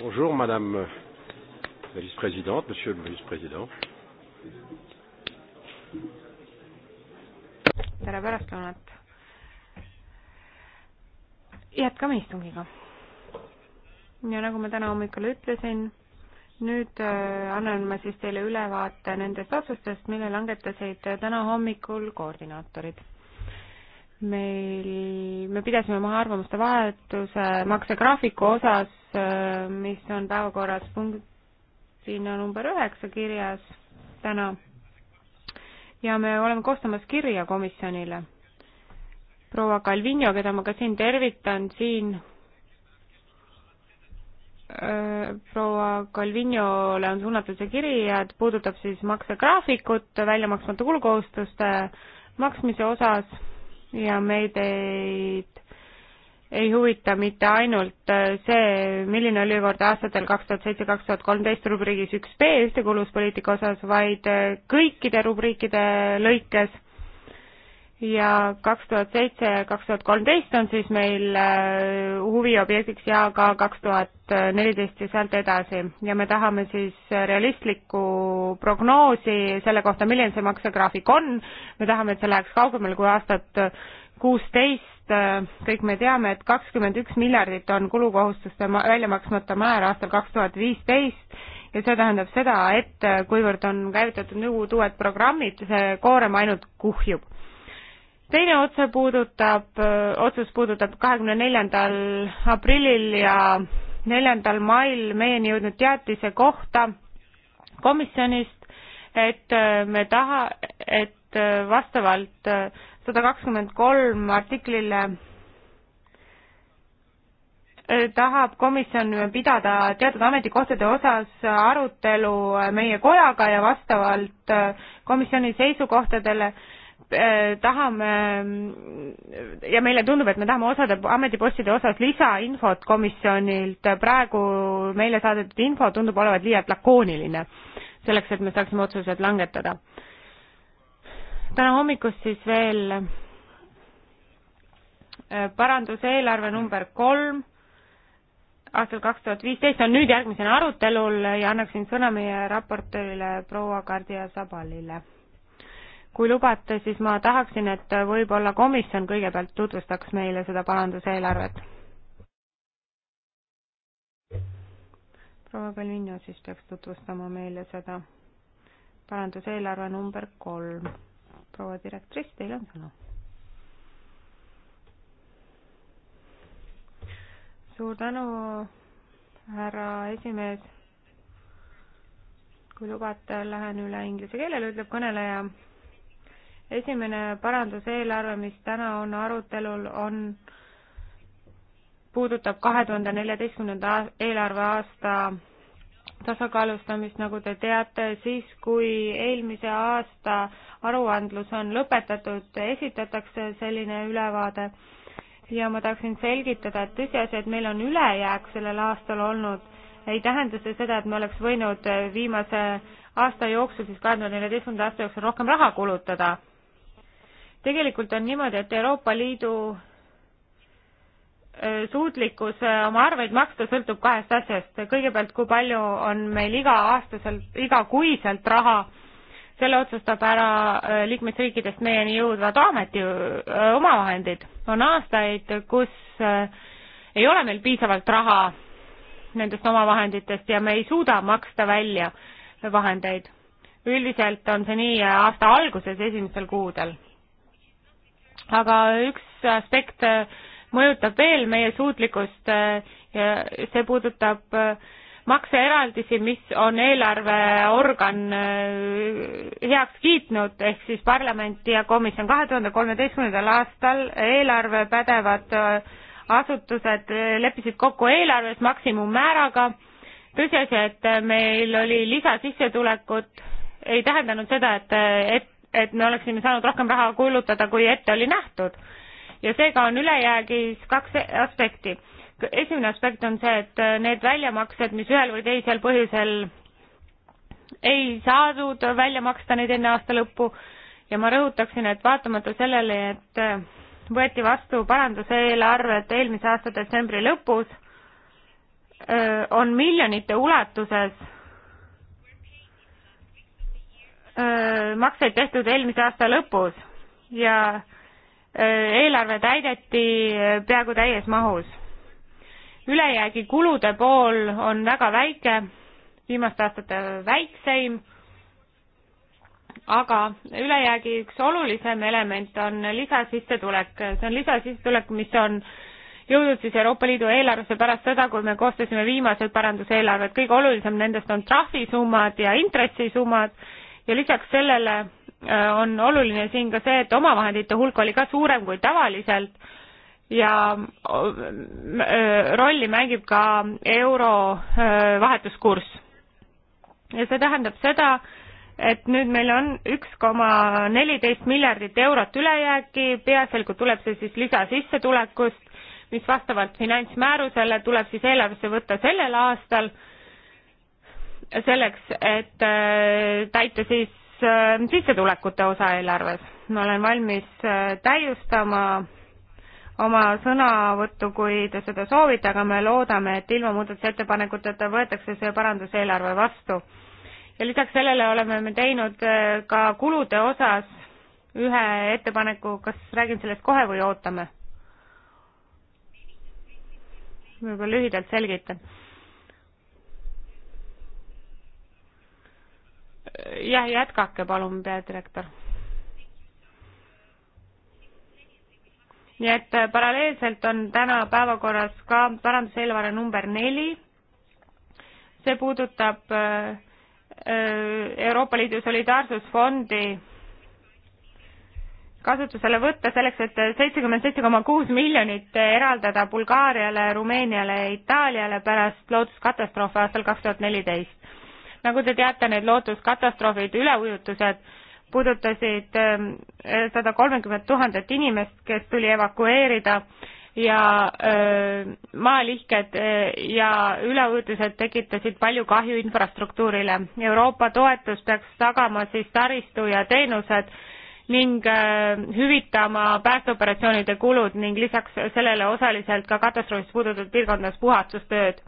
Bonjour, Madame la vice-présidente, Monsieur le vice-président. tere pärastlõunat. jätkame istungiga. ja nagu ma täna hommikul ütlesin, nüüd äh, annan ma siis teile ülevaate nendest otsustest, mille langetasid täna hommikul koordinaatorid meil, me pidasime maha arvamuste vahetuse maksegraafiku osas Äh, mis on päevakorras punktina number üheksa kirjas täna. ja me oleme koostamas kirja komisjonile. proua Calvino, keda ma ka siin tervitan, siin äh, proua Calvinole on suunatud see kiri ja puudutab siis maksegraafikut väljamaksmata kulukohustuste maksmise osas ja me teid ei huvita mitte ainult äh, see, milline oli olukord aastatel kaks tuhat seitse, kaks tuhat kolmteist rubriigis üks B ühtekuuluvuspoliitika osas, vaid äh, kõikide rubriikide lõikes ja kaks tuhat seitse ja kaks tuhat kolmteist on siis meil äh, huviobjektiks ja ka kaks tuhat neliteist ja sealt edasi. ja me tahame siis realistlikku prognoosi selle kohta, milline see maksegraafik on, me tahame, et see läheks kaugemale kui aastat kuusteist, sest äh, kõik me teame, et kakskümmend üks miljardit on kulukohustuste välja maksmata määr aastal kaks tuhat viisteist ja see tähendab seda, et äh, kuivõrd on käivitatud uued, uued programmid, see koorem ainult kuhjub. teine otse puudutab, äh, otsus puudutab kahekümne neljandal aprillil ja neljandal mail meieni jõudnud teatise kohta komisjonist, et me taha, et vastavalt sada kakskümmend kolm artiklile äh, tahab komisjon pidada teatud ametikohtade osas arutelu äh, meie kojaga ja vastavalt äh, komisjoni seisukohtadele tahame ja meile tundub, et me tahame osade ametipostide osas lisainfot komisjonilt. praegu meile saadetud info tundub olevat liialt lakooniline selleks, et me saaksime otsused langetada täna hommikust siis veel äh, paranduseelarve number kolm aastal kaks tuhat viisteist on nüüd järgmisena arutelul ja annaksin sõna meie raportöörile proua Kardia Sabalile. kui lubate, siis ma tahaksin, et võib-olla komisjon kõigepealt tutvustaks meile seda paranduseelarvet. proua Kalvinio siis peaks tutvustama meile seda paranduseelarve number kolm proua direktriss, teil on sõna. suur tänu, härra esimees. kui lubate, lähen üle inglise keelele, ütleb kõneleja. esimene paranduseelarve, mis täna on arutelul, on puudutab kahe tuhande neljateistkümnenda eelarveaasta tasakaalustamist, nagu te teate, siis kui eelmise aasta aruandlus on lõpetatud, esitatakse selline ülevaade ja ma tahaksin selgitada, et tõsiasi, et meil on ülejääk sellel aastal olnud, ei tähenda see seda, et me oleks võinud viimase aasta jooksul, siis kahe tuhande neljateistkümnenda aasta jooksul rohkem raha kulutada. tegelikult on niimoodi, et Euroopa Liidu Äh, suutlikkus äh, oma arveid maksta sõltub kahest asjast. kõigepealt, kui palju on meil iga-aastaselt, igakuiselt raha, selle otsustab ära äh, liikmesriikidest meieni jõudvad ameti omavahendid. on aastaid, kus ei ole meil piisavalt raha nendest omavahenditest ja me ei suuda maksta välja vahendeid. üldiselt on see nii aasta alguses, esimestel kuudel. aga üks aspekt, mõjutab veel meie suutlikkust äh, ja see puudutab äh, makseeraldisi, mis on eelarveorgan äh, heaks kiitnud, ehk siis parlament ja komisjon. kahe tuhande kolmeteistkümnendal aastal eelarvepädevad asutused leppisid kokku eelarves maksimummääraga. tõsiasi, et meil oli lisasissetulekut, ei tähendanud seda, et, et, et me oleksime saanud rohkem raha kulutada, kui ette oli nähtud ja seega on ülejäägis kaks aspekti. esimene aspekt on see, et need väljamaksed, mis ühel või teisel põhjusel ei saadud välja maksta neid enne aasta lõppu ja ma rõhutaksin, et vaatamata sellele, et võeti vastu paranduseelarved eelmise aasta detsembri lõpus, on miljonite ulatuses makseid tehtud eelmise aasta lõpus ja eelarve täideti äh, peaaegu täies mahus. ülejäägi kulude pool on väga väike, viimaste aastate väikseim, aga ülejäägi üks olulisem element on lisasissetulek, see on lisasissetulek, mis on jõudnud siis Euroopa Liidu eelarvesse pärast seda, kui me koostasime viimased paranduseelarved, kõige olulisem nendest on trahvisummad ja intressisummad ja lisaks sellele Äh, on oluline siin ka see, et omavahendite hulk oli ka suurem kui tavaliselt ja äh, rolli mängib ka euro äh, vahetuskurss. ja see tähendab seda, et nüüd meil on üks koma neliteist miljardit eurot ülejääki, peaasjalikult tuleb see siis lisasissetulekust, mis vastavalt finantsmäärusele tuleb siis eelarvesse võtta sellel aastal selleks, et täita siis Äh, sissetulekute osa eelarves. ma olen valmis äh, täiustama oma sõnavõttu, kui te seda soovite, aga me loodame, et ilma muudatusettepanekuteta võetakse see paranduseelarve vastu. ja lisaks sellele oleme me teinud äh, ka kulude osas ühe ettepaneku, kas räägin sellest kohe või ootame? võib-olla lühidalt selgitan jah, jätkake palun, peadirektor. nii et äh, paralleelselt on täna päevakorras ka paranduseelarve number neli. see puudutab äh, äh, Euroopa Liidu solidaarsusfondi kasutusele võtta selleks, et seitsekümmend seitse koma kuus miljonit eraldada Bulgaariale, Rumeeniale ja Itaaliale pärast looduskatastroofi aastal kaks tuhat neliteist nagu te teate, need looduskatastroofid, üleujutused puudutasid ähm, sada kolmekümmet tuhandet inimest, kes tuli evakueerida ja ähm, maalihked äh, ja üleujutused tekitasid palju kahju infrastruktuurile. Euroopa toetus peaks tagama siis taristu ja teenused ning ähm, hüvitama päästeoperatsioonide kulud ning lisaks sellele osaliselt ka katastroofist puudutatud piirkondades puhastustööd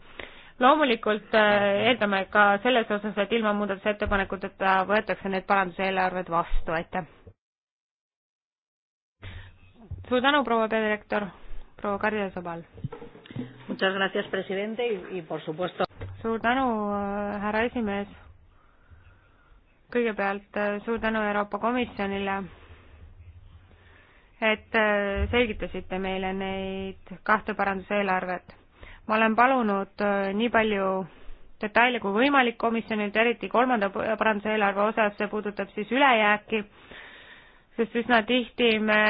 loomulikult äh, eeldame ka selles osas, et ilma muudatusettepanekuteta võetakse need paranduseelarved vastu, aitäh. suur tänu, proua peadirektor, proua Karja Sobal. suur tänu, äh, härra esimees. kõigepealt äh, suur tänu Euroopa Komisjonile et selgitasite meile neid kahte paranduseelarvet ma olen palunud äh, nii palju detaile kui võimalik komisjonilt, eriti kolmanda paranduseelarve osas, see puudutab siis ülejääki, sest üsna tihti me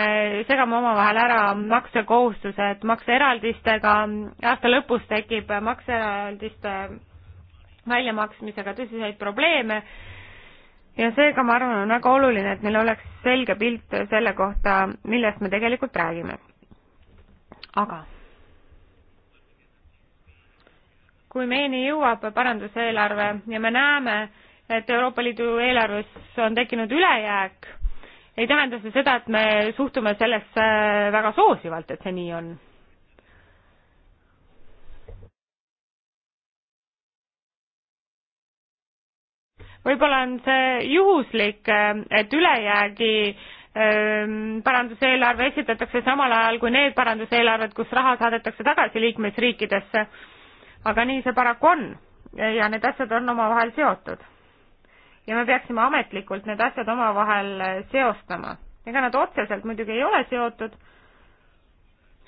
segame omavahel ära maksekohustused makseeraldistega, aasta lõpus tekib makseeraldiste väljamaksmisega tõsiseid probleeme ja seega ma arvan, on väga oluline, et meil oleks selge pilt selle kohta, millest me tegelikult räägime. aga kui meieni jõuab paranduseelarve ja me näeme, et Euroopa Liidu eelarves on tekkinud ülejääk, ei tähenda see seda, et me suhtume sellesse väga soosivalt, et see nii on. võib-olla on see juhuslik, et ülejäägi ähm, paranduseelarve esitatakse samal ajal kui need paranduseelarved, kus raha saadetakse tagasi liikmesriikidesse aga nii see paraku on ja need asjad on omavahel seotud. ja me peaksime ametlikult need asjad omavahel eh, seostama. ega nad otseselt muidugi ei ole seotud,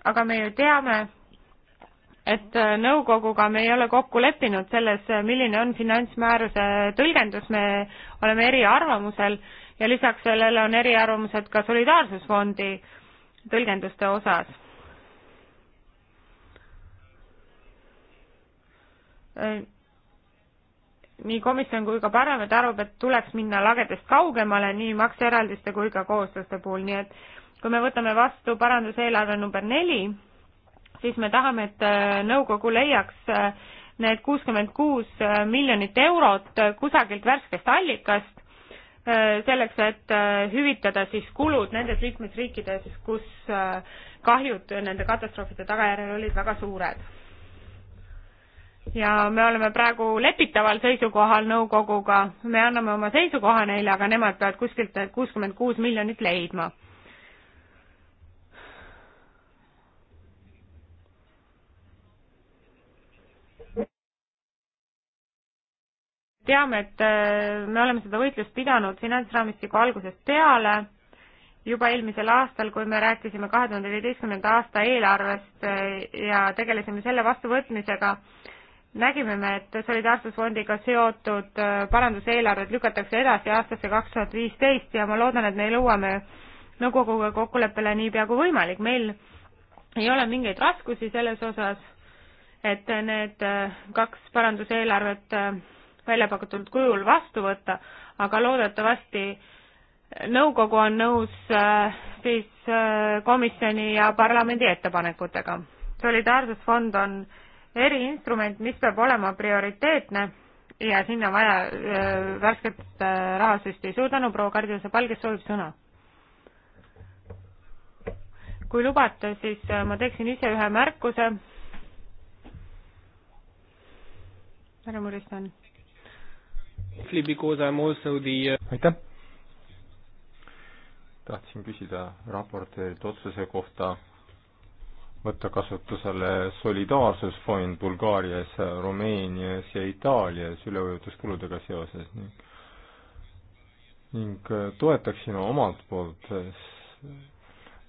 aga me ju teame, et eh, nõukoguga me ei ole kokku leppinud selles, eh, milline on finantsmääruse tõlgendus, me oleme eriarvamusel ja lisaks sellele on eriarvamused ka solidaarsusfondi tõlgenduste osas Äh, nii komisjon kui ka parlament arvab, et tuleks minna lagedest kaugemale nii makseeraldiste kui ka kohustuste puhul, nii et kui me võtame vastu paranduseelarve number neli, siis me tahame, et äh, nõukogu leiaks äh, need kuuskümmend kuus miljonit eurot kusagilt värskest allikast, selleks, et hüvitada siis kulud nendes liikmesriikides, kus kahjud nende katastroofide tagajärjel olid väga suured ja me oleme praegu lepitaval seisukohal nõukoguga, me anname oma seisukoha neile, aga nemad peavad kuskilt need kuuskümmend kuus miljonit leidma. teame, et äh, me oleme seda võitlust pidanud finantsraamistiku algusest peale, juba eelmisel aastal, kui me rääkisime kahe tuhande viieteistkümnenda aasta eelarvest äh, ja tegelesime selle vastuvõtmisega, nägime me, et Solidaarsusfondiga seotud äh, paranduseelarved lükatakse edasi aastasse kaks tuhat viisteist ja ma loodan, et me jõuame nõukoguga kokkuleppele niipea kui võimalik. meil ei ole mingeid raskusi selles osas, et need äh, kaks paranduseelarvet äh, välja pakutud kujul vastu võtta, aga loodetavasti nõukogu on nõus siis komisjoni ja parlamendi ettepanekutega. solidaarsusfond on äh, eriinstrument, mis peab olema prioriteetne ja sinna vaja öö, värsket rahasüsti. suur tänu, proua Kardjuse Pall, kes soovib sõna? kui lubate, siis ma teeksin ise ühe märkuse. härra Muristan. aitäh. tahtsin küsida raportöörilt otsuse kohta võtta kasutusele solidaarsusfond Bulgaarias, Rumeenias ja Itaalias üleujutuskuludega seoses ning, ning toetaksime omalt poolt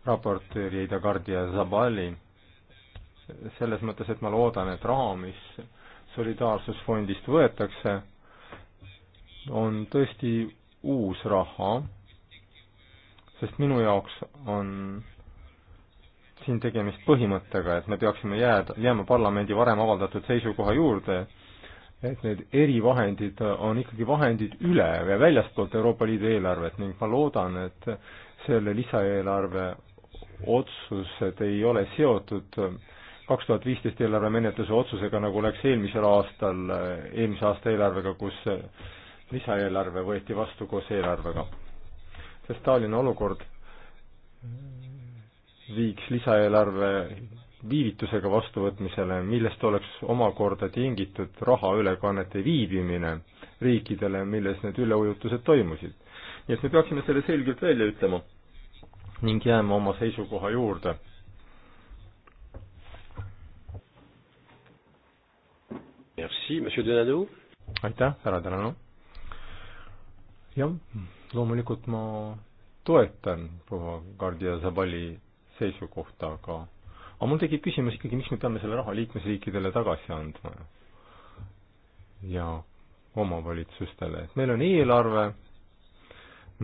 raportööri Ida Kardia Zabali selles mõttes, et ma loodan, et raha, mis solidaarsusfondist võetakse, on tõesti uus raha, sest minu jaoks on siin tegemist põhimõttega, et me peaksime jääda, jääma parlamendi varem avaldatud seisukoha juurde, et need erivahendid on ikkagi vahendid üle ja väljastpoolt Euroopa Liidu eelarvet ning ma loodan, et selle lisaeelarve otsused ei ole seotud kaks tuhat viisteist eelarvemenetluse otsusega, nagu läks eelmisel aastal, eelmise aasta eelarvega, kus lisaeelarve võeti vastu koos eelarvega. sest taoline olukord viiks lisaeelarve viivitusega vastuvõtmisele, millest oleks omakorda tingitud rahaülekannete viibimine riikidele, milles need üleujutused toimusid. nii et me peaksime selle selgelt välja ütlema ning jääma oma seisukoha juurde. Merci, monsieur Denado. aitäh, härra Denado. jah, loomulikult ma toetan proua Gardia Zabali seisukohta, aga aga mul tekib küsimus ikkagi, miks me peame selle raha liikmesriikidele tagasi andma ja omavalitsustele, et meil on eelarve,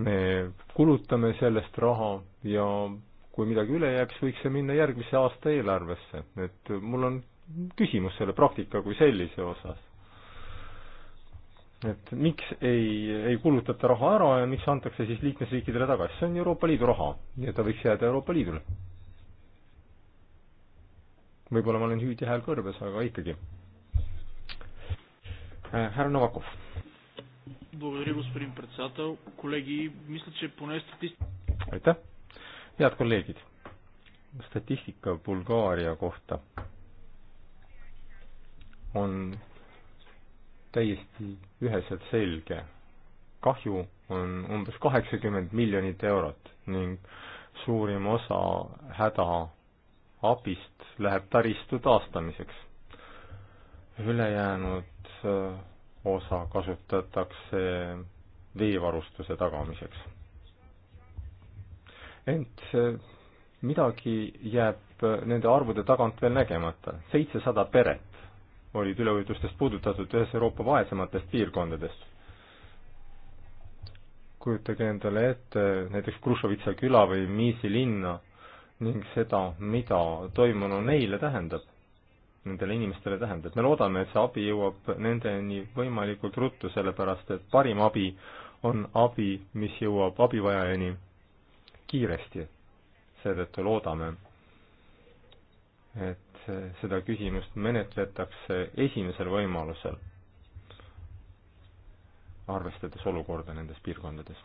me kulutame sellest raha ja kui midagi üle jääb, siis võiks see minna järgmise aasta eelarvesse, et mul on küsimus selle praktika kui sellise osas et miks ei, ei kulutata raha ära ja miks antakse siis liikmesriikidele tagasi, see on Euroopa Liidu raha ja ta võiks jääda Euroopa Liidule. võib-olla ma olen hüüdi hääl kõrves, aga ikkagi. Äh, härra Novakov. aitäh, head kolleegid. statistika Bulgaaria kohta on täiesti üheselt selge. kahju on umbes kaheksakümmend miljonit eurot ning suurim osa hädaabist läheb taristu taastamiseks. ülejäänud äh, osa kasutatakse veevarustuse tagamiseks. ent äh, midagi jääb äh, nende arvude tagant veel nägemata, seitsesada peret olid üleujutustest puudutatud ühes Euroopa vaesematest piirkondadest. kujutage endale ette näiteks Krušovitsa küla või Miisi linna ning seda, mida toimunu neile tähendab, nendele inimestele tähendab. me loodame, et see abi jõuab nendeni võimalikult ruttu, sellepärast et parim abi on abi, mis jõuab abivajajani kiiresti. seetõttu loodame, et et seda küsimust menetletakse esimesel võimalusel, arvestades olukorda nendes piirkondades.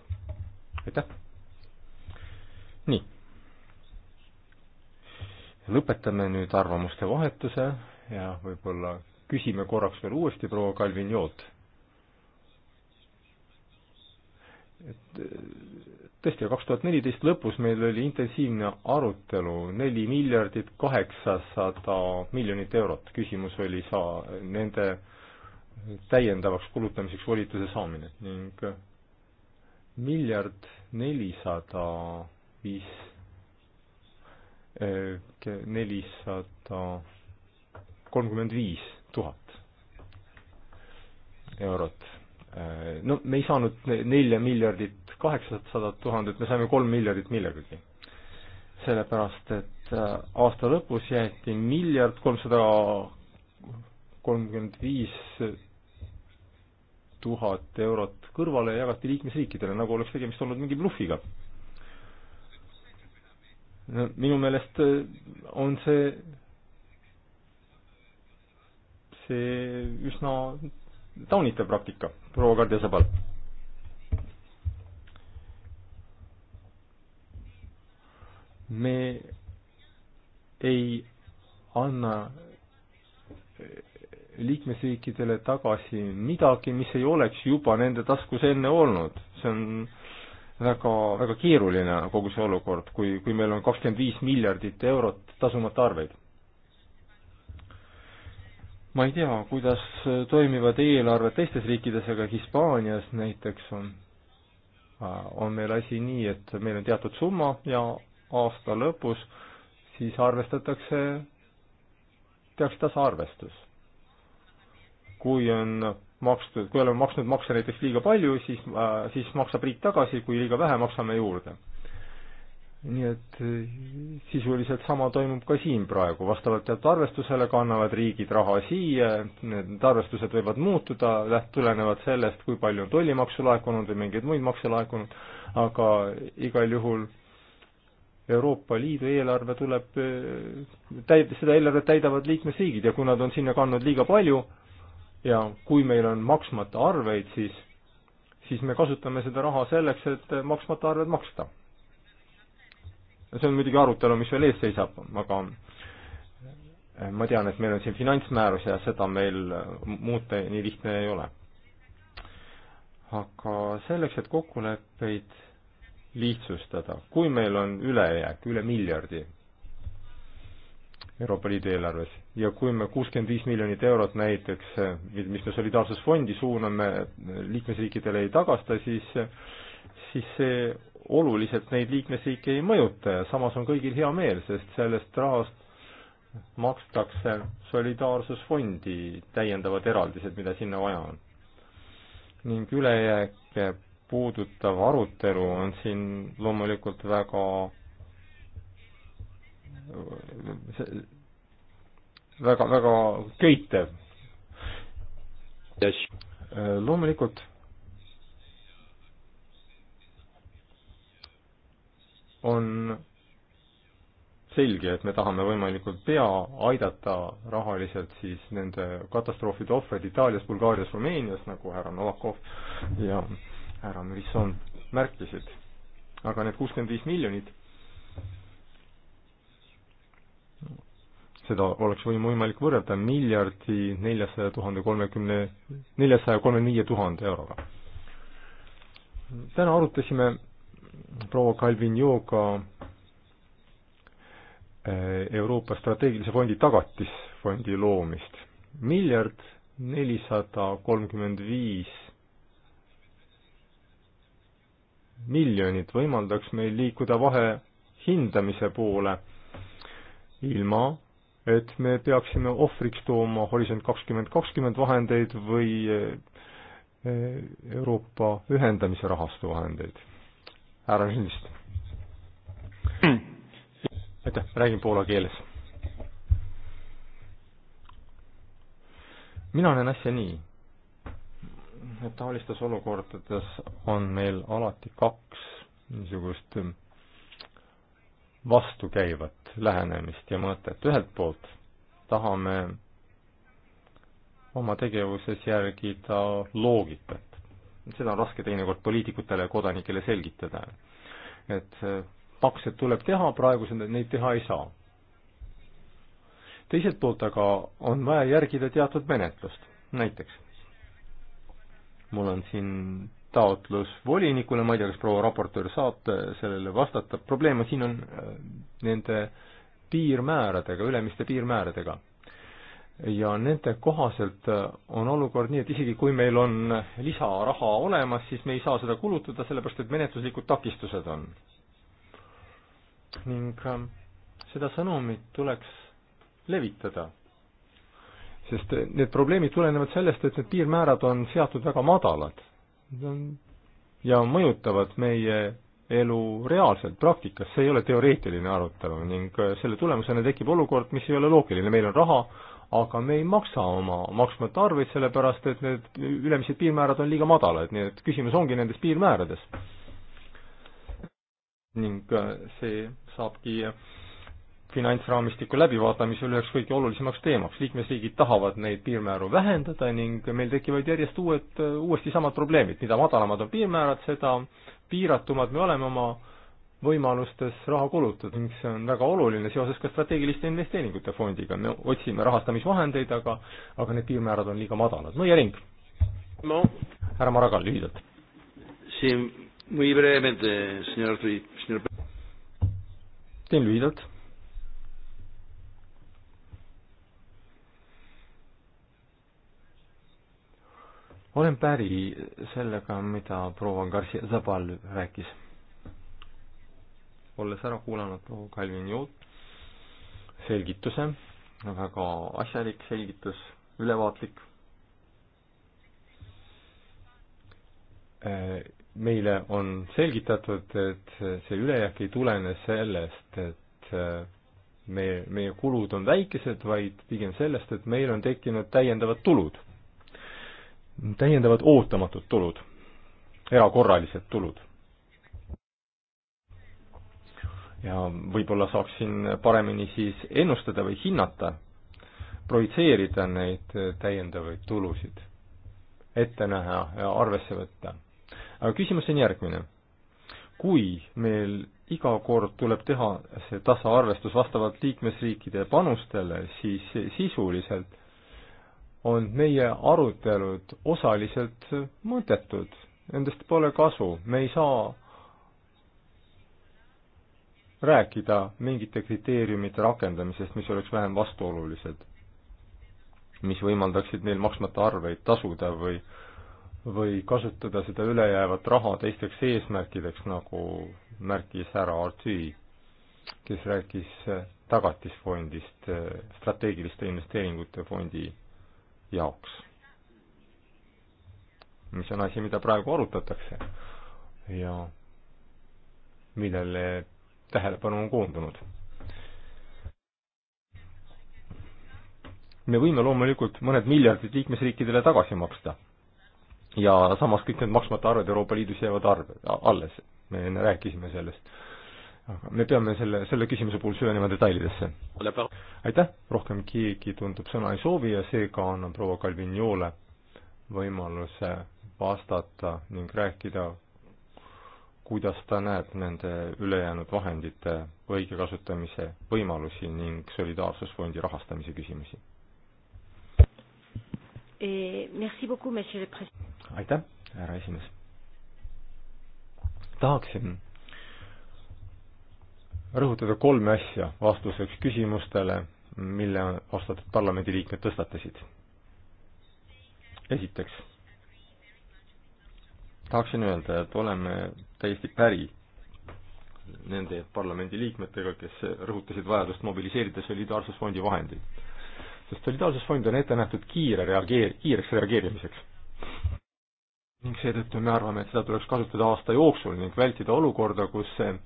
aitäh! nii. lõpetame nüüd arvamuste vahetuse ja võib-olla küsime korraks veel uuesti proua Calvin Joot. et tõesti, kaks tuhat neliteist lõpus meil oli intensiivne arutelu, neli miljardit kaheksasada miljonit eurot, küsimus oli saa-, nende täiendavaks kulutamiseks volituse saamine ning miljard nelisada viis, eh, nelisada kolmkümmend viis tuhat eurot. Eh, no me ei saanud nelja miljardit kaheksasadat tuhandet, me saime kolm miljardit millegagi. sellepärast, et äh, aasta lõpus jäeti miljard kolmsada kolmkümmend viis tuhat eurot kõrvale ja jagati liikmesriikidele, nagu oleks tegemist olnud mingi blufiga. no minu meelest äh, on see, see üsna taunitav praktika, proua Kardja Sabal me ei anna eh, liikmesriikidele tagasi midagi, mis ei oleks juba nende taskus enne olnud. see on väga, väga keeruline kogu see olukord, kui, kui meil on kakskümmend viis miljardit eurot tasumata arveid. ma ei tea, kuidas toimivad eelarved teistes riikides, aga Hispaanias näiteks on, on meil asi nii, et meil on teatud summa ja aasta lõpus, siis arvestatakse, tehakse tasaarvestus. kui on makstud, kui oleme maksnud makse näiteks liiga palju, siis, äh, siis maksab riik tagasi, kui liiga vähe, maksame juurde. nii et äh, sisuliselt sama toimub ka siin praegu, vastavalt teatud arvestusele kannavad riigid raha siia, need arvestused võivad muutuda, läht-, tulenevad sellest, kui palju on tollimaksu laekunud või mingeid muid makse laekunud, aga igal juhul Euroopa Liidu eelarve tuleb, eh, täid-, seda eelarvet täidavad liikmesriigid ja kui nad on sinna kandnud liiga palju ja kui meil on maksmata arveid, siis, siis me kasutame seda raha selleks, et maksmata arved maksta. see on muidugi arutelu, mis veel ees seisab, aga eh, ma tean, et meil on siin finantsmäärus ja seda meil eh, muuta nii lihtne ei ole. aga selleks, et kokkuleppeid lihtsustada. kui meil on ülejääk üle miljardi Euroopa Liidu eelarves ja kui me kuuskümmend viis miljonit eurot näiteks, mis me Solidaarsusfondi suuname, liikmesriikidele ei tagasta, siis siis see oluliselt neid liikmesriike ei mõjuta ja samas on kõigil hea meel, sest sellest rahast makstakse Solidaarsusfondi täiendavad eraldised, mida sinna vaja on. ning ülejääk jääb puudutav arutelu on siin loomulikult väga väga, väga köitev yes.. loomulikult on selge, et me tahame võimalikult pea aidata rahaliselt siis nende katastroofide ohvreid Itaalias, Bulgaarias, Rumeenias, nagu härra Novakov ja härra Mürisson märkisid. aga need kuuskümmend viis miljonit, seda oleks võimalik võrrelda miljardi neljasaja tuhande kolmekümne, neljasaja kolmekümne viie tuhande euroga. täna arutasime proua Calvinioga äh, Euroopa strateegilise fondi tagatisfondi loomist. miljard nelisada kolmkümmend viis miljonit võimaldaks meil liikuda vahe hindamise poole, ilma et me peaksime ohvriks tooma Horisont kakskümmend kakskümmend vahendeid või eh, Euroopa ühendamise rahastu vahendeid. härra Nilst. aitäh, räägin poola keeles. mina näen asja nii et taolistes olukordades on meil alati kaks niisugust vastukäivat lähenemist ja mõtet. ühelt poolt tahame oma tegevuses järgida loogikat. seda on raske teinekord poliitikutele ja kodanikele selgitada. et paksed tuleb teha, praegusel neid teha ei saa. teiselt poolt aga on vaja järgida teatud menetlust, näiteks mul on siin taotlus volinikule, ma ei tea, kas proua raportöör saab sellele vastata, probleeme siin on äh, nende piirmääradega, ülemiste piirmääradega. ja nende kohaselt äh, on olukord nii, et isegi kui meil on lisaraha olemas, siis me ei saa seda kulutada, sellepärast et menetluslikud takistused on. ning äh, seda sõnumit tuleks levitada sest need probleemid tulenevad sellest, et need piirmäärad on seatud väga madalad ja mõjutavad meie elu reaalselt praktikas, see ei ole teoreetiline arutelu ning selle tulemusena tekib olukord, mis ei ole loogiline, meil on raha, aga me ei maksa oma maksmata arveid, sellepärast et need ülemised piirmäärad on liiga madalad, nii et küsimus ongi nendes piirmäärades. ning äh, see saabki finantsraamistiku läbivaatamisel üheks kõige olulisemaks teemaks. liikmesriigid tahavad neid piirmääru vähendada ning meil tekivad järjest uued, uuesti samad probleemid, mida madalamad on piirmäärad, seda piiratumad me oleme oma võimalustes raha kulutada ning see on väga oluline seoses ka strateegiliste investeeringute fondiga. me otsime rahastamisvahendeid, aga, aga need piirmäärad on liiga madalad. Mõje Ring no.. härra Maragall, lühidalt. teen lühidalt olen päri sellega, mida proua Garcia Zabal rääkis. olles ära kuulanud proua Calvin Joot selgituse, väga asjalik selgitus, ülevaatlik. Äh, meile on selgitatud, et see ülejääk ei tulene sellest, et äh, meie, meie kulud on väikesed, vaid pigem sellest, et meil on tekkinud täiendavad tulud täiendavad ootamatud tulud, erakorralised tulud. ja võib-olla saaksin paremini siis ennustada või hinnata, projitseerida neid täiendavaid tulusid, ette näha ja arvesse võtta. aga küsimus on järgmine. kui meil iga kord tuleb teha see tasaarvestus vastavalt liikmesriikide panustele, siis sisuliselt on meie arutelud osaliselt mõttetud, nendest pole kasu, me ei saa rääkida mingite kriteeriumite rakendamisest, mis oleks vähem vastuolulised, mis võimaldaksid neil maksmata arveid tasuda või, või kasutada seda ülejäävat raha teisteks eesmärkideks, nagu märkis härra Artüi, kes rääkis tagatisfondist, strateegiliste investeeringute fondi jaoks. mis on asi, mida praegu arutatakse ja millele tähelepanu on koondunud. me võime loomulikult mõned miljardid liikmesriikidele tagasi maksta ja samas kõik need maksmata arved Euroopa Liidus jäävad arve, alles, me enne rääkisime sellest aga me peame selle, selle küsimuse puhul süvenema detailidesse. aitäh, rohkem keegi tundub sõna ei soovi ja seega annan proua Calvinole võimaluse vastata ning rääkida, kuidas ta näeb nende ülejäänud vahendite õige kasutamise võimalusi ning solidaarsusfondi rahastamise küsimusi. Eh, aitäh, härra esimees. tahaksin rõhutada kolme asja vastuseks küsimustele, mille austatud parlamendiliikmed tõstatasid. esiteks, tahaksin öelda, et oleme täiesti päri nende parlamendiliikmetega, kes rõhutasid vajadust mobiliseerida Solidaarsusfondi vahendeid. sest Solidaarsusfond on ette nähtud kiire reageer-, kiireks reageerimiseks. ning seetõttu me arvame, et seda tuleks kasutada aasta jooksul ning vältida olukorda, kus see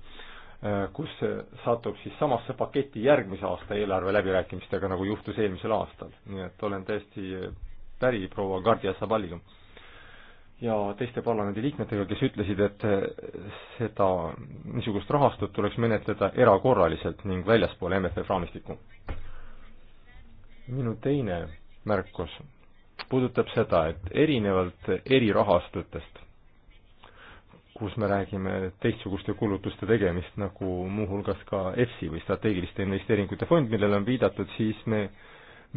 Äh, kus see satub siis samasse paketti järgmise aasta eelarve läbirääkimistega, nagu juhtus eelmisel aastal. nii et olen täiesti äh, päri proua Gardia Sabaliga ja teiste parlamendiliikmetega, kes ütlesid, et äh, seda, niisugust rahastut tuleks menetleda erakorraliselt ning väljaspool MFF raamistikku. minu teine märkus puudutab seda, et erinevalt erirahastutest kus me räägime teistsuguste kulutuste tegemist, nagu muuhulgas ka EFSI või strateegiliste investeeringute fond, millele on viidatud, siis me,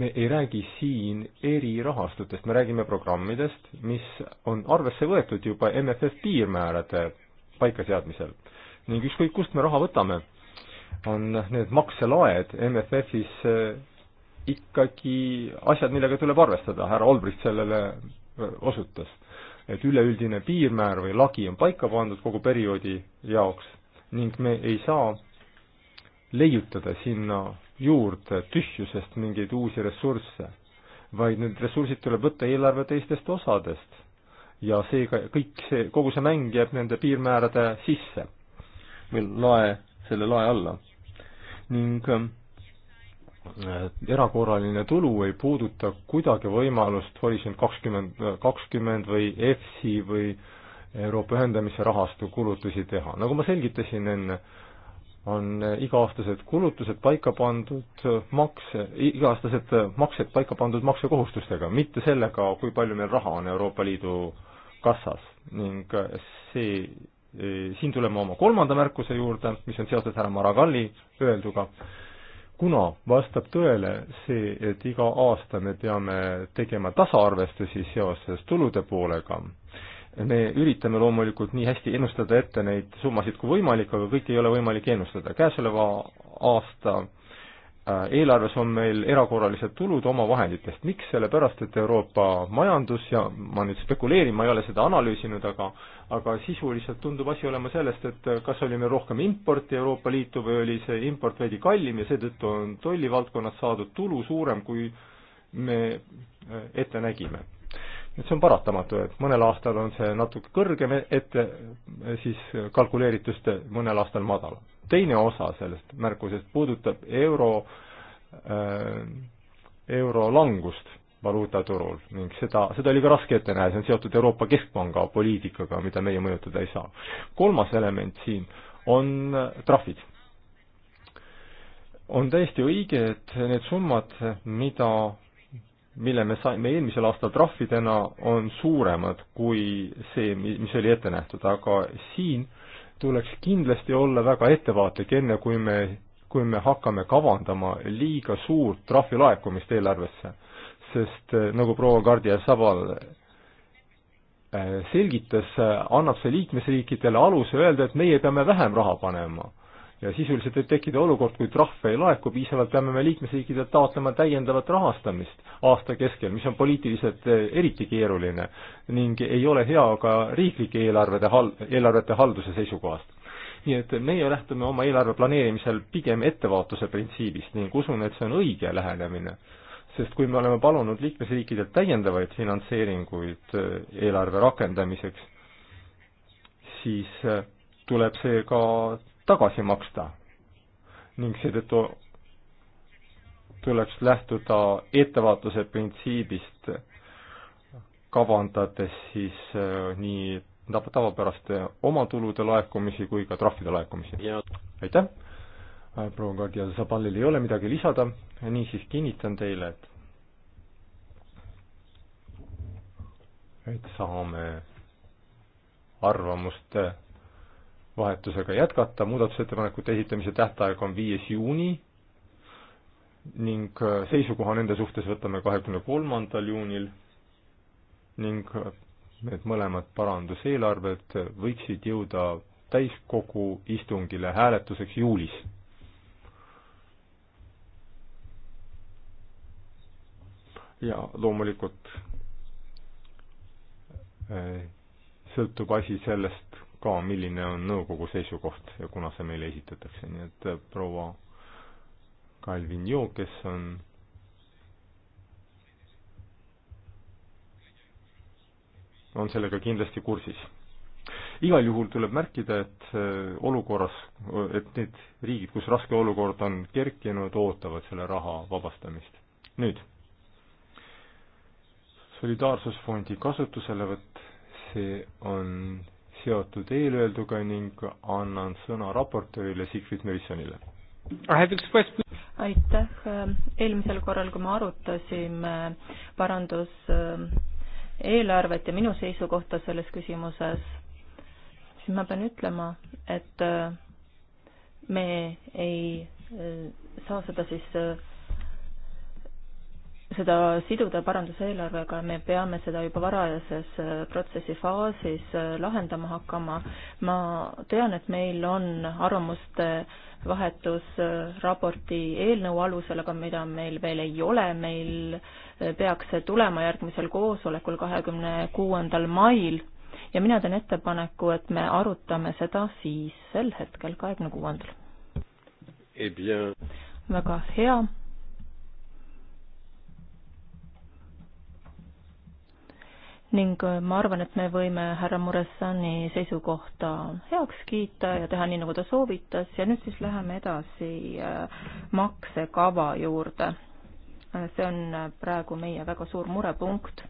me ei räägi siin erirahastutest, me räägime programmidest, mis on arvesse võetud juba MFF piirmäärade paikaseadmisel. ning ükskõik, kust me raha võtame, on need makselaed MFF-is eh, ikkagi asjad, millega tuleb arvestada, härra Olbrist sellele eh, osutas et üleüldine piirmäär või lagi on paika pandud kogu perioodi jaoks ning me ei saa leiutada sinna juurde tühjusest mingeid uusi ressursse, vaid need ressursid tuleb võtta eelarve teistest osadest ja seega kõik see, kogu see mäng jääb nende piirmäärade sisse või lae, selle lae alla. ning ähm, erakorraline tulu ei puuduta kuidagi võimalust Horisont kakskümmend, kakskümmend või EFSI või Euroopa ühendamise rahastu kulutusi teha. nagu ma selgitasin enne, on iga-aastased kulutused paika pandud makse, iga-aastased maksed paika pandud maksekohustustega, mitte sellega, kui palju meil raha on Euroopa Liidu kassas ning see, siin tuleme oma kolmanda märkuse juurde, mis on seoses härra Maragalli öelduga kuna vastab tõele see, et iga aasta me peame tegema tasaarvestusi seoses tulude poolega, me üritame loomulikult nii hästi ennustada ette neid summasid kui võimalik, aga kõike ei ole võimalik ennustada. käesoleva aasta Äh, eelarves on meil erakorralised tulud omavahenditest, miks, sellepärast et Euroopa majandus ja ma nüüd spekuleerin, ma ei ole seda analüüsinud, aga aga sisuliselt tundub asi olema sellest, et kas oli meil rohkem importi Euroopa Liitu või oli see import veidi kallim ja seetõttu on tollivaldkonnas saadud tulu suurem, kui me äh, ette nägime. et see on paratamatu, et mõnel aastal on see natuke kõrgem ette siis kalkuleeritust, mõnel aastal madalam teine osa sellest märkusest puudutab euro äh,, euro langust valuutaturul ning seda, seda oli ka raske ette näha, see on seotud Euroopa Keskpanga poliitikaga, mida meie mõjutada ei saa. kolmas element siin on äh, trahvid. on täiesti õige, et need summad, mida, mille me saime eelmisel aastal trahvidena, on suuremad kui see, mis oli ette nähtud, aga siin äh, tuleks kindlasti olla väga ettevaatlik, enne kui me, kui me hakkame kavandama liiga suurt trahvilaekumist eelarvesse. sest eh, nagu proua Gardia Sabal eh, selgitas, eh, annab see liikmesriikidele aluse öelda, et meie peame vähem raha panema ja sisuliselt võib tekkida olukord, kui trahve ei laeku piisavalt, peame me liikmesriikidelt taotlema täiendavat rahastamist aasta keskel, mis on poliitiliselt eh, eriti keeruline ning ei ole hea ka riiklike eelarvede hal-, eelarvete halduse seisukohast. nii et meie lähtume oma eelarve planeerimisel pigem ettevaatuse printsiibist ning usun, et see on õige lähenemine. sest kui me oleme palunud liikmesriikidelt täiendavaid finantseeringuid eh, eelarve rakendamiseks, siis eh, tuleb see ka tagasi maksta. ning seetõttu tuleks lähtuda ettevaatuse printsiibist, kavandades siis äh, nii tavapäraste omatulude laekumisi kui ka trahvide laekumisi. aitäh, äh, proua Kadja Zabalil ei ole midagi lisada, niisiis kinnitan teile, et et saame arvamuste vahetusega jätkata, muudatusettepanekute esitamise tähtaeg on viies juuni ning äh, seisukoha nende suhtes võtame kahekümne kolmandal juunil ning äh, need mõlemad paranduseelarved võiksid jõuda täiskogu istungile hääletuseks juulis. ja loomulikult äh, sõltub asi sellest, ka, milline on nõukogu seisukoht ja kuna see meile esitatakse, nii et äh, proua Calvin Joo, kes on on sellega kindlasti kursis. igal juhul tuleb märkida, et äh, olukorras, äh, et need riigid, kus raske olukord on kerkinud, ootavad selle raha vabastamist. nüüd, solidaarsusfondi kasutuselevõtt, see on seotud eelöelduga ning annan sõna raportöörile Sigfrid Merissonile. aitäh, eelmisel korral, kui me arutasime paranduseelarvet ja minu seisukohta selles küsimuses, siis ma pean ütlema, et me ei saa seda siis seda siduda paranduseelarvega, me peame seda juba varajases äh, protsessi faasis äh, lahendama hakkama. ma tean, et meil on arvamuste vahetus äh, raporti eelnõu alusel, aga mida meil veel ei ole, meil peaks see tulema järgmisel koosolekul, kahekümne kuuendal mail ja mina teen ettepaneku, et me arutame seda siis sel hetkel, kahekümne kuuendal. Eh väga hea ning äh, ma arvan, et me võime härra Muressani seisukohta heaks kiita ja teha nii, nagu ta soovitas ja nüüd siis läheme edasi äh, maksekava juurde. Äh, see on praegu meie väga suur murepunkt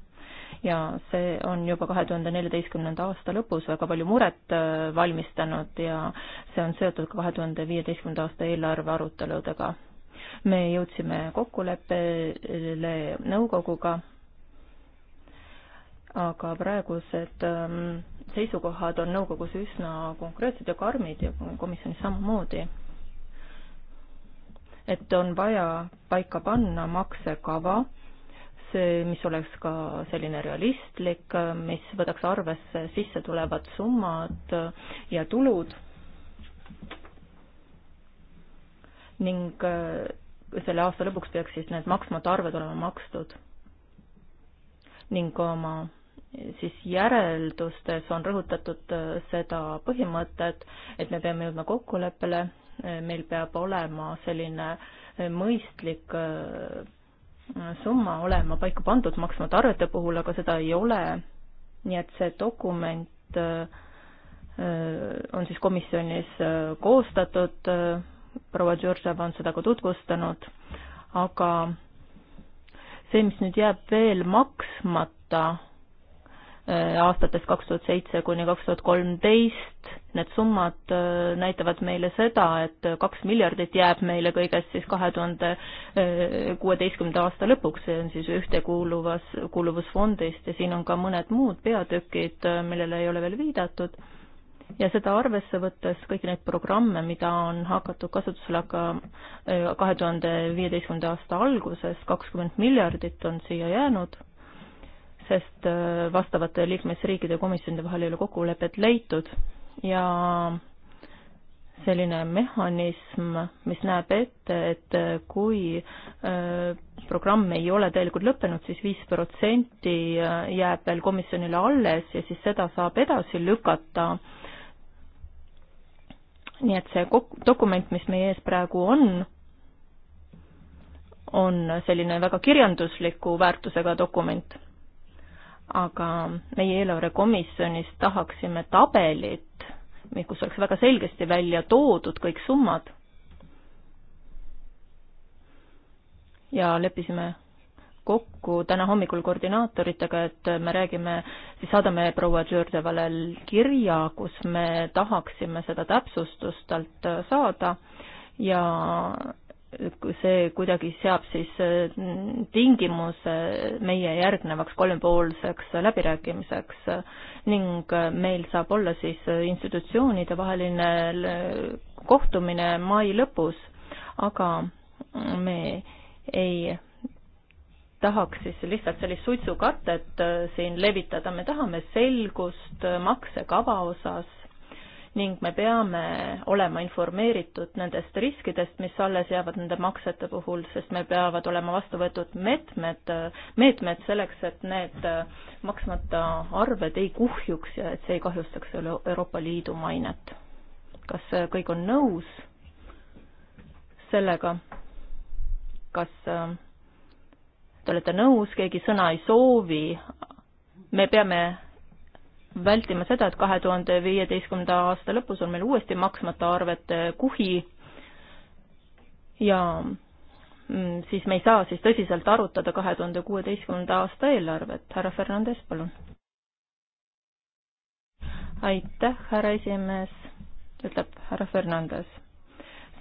ja see on juba kahe tuhande neljateistkümnenda aasta lõpus väga palju muret valmistanud ja see on seotud ka kahe tuhande viieteistkümnenda aasta eelarve aruteludega. me jõudsime kokkuleppele nõukoguga aga praegused ähm, seisukohad on nõukogus üsna konkreetsed ja karmid ja komisjonis samamoodi. et on vaja paika panna maksekava, see, mis oleks ka selline realistlik, mis võtaks arvesse sisse tulevad summad ja tulud ning äh, selle aasta lõpuks peaks siis need maksmata arved olema makstud ning oma siis järeldustes on rõhutatud äh, seda põhimõtet, et me peame jõudma kokkuleppele, äh, meil peab olema selline äh, mõistlik summa olema paika pandud maksmata arvete puhul, aga seda ei ole. nii et see dokument on siis komisjonis koostatud, proua Džurževa on seda ka tutvustanud, aga see, mis nüüd jääb veel maksmata, Äh, aastatest kaks tuhat seitse kuni kaks tuhat kolmteist, need summad äh, näitavad meile seda, et kaks miljardit jääb meile kõigest siis kahe tuhande kuueteistkümnenda aasta lõpuks, see on siis ühtekuuluvas, kuuluvusfondist ja siin on ka mõned muud peatükid, äh, millele ei ole veel viidatud, ja seda arvesse võttes kõiki neid programme, mida on hakatud kasutusele ka kahe tuhande viieteistkümnenda aasta alguses, kakskümmend miljardit on siia jäänud sest äh, vastavate liikmesriikide komisjonide vahel ei ole kokkulepet leitud ja selline mehhanism, mis näeb ette, et äh, kui äh, programm ei ole täielikult lõppenud siis, siis viis protsenti jääb veel komisjonile alles ja siis seda saab edasi lükata. nii et see kok-, dokument, mis meie ees praegu on, on selline väga kirjandusliku väärtusega dokument aga meie eelarvekomisjonis tahaksime tabelit, kus oleks väga selgesti välja toodud kõik summad. ja leppisime kokku täna hommikul koordinaatoritega, et me räägime, siis saadame proua Džõrdevale kirja, kus me tahaksime seda täpsustust talt saada ja see kuidagi seab siis äh, tingimuse meie järgnevaks kolmepoolseks läbirääkimiseks äh, ning äh, meil saab olla siis institutsioonide vaheline kohtumine mai lõpus, aga me ei tahaks siis lihtsalt sellist suitsukatet siin levitada, me tahame selgust maksekava osas ning me peame olema informeeritud nendest riskidest, mis alles jäävad nende maksete puhul, sest meil peavad olema vastu võetud meetmed, meetmed selleks, et need äh, maksmata arved ei kuhjuks ja et see ei kahjustaks Euroopa Liidu mainet. kas äh, kõik on nõus sellega? kas äh, te olete nõus, keegi sõna ei soovi? me peame vältima seda, et kahe tuhande viieteistkümnenda aasta lõpus on meil uuesti maksmata arvete eh, kuhi ja mm, siis me ei saa siis tõsiselt arutada kahe tuhande kuueteistkümnenda aasta eelarvet. härra Fernandes, palun. aitäh, härra esimees, ütleb härra Fernandes.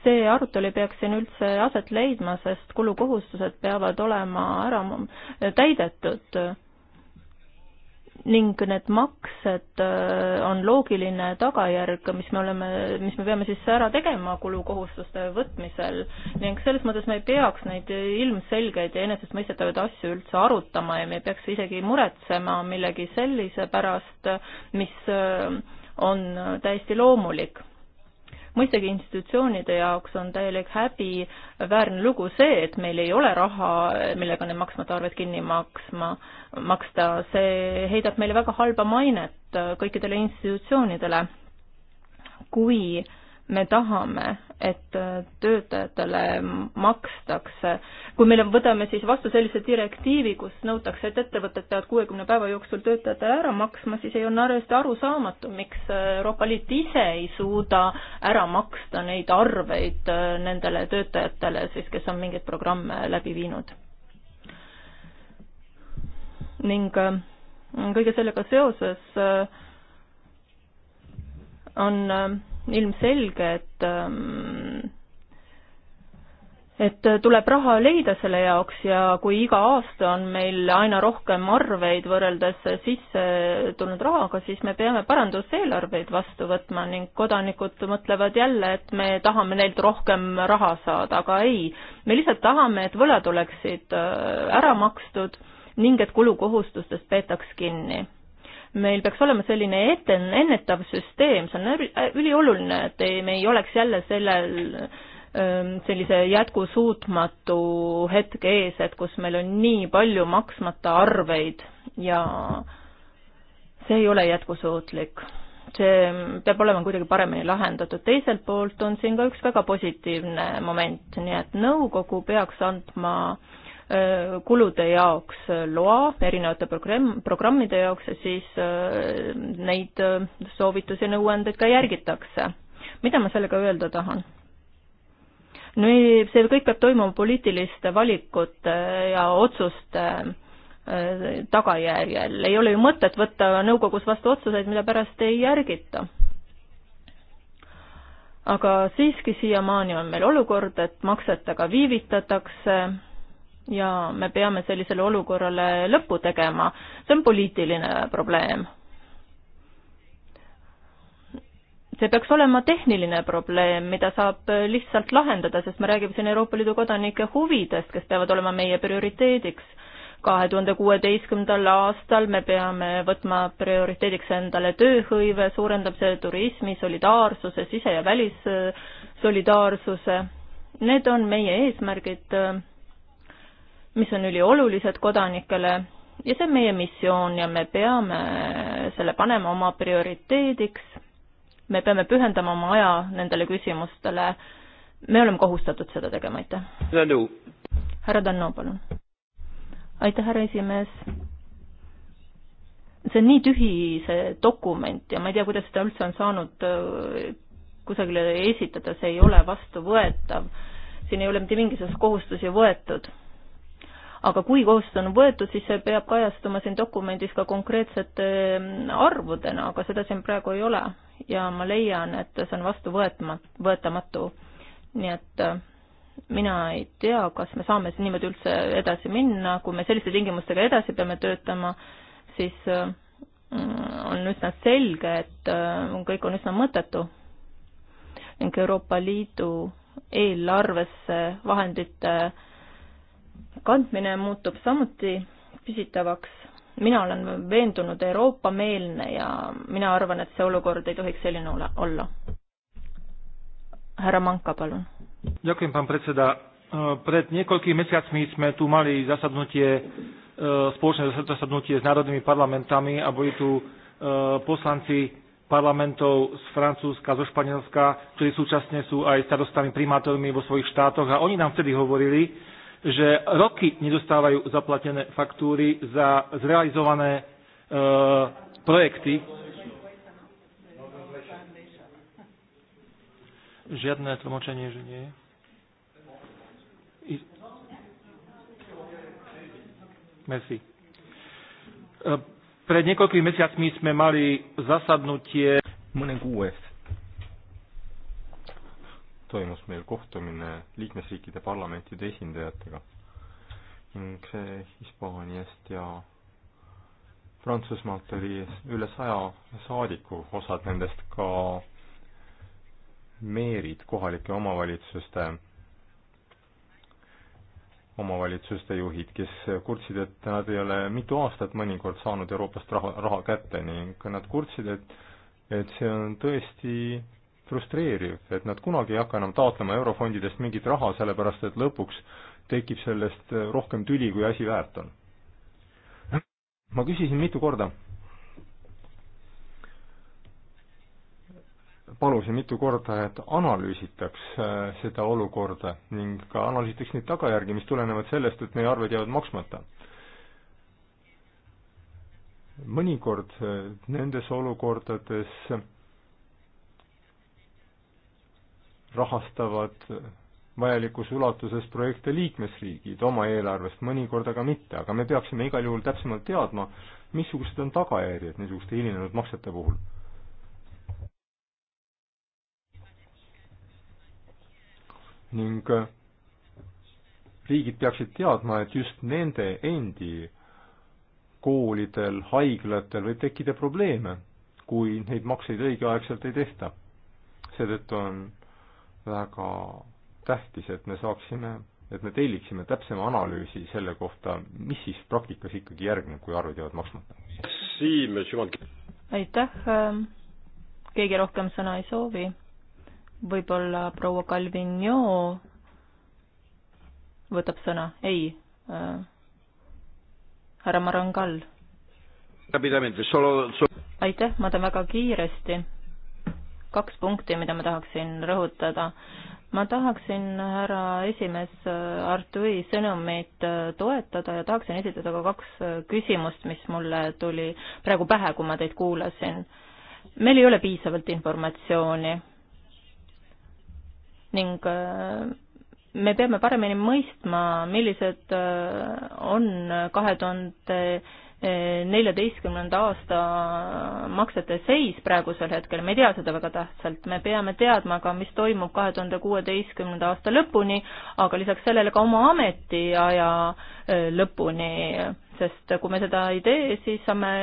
see arutelu ei peaks siin üldse aset leidma, sest kulukohustused peavad olema ära täidetud ning need maksed äh, on loogiline tagajärg, mis me oleme, mis me peame siis ära tegema kulukohustuste võtmisel ning selles mõttes me ei peaks neid ilmselgeid ja enesestmõistetavaid asju üldse arutama ja me ei peaks isegi muretsema millegi sellise pärast, mis äh, on täiesti loomulik mõistagi institutsioonide jaoks on täielik häbiväärne lugu see, et meil ei ole raha, millega need maksmata arved kinni maksma, maksta, see heidab meile väga halba mainet kõikidele institutsioonidele. kui äh, me tahame, et töötajatele makstakse, kui me võtame siis vastu sellise direktiivi, kus nõutakse, et ettevõtted peavad kuuekümne päeva jooksul töötajatele ära maksma, siis ei ole arvesti arusaamatu, miks Euroopa Liit ise ei suuda ära maksta neid arveid nendele töötajatele siis, kes on mingeid programme läbi viinud. ning äh, kõige sellega seoses äh, on äh, ilmselge, et ähm, et tuleb raha leida selle jaoks ja kui iga aasta on meil aina rohkem arveid võrreldes sisse tulnud rahaga, siis me peame paranduseelarveid vastu võtma ning kodanikud mõtlevad jälle, et me tahame neilt rohkem raha saada, aga ei, me lihtsalt tahame, et võlad oleksid äh, ära makstud ning et kulukohustustest peetaks kinni meil peaks olema selline ette, ennetav süsteem, see on ülioluline, et ei, me ei oleks jälle sellel ähm, sellise jätkusuutmatu hetke ees, et kus meil on nii palju maksmata arveid ja see ei ole jätkusuutlik. see peab olema kuidagi paremini lahendatud, teiselt poolt on siin ka üks väga positiivne moment, nii et nõukogu peaks andma äh, Äh, kulude jaoks äh, loa erinevate programm, programmide jaoks, siis äh, neid soovitusi ja nõuandeid ka järgitakse. mida ma sellega öelda tahan? no ei, see kõik peab toimuma poliitiliste valikute ja otsuste tagajärjel, ei ole ju mõtet võtta nõukogus vastu otsuseid, mida pärast ei järgita aga siiski siiamaani on meil olukord, et maksetega viivitatakse ja me peame sellisele olukorrale lõpu tegema. see on poliitiline probleem. see peaks olema tehniline probleem, mida saab lihtsalt lahendada, sest me räägime siin Euroopa Liidu kodanike huvidest, kes peavad olema meie prioriteediks. kahe tuhande kuueteistkümnendal aastal me peame võtma prioriteediks endale tööhõive suurendamise, turismi, solidaarsuse, sise- ja välissolidaarsuse. Need on meie eesmärgid mis on üliolulised kodanikele ja see on meie missioon ja me peame selle panema oma prioriteediks. me peame pühendama oma aja nendele küsimustele. me oleme kohustatud seda tegema, aitäh. härra Danno, palun. aitäh, härra esimees. see on nii tühi, see dokument ja ma ei tea, kuidas seda üldse on saanud äh, kusagile esitada, see ei ole vastuvõetav. siin ei ole mitte mingisuguseid kohustusi võetud aga kui kohustus on võetud, siis see peab kajastuma siin dokumendis ka konkreetsete mm, arvudena, aga seda siin praegu ei ole. ja ma leian, et see on vastuvõetma-, võetamatu. nii et äh, mina ei tea, kas me saame siin niimoodi üldse edasi minna, kui me selliste tingimustega edasi peame töötama, siis äh, mm, on üsna selge, et äh, kõik on üsna mõttetu ning Euroopa Liidu eelarvesse vahendite kandmine muutub samuti küsitavaks. mina olen veendunud Euroopa-meelne ja mina arvan, et see olukord ei tohiks selline ole, olla. härra Manka, palun. E, pred niekoľkými mesiacmi sme tu mali zasadnutie, e, spoločné zasadnutie s národnými parlamentami a boli tu e, poslanci parlamentov z Francúzska, zo Španielska, ktorí súčasne sú aj starostami primátormi vo svojich štátoch a oni nám vtedy hovorili, že roky nedostávajú zaplatené faktúry za zrealizované e, projekty. Žiadne tlmočenie, že nie je. Merci. E, pred niekoľkými mesiacmi sme mali zasadnutie. Mõne kuu eest toimus meil kohtumine liikmesriikide parlamentide esindajatega ning see Hispaaniast ja Prantsusmaalt oli üle saja saadiku, osad nendest ka meerid, kohalike omavalitsuste, omavalitsuste juhid, kes kurtsid, et nad ei ole mitu aastat mõnikord saanud Euroopast raha, raha kätte ning nad kurtsid, et et see on tõesti frustreeriv, et nad kunagi ei hakka enam taotlema eurofondidest mingit raha, sellepärast et lõpuks tekib sellest rohkem tüli, kui asi väärt on. ma küsisin mitu korda, palusin mitu korda, et analüüsitaks äh, seda olukorda ning ka analüüsitaks neid tagajärgi, mis tulenevad sellest, et meie arved jäävad maksmata. mõnikord äh, nendes olukordades rahastavad vajalikus ulatuses projekte liikmesriigid oma eelarvest, mõnikord aga mitte, aga me peaksime igal juhul täpsemalt teadma, missugused on tagajärjed niisuguste hilinenud maksete puhul. ning äh, riigid peaksid teadma, et just nende endi koolidel, haiglatel võib tekkida probleeme, kui neid makseid õigeaegselt ei tehta. seetõttu on väga tähtis, et me saaksime, et me telliksime täpsema analüüsi selle kohta, mis siis praktikas ikkagi järgneb, kui arved jäävad maksmata. aitäh, ähm, keegi rohkem sõna ei soovi. võib-olla proua Calvino võtab sõna, ei äh,, härra Marangal. aitäh, ma teen väga kiiresti kaks punkti, mida ma tahaksin rõhutada. ma tahaksin härra esimees Artui sõnumit toetada ja tahaksin esitada ka kaks küsimust, mis mulle tuli praegu pähe, kui ma teid kuulasin. meil ei ole piisavalt informatsiooni ning äh, me peame paremini mõistma, millised äh, on kahe tuhande neljateistkümnenda aasta maksete seis praegusel hetkel, me ei tea seda väga tähtsalt, me peame teadma ka, mis toimub kahe tuhande kuueteistkümnenda aasta lõpuni, aga lisaks sellele ka oma ametiaja e, lõpuni, sest kui me seda ei tee, siis me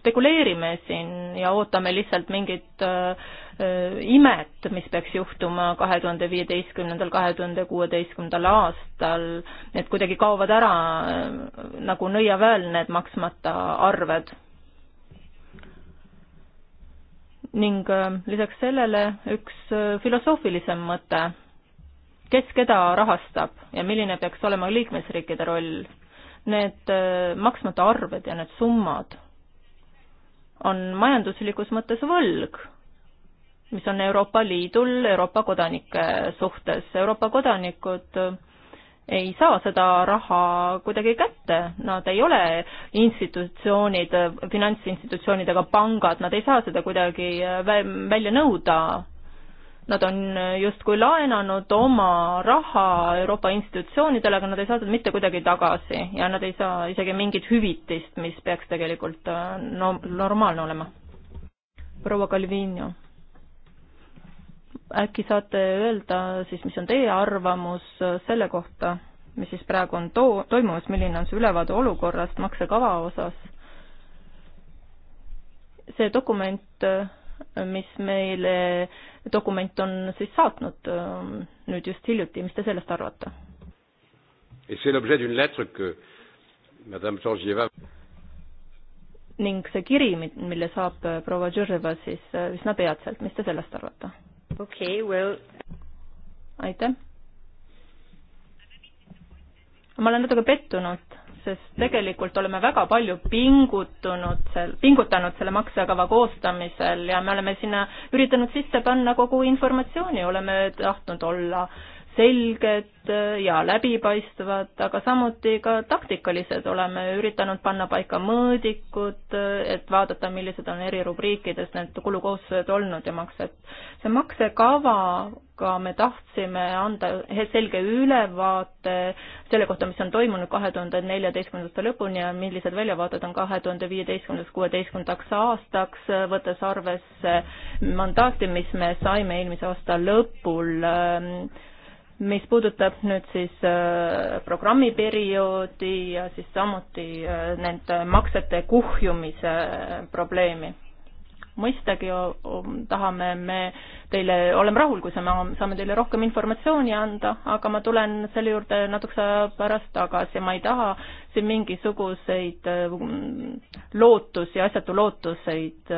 spekuleerime siin ja ootame lihtsalt mingit äh, Äh, imet, mis peaks juhtuma kahe tuhande viieteistkümnendal, kahe tuhande kuueteistkümnendal aastal, need kuidagi kaovad ära äh, nagu nõiaväel, need maksmata arved. ning äh, lisaks sellele üks filosoofilisem mõte, kes keda rahastab ja milline peaks olema liikmesriikide roll, need maksmata arved ja need summad on majanduslikus mõttes võlg mis on Euroopa Liidul Euroopa kodanike suhtes. Euroopa kodanikud ei saa seda raha kuidagi kätte, nad ei ole institutsioonid, finantsinstitutsioonid ega pangad, nad ei saa seda kuidagi välja nõuda. Nad on justkui laenanud oma raha Euroopa institutsioonidele, aga nad ei saa seda mitte kuidagi tagasi ja nad ei saa isegi mingit hüvitist, mis peaks tegelikult no normaalne olema. proua Calvino äkki saate öelda siis, mis on teie arvamus selle kohta, mis siis praegu on too-, toimumas, milline on see ülevaade olukorrast maksekava osas? see dokument, mis meile, dokument on siis saatnud nüüd just hiljuti, mis te sellest arvate? ning see kiri, mille saab proua Džurževa siis üsna peatselt, mis te sellest arvate? okei okay,, well. aitäh. ma olen natuke pettunud, sest tegelikult oleme väga palju pingutunud seal, pingutanud selle maksekava koostamisel ja me oleme sinna üritanud sisse panna kogu informatsiooni, oleme tahtnud olla äh, selged ja läbipaistvad, aga samuti ka taktikalised, oleme üritanud panna paika mõõdikud, et vaadata, millised on eri rubriikides need kulukohustused olnud ja maksed. see maksekavaga me tahtsime anda ühe selge ülevaate selle kohta, mis on toimunud kahe tuhande neljateistkümnenda aasta lõpuni ja millised väljavaated on kahe tuhande viieteistkümnendast kuueteistkümnendaks aastaks, võttes arvesse mandaati, mis me saime eelmise aasta lõpul mis puudutab nüüd siis äh, programmiperioodi ja siis samuti äh, nende maksete kuhjumise äh, probleemi. mõistagi tahame me teile, oleme rahul, kui saame, saame teile rohkem informatsiooni anda, aga ma tulen selle juurde natukese aja pärast tagasi, ma ei taha siin mingisuguseid lootusi, asjatu lootuseid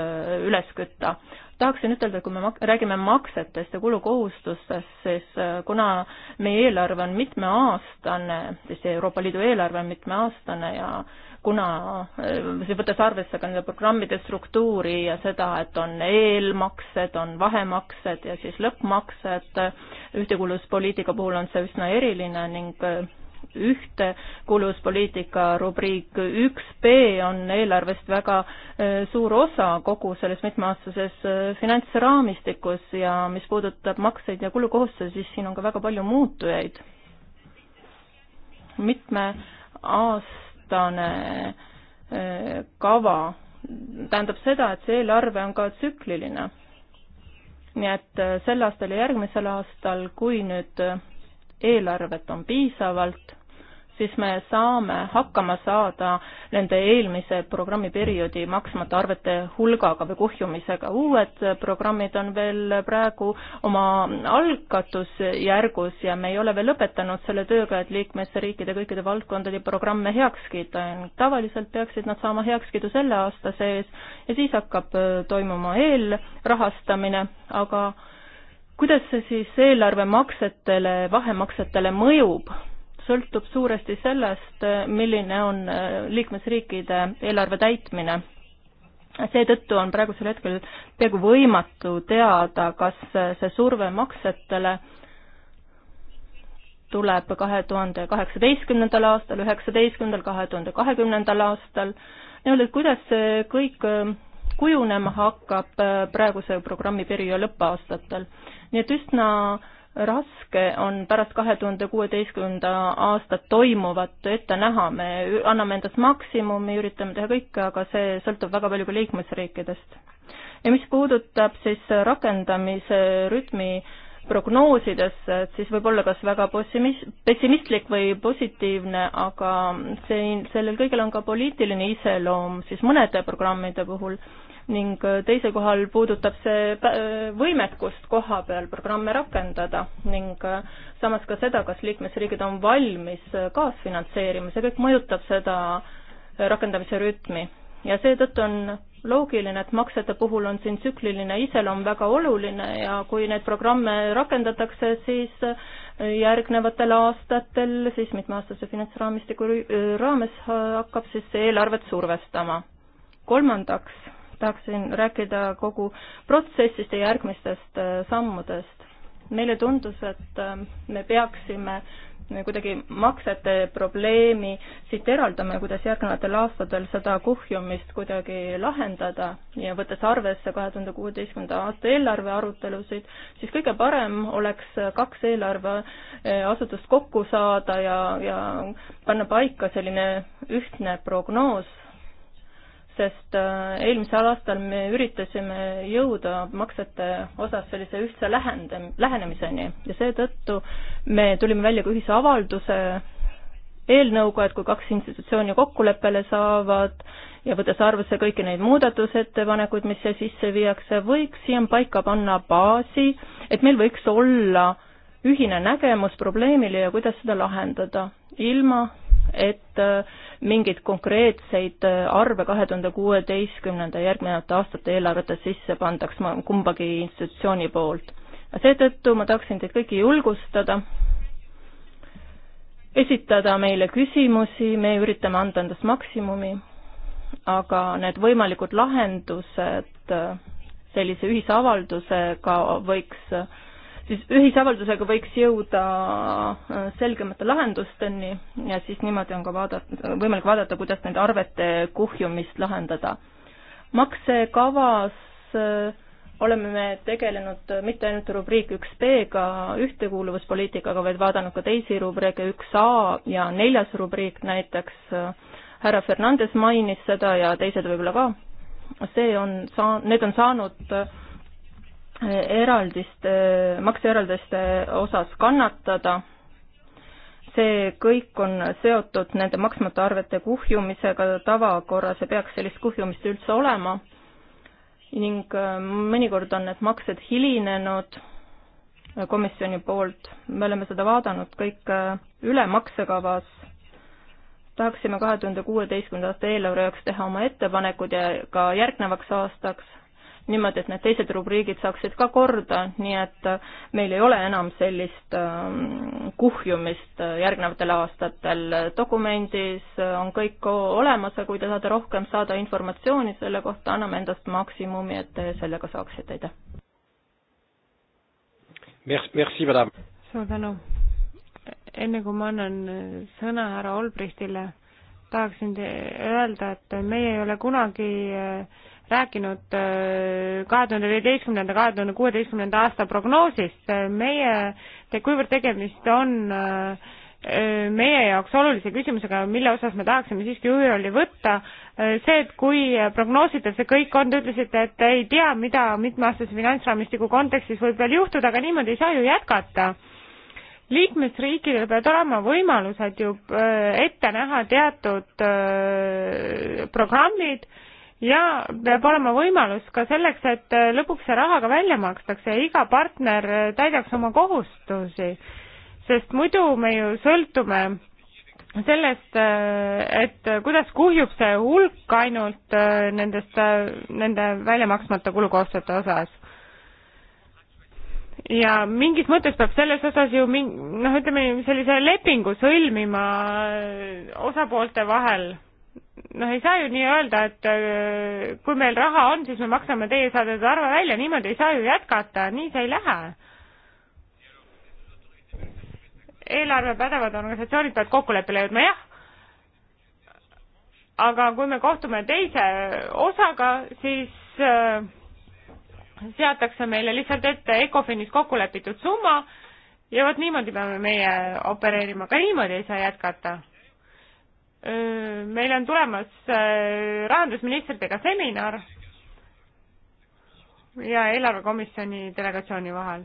üles kütta tahaksin ütelda, et kui me mak-, räägime maksetest ja kulukohustustest, siis äh, kuna meie eelarve on mitmeaastane, siis Euroopa Liidu eelarve on mitmeaastane ja kuna äh, see võttes arvesse ka nende programmide struktuuri ja seda, et on eelmaksed, on vahemaksed ja siis lõppmaksed, äh, ühtekuuluvuspoliitika puhul on see üsna eriline ning ühtekuuluvuspoliitika rubriik üks B on eelarvest väga e, suur osa kogu selles mitmeaastases e, finantsraamistikus ja mis puudutab makseid ja kulukohustusi, siis siin on ka väga palju muutujaid. mitmeaastane e, kava tähendab seda, et see eelarve on ka tsükliline. nii et sel aastal ja järgmisel aastal, kui nüüd eelarvet on piisavalt, siis me saame hakkama saada nende eelmise programmiperioodi maksmata arvete hulgaga või kuhjumisega. uued programmid on veel praegu oma algatusjärgus ja me ei ole veel lõpetanud selle tööga, et liikmesriikide kõikide valdkondade programme heaks kiita. tavaliselt peaksid nad saama heakskiidu selle aasta sees ja siis hakkab toimuma eelrahastamine, aga kuidas see siis eelarvemaksetele, vahemaksetele mõjub? sõltub suuresti sellest, milline on äh, liikmesriikide eelarve täitmine. seetõttu on praegusel hetkel peaaegu võimatu teada, kas äh, see surve maksetele tuleb kahe tuhande kaheksateistkümnendal aastal, üheksateistkümnendal, kahe tuhande kahekümnendal aastal, nii-öelda, et kuidas see kõik äh, kujunema hakkab äh, praeguse programmi perioodi lõppaastatel. nii et üsna raske on pärast kahe tuhande kuueteistkümnenda aastat toimuvat ette näha, me anname endast maksimumi, üritame teha kõike, aga see sõltub väga palju ka liikmesriikidest. ja mis puudutab siis rakendamise rütmi, prognoosides, et siis võib olla kas väga pessimis-, pessimistlik või positiivne, aga siin, sellel kõigel on ka poliitiline iseloom siis mõnede programmide puhul ning teise kohal puudutab see äh, võimekust koha peal programme rakendada ning äh, samas ka seda, kas liikmesriigid on valmis kaasfinantseerima, see kõik mõjutab seda äh, rakendamise rütmi ja seetõttu on loogiline, et maksete puhul on siin tsükliline iseloom väga oluline ja kui neid programme rakendatakse, siis äh, järgnevatel aastatel siis mitmeaastase finantsraamistiku äh, raames hakkab siis eelarvet survestama. kolmandaks tahaksin rääkida kogu protsessist ja järgmistest äh, sammudest. meile tundus, et me peaksime kuidagi maksete probleemi siit eraldame, kuidas järgnevatel aastatel seda kuhjumist kuidagi lahendada ja võttes arvesse kahe tuhande kuueteistkümnenda aasta eelarve arutelusid, siis kõige parem oleks kaks eelarveasutust eh, kokku saada ja, ja panna paika selline ühtne prognoos sest äh, eelmisel aastal me üritasime jõuda maksete osas sellise ühtse lähende, lähenemiseni ja seetõttu me tulime välja ka ühise avalduse eelnõuga, et kui kaks institutsiooni kokkuleppele saavad ja võttes arvesse kõiki neid muudatusettepanekuid, mis siia sisse viiakse, võiks siia paika panna baasi, et meil võiks olla ühine nägemus probleemile ja kuidas seda lahendada, ilma et äh, mingeid konkreetseid äh, arve kahe tuhande kuueteistkümnenda järgnevate aastate eelarvetes sisse pandaks kumbagi institutsiooni poolt. seetõttu ma tahaksin teid kõiki julgustada, esitada meile küsimusi, me üritame anda endast maksimumi, aga need võimalikud lahendused äh, sellise ühisavaldusega võiks siis ühisavaldusega võiks jõuda äh, selgemate lahendusteni ja siis niimoodi on ka vaadata, võimalik vaadata, kuidas nende arvete kuhjumist lahendada. maksekavas äh, oleme me tegelenud äh, mitte ainult rubriik üks B-ga, ühtekuuluvuspoliitikaga, vaid vaadanud ka teisi rubriike, üks A ja neljas rubriik näiteks, härra Fernandes mainis seda ja teised võib-olla ka, see on saa-, need on saanud äh, eraldiste, makseeraldiste osas kannatada, see kõik on seotud nende maksmata arvete kuhjumisega, tavakorras ei peaks sellist kuhjumist üldse olema ning äh, mõnikord on need maksed hilinenud komisjoni poolt, me oleme seda vaadanud kõik äh, üle maksekavas, tahaksime kahe tuhande kuueteistkümnenda aasta eelarve jaoks teha oma ettepanekud ja ka järgnevaks aastaks niimoodi, et need teised rubriigid saaksid ka korda, nii et äh, meil ei ole enam sellist ähm, kuhjumist äh, järgnevatel aastatel. dokumendis äh, on kõik olemas ja kui te tahate rohkem saada informatsiooni selle kohta, anname endast maksimumi, et te sellega saaksite, aitäh! Merci, madame! suur tänu! enne kui ma annan sõna härra Olbrichtile, tahaksin öelda, et meie ei ole kunagi äh, rääkinud äh, kahe tuhande viieteistkümnenda, kahe tuhande kuueteistkümnenda aasta prognoosist. meie te,, kuivõrd tegemist on äh, meie jaoks olulise küsimusega, mille osas me tahaksime siiski juhirolli võtta, äh, see, et kui prognoositav see kõik on, te ütlesite, et ei tea, mida mitmeaastase finantsraamistiku kontekstis võib veel juhtuda, aga niimoodi ei saa ju jätkata liikmesriikidel peavad olema võimalused ju ette näha teatud programmid ja peab olema võimalus ka selleks, et lõpuks see raha ka välja makstakse ja iga partner täidaks oma kohustusi, sest muidu me ju sõltume sellest, et kuidas kuhjub see hulk ainult äh, nendest, äh, nende välja maksmata kulukohustuste osas. ja mingis mõttes peab selles osas ju ming-, noh, ütleme sellise lepingu sõlmima äh, osapoolte vahel noh, ei saa ju nii öelda, et äh, kui meil raha on, siis me maksame teie saadetud arve välja, niimoodi ei saa ju jätkata, nii see ei lähe. eelarvepädevad organisatsioonid peavad kokkuleppele jõudma, jah. aga kui me kohtume teise osaga, siis äh, seatakse meile lihtsalt ette ECOFINis kokku lepitud summa ja vot niimoodi peame meie opereerima, ka niimoodi ei saa jätkata meil on tulemas rahandusministritega seminar ja eelarvekomisjoni delegatsiooni vahel.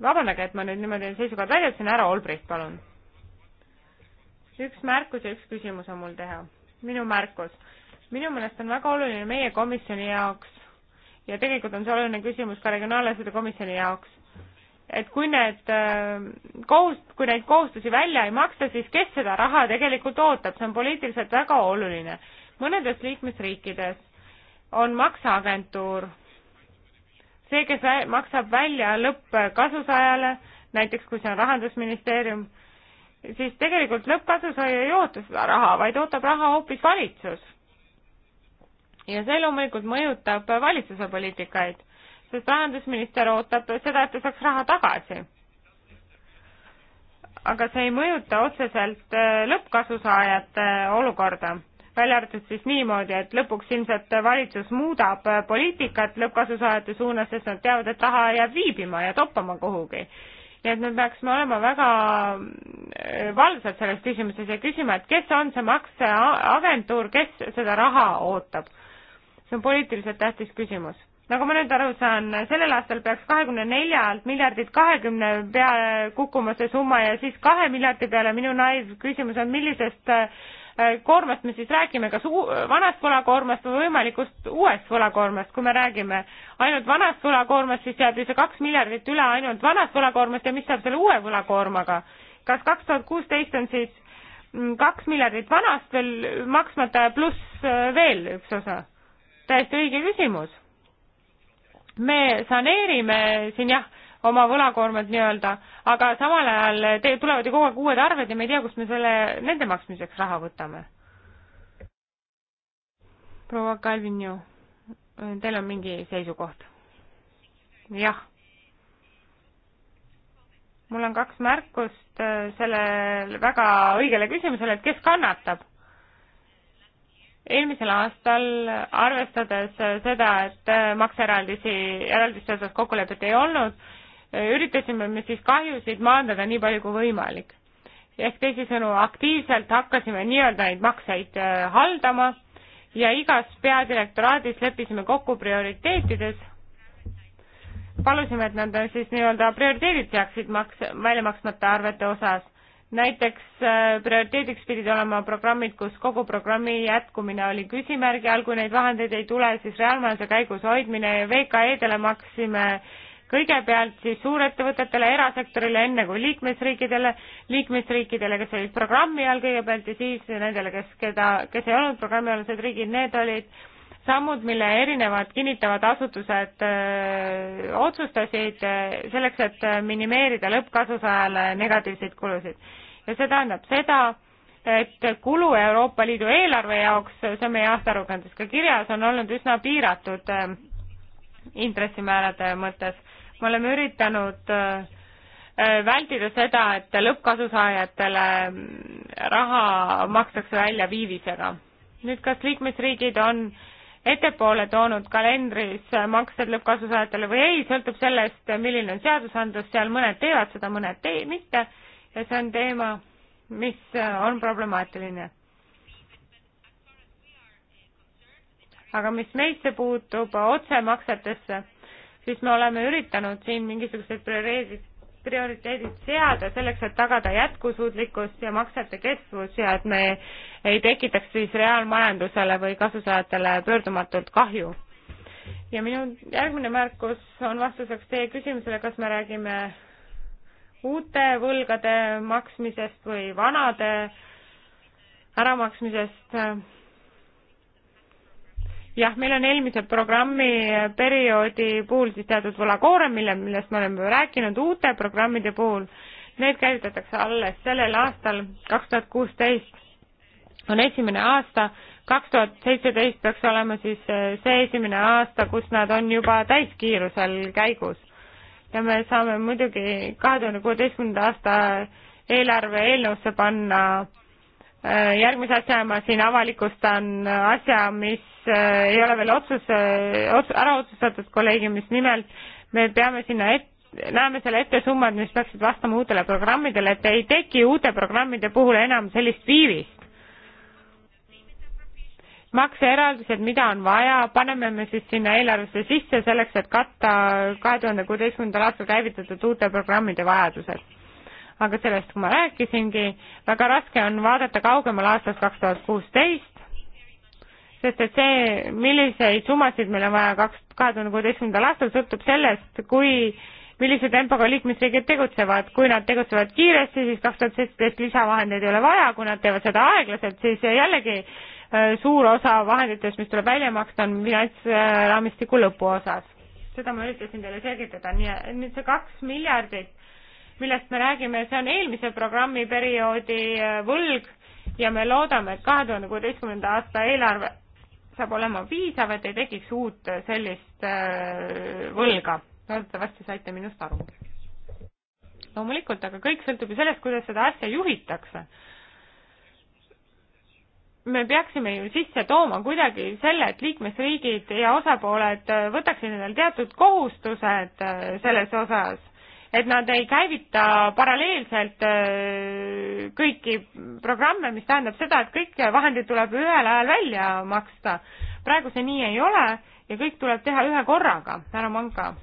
vabandage, et ma nüüd niimoodi seisukohad väljendasin, härra Olbrist, palun. üks märkus ja üks küsimus on mul teha. minu märkus. minu meelest on väga oluline meie komisjoni jaoks ja tegelikult on see oluline küsimus ka regionaalasjade komisjoni jaoks, et kui need äh, kohust-, kui neid kohustusi välja ei maksta, siis kes seda raha tegelikult ootab, see on poliitiliselt väga oluline. mõnedes liikmesriikides on makseagentuur see, kes maksab välja lõppkasusaajale, näiteks kui see on rahandusministeerium, siis tegelikult lõppkasusaaja ei oota seda raha, vaid ootab raha hoopis valitsus. ja see loomulikult mõjutab valitsuse poliitikaid sest rahandusminister ootab seda, et ta saaks raha tagasi. aga see ei mõjuta otseselt äh, lõppkasusaajate äh, olukorda, välja arvatud siis niimoodi, et lõpuks ilmselt valitsus muudab äh, poliitikat lõppkasusaajate suunas, sest nad teavad, et raha jääb viibima ja toppama kuhugi nii et me peaksime olema väga valvsad selles küsimuses ja küsima, et kes on see makseagentuur, kes seda raha ootab. see on poliitiliselt tähtis küsimus nagu ma nüüd aru saan, sellel aastal peaks kahekümne neljalt miljardilt kahekümne peale kukkuma see summa ja siis kahe miljardi peale, minu naiivküsimus on, millisest äh, koormast me siis räägime, kas vanast võlakoormast või võimalikust uuest võlakoormast, kui me räägime ainult vanast võlakoormast, siis jääb ju see kaks miljardit üle ainult vanast võlakoormast ja mis saab selle uue võlakoormaga? kas kaks tuhat kuusteist on siis mm, kaks miljardit vanast veel maksmata ja pluss äh, veel üks osa? täiesti õige küsimus me saneerime siin jah, oma võlakoormat nii-öelda, aga samal ajal te, tulevad ju kogu aeg uued arved ja me ei tea, kust me selle, nende maksmiseks raha võtame. proua Kalvinju, teil on mingi seisukoht? jah. mul on kaks märkust äh, sellele väga õigele küsimusele, et kes kannatab eelmisel aastal, arvestades seda, et makseeraldisi, eraldiste osas kokkulepet ei olnud, üritasime me siis kahjusid maandada nii palju kui võimalik. ehk teisisõnu, aktiivselt hakkasime nii-öelda neid makseid äh, haldama ja igas peadirektoraadis leppisime kokku prioriteetides, palusime, et nad siis nii-öelda prioriteedid seaksid maks-, välja maksmata arvete osas näiteks äh, prioriteediks pidid olema programmid, kus kogu programmi jätkumine oli küsimärgi all, kui neid vahendeid ei tule, siis reaalmajanduse käigus hoidmine ja VKE-dele maksime kõigepealt siis suurettevõtetele, erasektorile, enne kui liikmesriikidele, liikmesriikidele, kes olid programmi all kõigepealt ja siis nendele, kes, keda, kes ei olnud programmialused riigid, need olid sammud, mille erinevad kinnitavad asutused öö, äh, otsustasid öö, äh, selleks, et minimeerida lõppkasusaajale negatiivseid kulusid ja see tähendab seda, et kulu Euroopa Liidu eelarve jaoks, see on meie aastaaruandes ka kirjas, on olnud üsna piiratud äh, intressimäärade mõttes. me oleme üritanud äh, vältida seda, et lõppkasusaajatele mm, raha makstakse välja viivisega. nüüd, kas liikmesriigid on ettepoole toonud kalendris äh, maksed lõppkasusaajatele või ei, sõltub sellest, milline on seadusandlus, seal mõned teevad seda, mõned tei-, mitte ja see on teema, mis äh, on problemaatiline. aga mis meisse puutub otsemaksetesse, siis me oleme üritanud siin mingisugused prioriteedid, prioriteedid seada selleks, et tagada jätkusuutlikkus ja maksete kestvus ja et me ei tekitaks siis reaalmajandusele või kasusaajatele pöördumatult kahju. ja minu järgmine märkus on vastuseks teie küsimusele, kas me räägime uute võlgade maksmisest või vanade äramaksmisest. jah, meil on eelmise programmi perioodi puhul siis teatud võlakoorem, mille, millest me oleme rääkinud uute programmide puhul. Need käivitatakse alles sellel aastal, kaks tuhat kuusteist on esimene aasta, kaks tuhat seitseteist peaks olema siis see esimene aasta, kus nad on juba täiskiirusel käigus ja me saame muidugi kahe tuhande kuueteistkümnenda aasta eelarve eelnõusse panna äh, järgmise asja ma siin avalikustan äh, asja, mis äh, ei ole veel otsus, ots-, ära otsustatud kolleegiumis, nimelt me peame sinna et-, näeme selle ette summad, mis peaksid vastama uutele programmidele, et ei teki uute programmide puhul enam sellist viivist makseeraldised, mida on vaja, paneme me siis sinna eelarvesse sisse selleks, et katta kahe tuhande kuueteistkümnendal aastal käivitatud uute programmide vajadused. aga sellest ma rääkisingi, väga raske on vaadata kaugemale aastast kaks tuhat kuusteist, sest et see, milliseid summasid meil on vaja kaks, kahe tuhande kuueteistkümnendal aastal, sõltub sellest, kui millise tempoga liikmesriigid tegutsevad, kui nad tegutsevad kiiresti, siis kaks tuhat seitseteist lisavahendeid ei ole vaja, kui nad teevad seda aeglaselt, siis jällegi Äh, suur osa vahenditest, mis tuleb välja maksta, on finantsraamistiku lõpuosas. seda ma üritasin teile selgitada, nii et nüüd see kaks miljardit, millest me räägime, see on eelmise programmiperioodi äh, võlg ja me loodame, et kahe tuhande kuueteistkümnenda aasta eelarve saab olema piisav, et ei tekiks uut äh, sellist võlga. loodetavasti saite minust aru loomulikult, aga kõik sõltub ju sellest, kuidas seda asja juhitakse me peaksime ju sisse tooma kuidagi selle, et liikmesriigid ja osapooled äh, võtaksid endale teatud kohustused äh, selles osas, et nad ei käivita paralleelselt äh, kõiki programme, mis tähendab seda, et kõik vahendid tuleb ühel ajal välja maksta. praegu see nii ei ole ja kõik tuleb teha ühe korraga, härra Manka.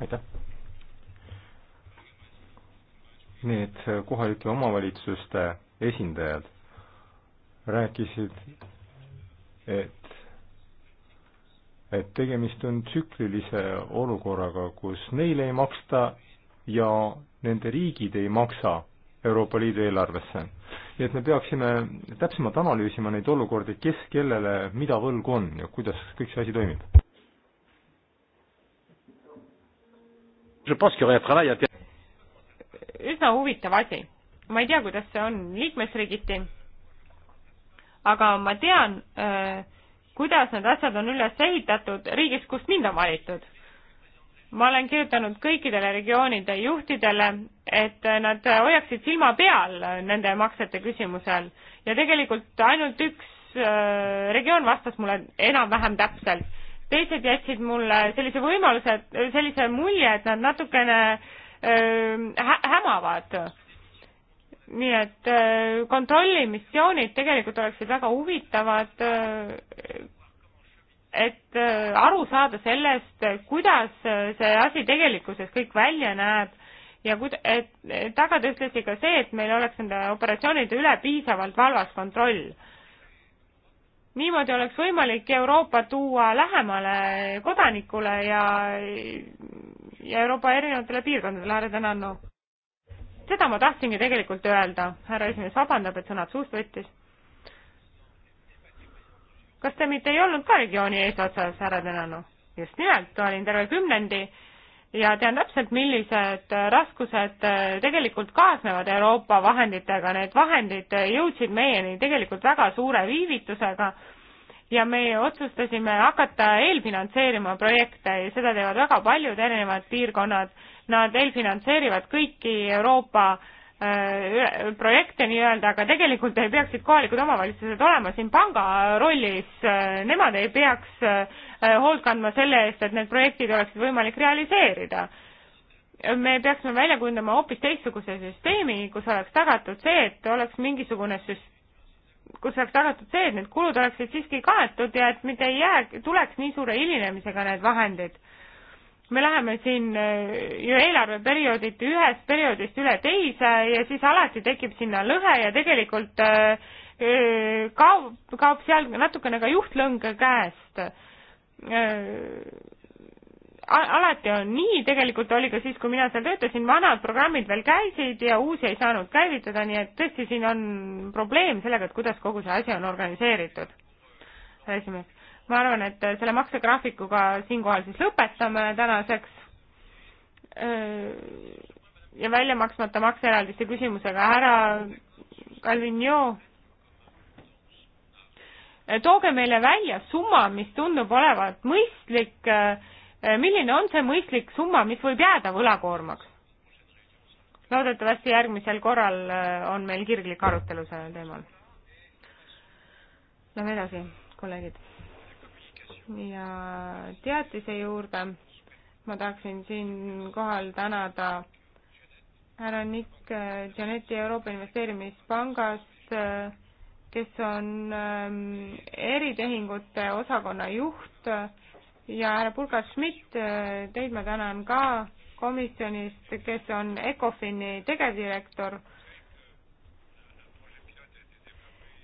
aitäh. need kohalike omavalitsuste esindajad rääkisid, et, et tegemist on tsüklilise olukorraga, kus neile ei maksta ja nende riigid ei maksa Euroopa Liidu eelarvesse. nii et me peaksime täpsemalt analüüsima neid olukordi, kes kellele mida võlgu on ja kuidas kõik see asi toimib üsna huvitav asi. ma ei tea, kuidas see on liikmesriigiti, aga ma tean, äh, kuidas need asjad on üles ehitatud riigis, kust mind on valitud. ma olen kirjutanud kõikidele regioonide juhtidele, et nad hoiaksid silma peal nende maksete küsimusel ja tegelikult ainult üks äh, regioon vastas mulle enam-vähem täpselt teised jätsid mulle sellise võimaluse, sellise mulje, et nad natukene äh, hä hämavad. nii et kontrollimissioonid tegelikult oleksid väga huvitavad, et aru saada sellest, kuidas see asi tegelikkuses kõik välja näeb ja kuid-, et taga ta ütles ka see, et meil oleks nende operatsioonide üle piisavalt valvas kontroll. niimoodi oleks võimalik Euroopa tuua lähemale kodanikule ja ja Euroopa erinevatele piirkondadele, härra Tänano. seda ma tahtsingi tegelikult öelda, härra esimees vabandab, et sõnad suust võttis. kas te mitte ei olnud ka regiooni eesotsas, härra Tänano? just nimelt, olin terve kümnendi ja tean täpselt, millised raskused tegelikult kaasnevad Euroopa vahenditega, need vahendid jõudsid meieni tegelikult väga suure viivitusega ja me otsustasime hakata eelfinantseerima projekte ja seda teevad väga paljud erinevad piirkonnad. Nad eelfinantseerivad kõiki Euroopa öö, äh, projekte nii-öelda, aga tegelikult ei peaksid kohalikud omavalitsused olema siin panga rollis, äh, nemad ei peaks äh, hoolt kandma selle eest, et need projektid oleksid võimalik realiseerida me peaksime välja kujundama hoopis teistsuguse süsteemi, kus oleks tagatud see, et oleks mingisugune süsteem, kus oleks tagatud see, et need kulud oleksid siiski kaetud ja et mitte ei jää, tuleks nii suure hilinemisega need vahendid. me läheme siin äh, ju eelarveperioodit ühest perioodist üle teise ja siis alati tekib sinna lõhe ja tegelikult äh, äh, kaob, kaob seal natukene ka juhtlõng käest alati on nii, tegelikult oli ka siis, kui mina seal töötasin, vanad programmid veel käisid ja uusi ei saanud käivitada, nii et tõesti siin on probleem sellega, et kuidas kogu see asi on organiseeritud. esimees, ma arvan, et selle maksegraafikuga siinkohal siis lõpetame tänaseks ja välja maksmata makseeraldiste küsimusega härra Calvino, tooge meile välja summa, mis tundub olevat mõistlik Eh, milline on see mõistlik summa, mis võib jääda võlakoormaks? loodetavasti järgmisel korral eh, on meil kirglik arutelu sellel teemal. Lähme edasi, kolleegid. ja teatise juurde ma tahaksin siinkohal tänada härra Nick eh, Gianetti Euroopa Investeerimispangast, kes on eritehingute osakonna juht ja härra Pulgar Schmidt, teid ma tänan ka komisjonist, kes on Ecofini tegevdirektor.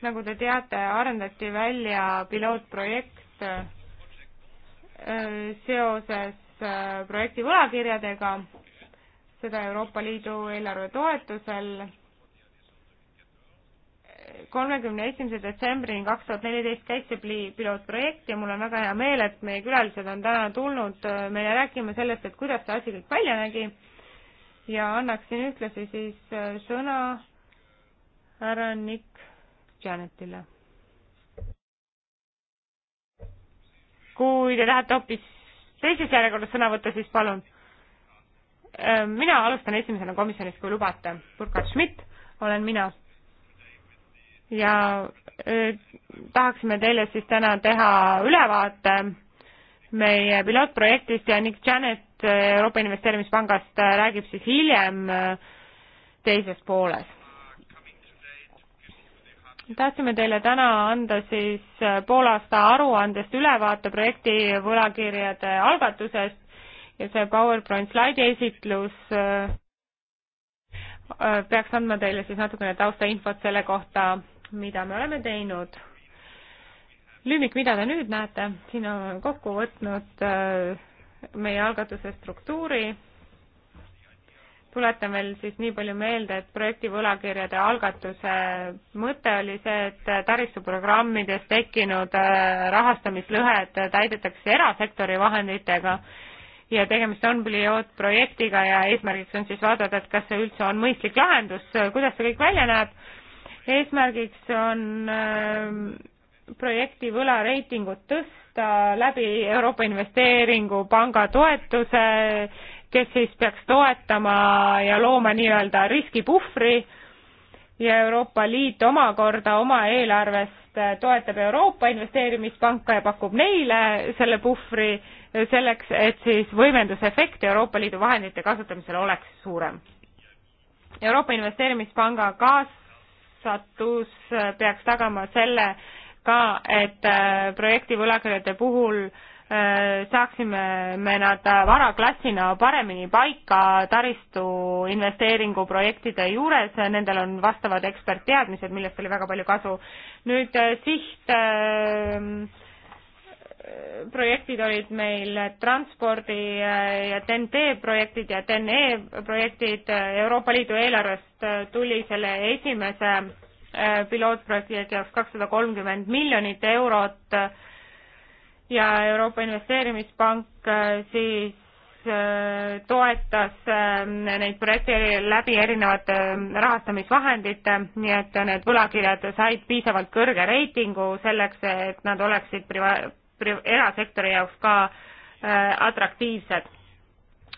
nagu te teate, arendati välja pilootprojekt äh, seoses äh, projekti võlakirjadega, seda Euroopa Liidu eelarve toetusel kolmekümne esimese detsembrini kaks tuhat neliteist käis see pilootprojekt ja mul on väga hea meel, et meie külalised on täna tulnud äh, meile rääkima sellest, et kuidas see asi kõik välja nägi ja annaksin ühtlasi siis äh, sõna härra Nick Janetile. kui te tahate hoopis teises järjekorras sõna võtta, siis palun. Äh, mina alustan esimesena komisjonist, kui lubate. Burkhard Schmidt olen mina ja tahaksime teile siis täna teha ülevaate meie pilootprojektist ja Nick Janet Euroopa Investeerimispangast äh, räägib siis hiljem teises pooles. tahtsime teile täna anda siis poolaasta aruandest ülevaate projekti võlakirjade algatusest ja see PowerPoint slaidi esitlus peaks andma teile siis natukene taustainfot selle kohta mida me oleme teinud. lüümik, mida te nüüd näete, siin on kokku võtnud äh, meie algatuse struktuuri tuletan veel siis nii palju meelde, et projekti võlakirjade algatuse mõte oli see, et taristuprogrammides tekkinud äh, rahastamislõhed täidetakse erasektori vahenditega ja tegemist on pilootprojektiga ja eesmärgiks on siis vaadata, et kas see üldse on mõistlik lahendus, kuidas see kõik välja näeb eesmärgiks on ähm, projekti võlareitingut tõsta läbi Euroopa Investeeringupanga toetuse, kes siis peaks toetama ja looma nii-öelda riskipuhvri ja Euroopa Liit omakorda oma eelarvest toetab Euroopa Investeerimispanka ja pakub neile selle puhvri selleks, et siis võimendusefekt Euroopa Liidu vahendite kasutamisel oleks suurem. Euroopa Investeerimispanga kaas-, vastatus peaks tagama selle ka, et äh, projekti võlakirjade puhul äh, saaksime me nad varaklassina paremini paika taristu investeeringuprojektide juures, nendel on vastavad ekspertteadmised, millest oli väga palju kasu. nüüd äh, siht äh, projektid olid meil transpordi äh, ja TEN-T projektid ja TEN-E projektid. Euroopa Liidu eelarvest äh, tuli selle esimese äh, pilootprojekti jaoks kakssada kolmkümmend miljonit eurot ja Euroopa Investeerimispank siis toetas neid projekte läbi erinevate rahastamisvahendite, nii et need võlakirjad said piisavalt kõrge reitingu selleks, et nad oleksid priva-, erasektori jaoks ka äh, atraktiivsed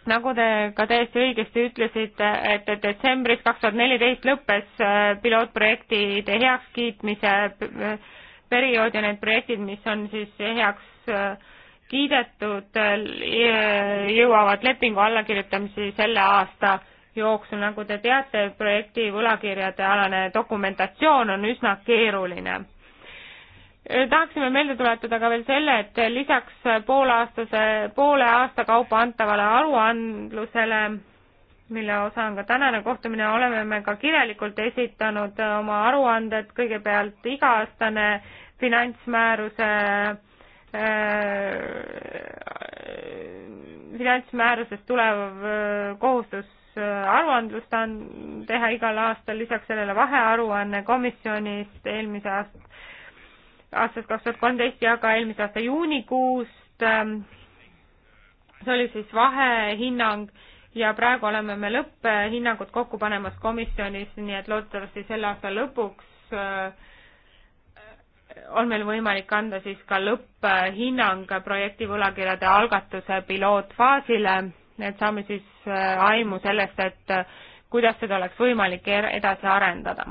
nagu te ka täiesti õigesti ütlesite, et detsembris kaks tuhat neliteist lõppes äh, pilootprojektide heakskiitmise äh, periood ja need projektid, mis on siis heaks kiidetud, jõuavad lepingu allakirjutamisi selle aasta jooksul, nagu te teate, projekti võlakirjade alane dokumentatsioon on üsna keeruline tahaksime meelde tuletada ka veel selle, et lisaks poolaastase, poole aasta kaupa antavale aruandlusele, mille osa on ka tänane kohtumine, oleme me ka kirjalikult esitanud oma aruanded, kõigepealt iga-aastane finantsmääruse äh, finantsmäärusest tulev äh, kohustus äh, aruandlust on teha igal aastal, lisaks sellele vahearuanne komisjonist eelmise aasta aastast kaks tuhat kolmteist ja ka eelmise aasta juunikuust. Ähm, see oli siis vahehinnang ja praegu oleme me lõpphinnangut kokku panemas komisjonis, nii et loodetavasti selle aasta lõpuks äh, on meil võimalik anda siis ka lõpphinnang projekti võlakirjade algatuse pilootfaasile, et saame siis äh, aimu sellest, et äh, kuidas seda oleks võimalik er-, edasi arendada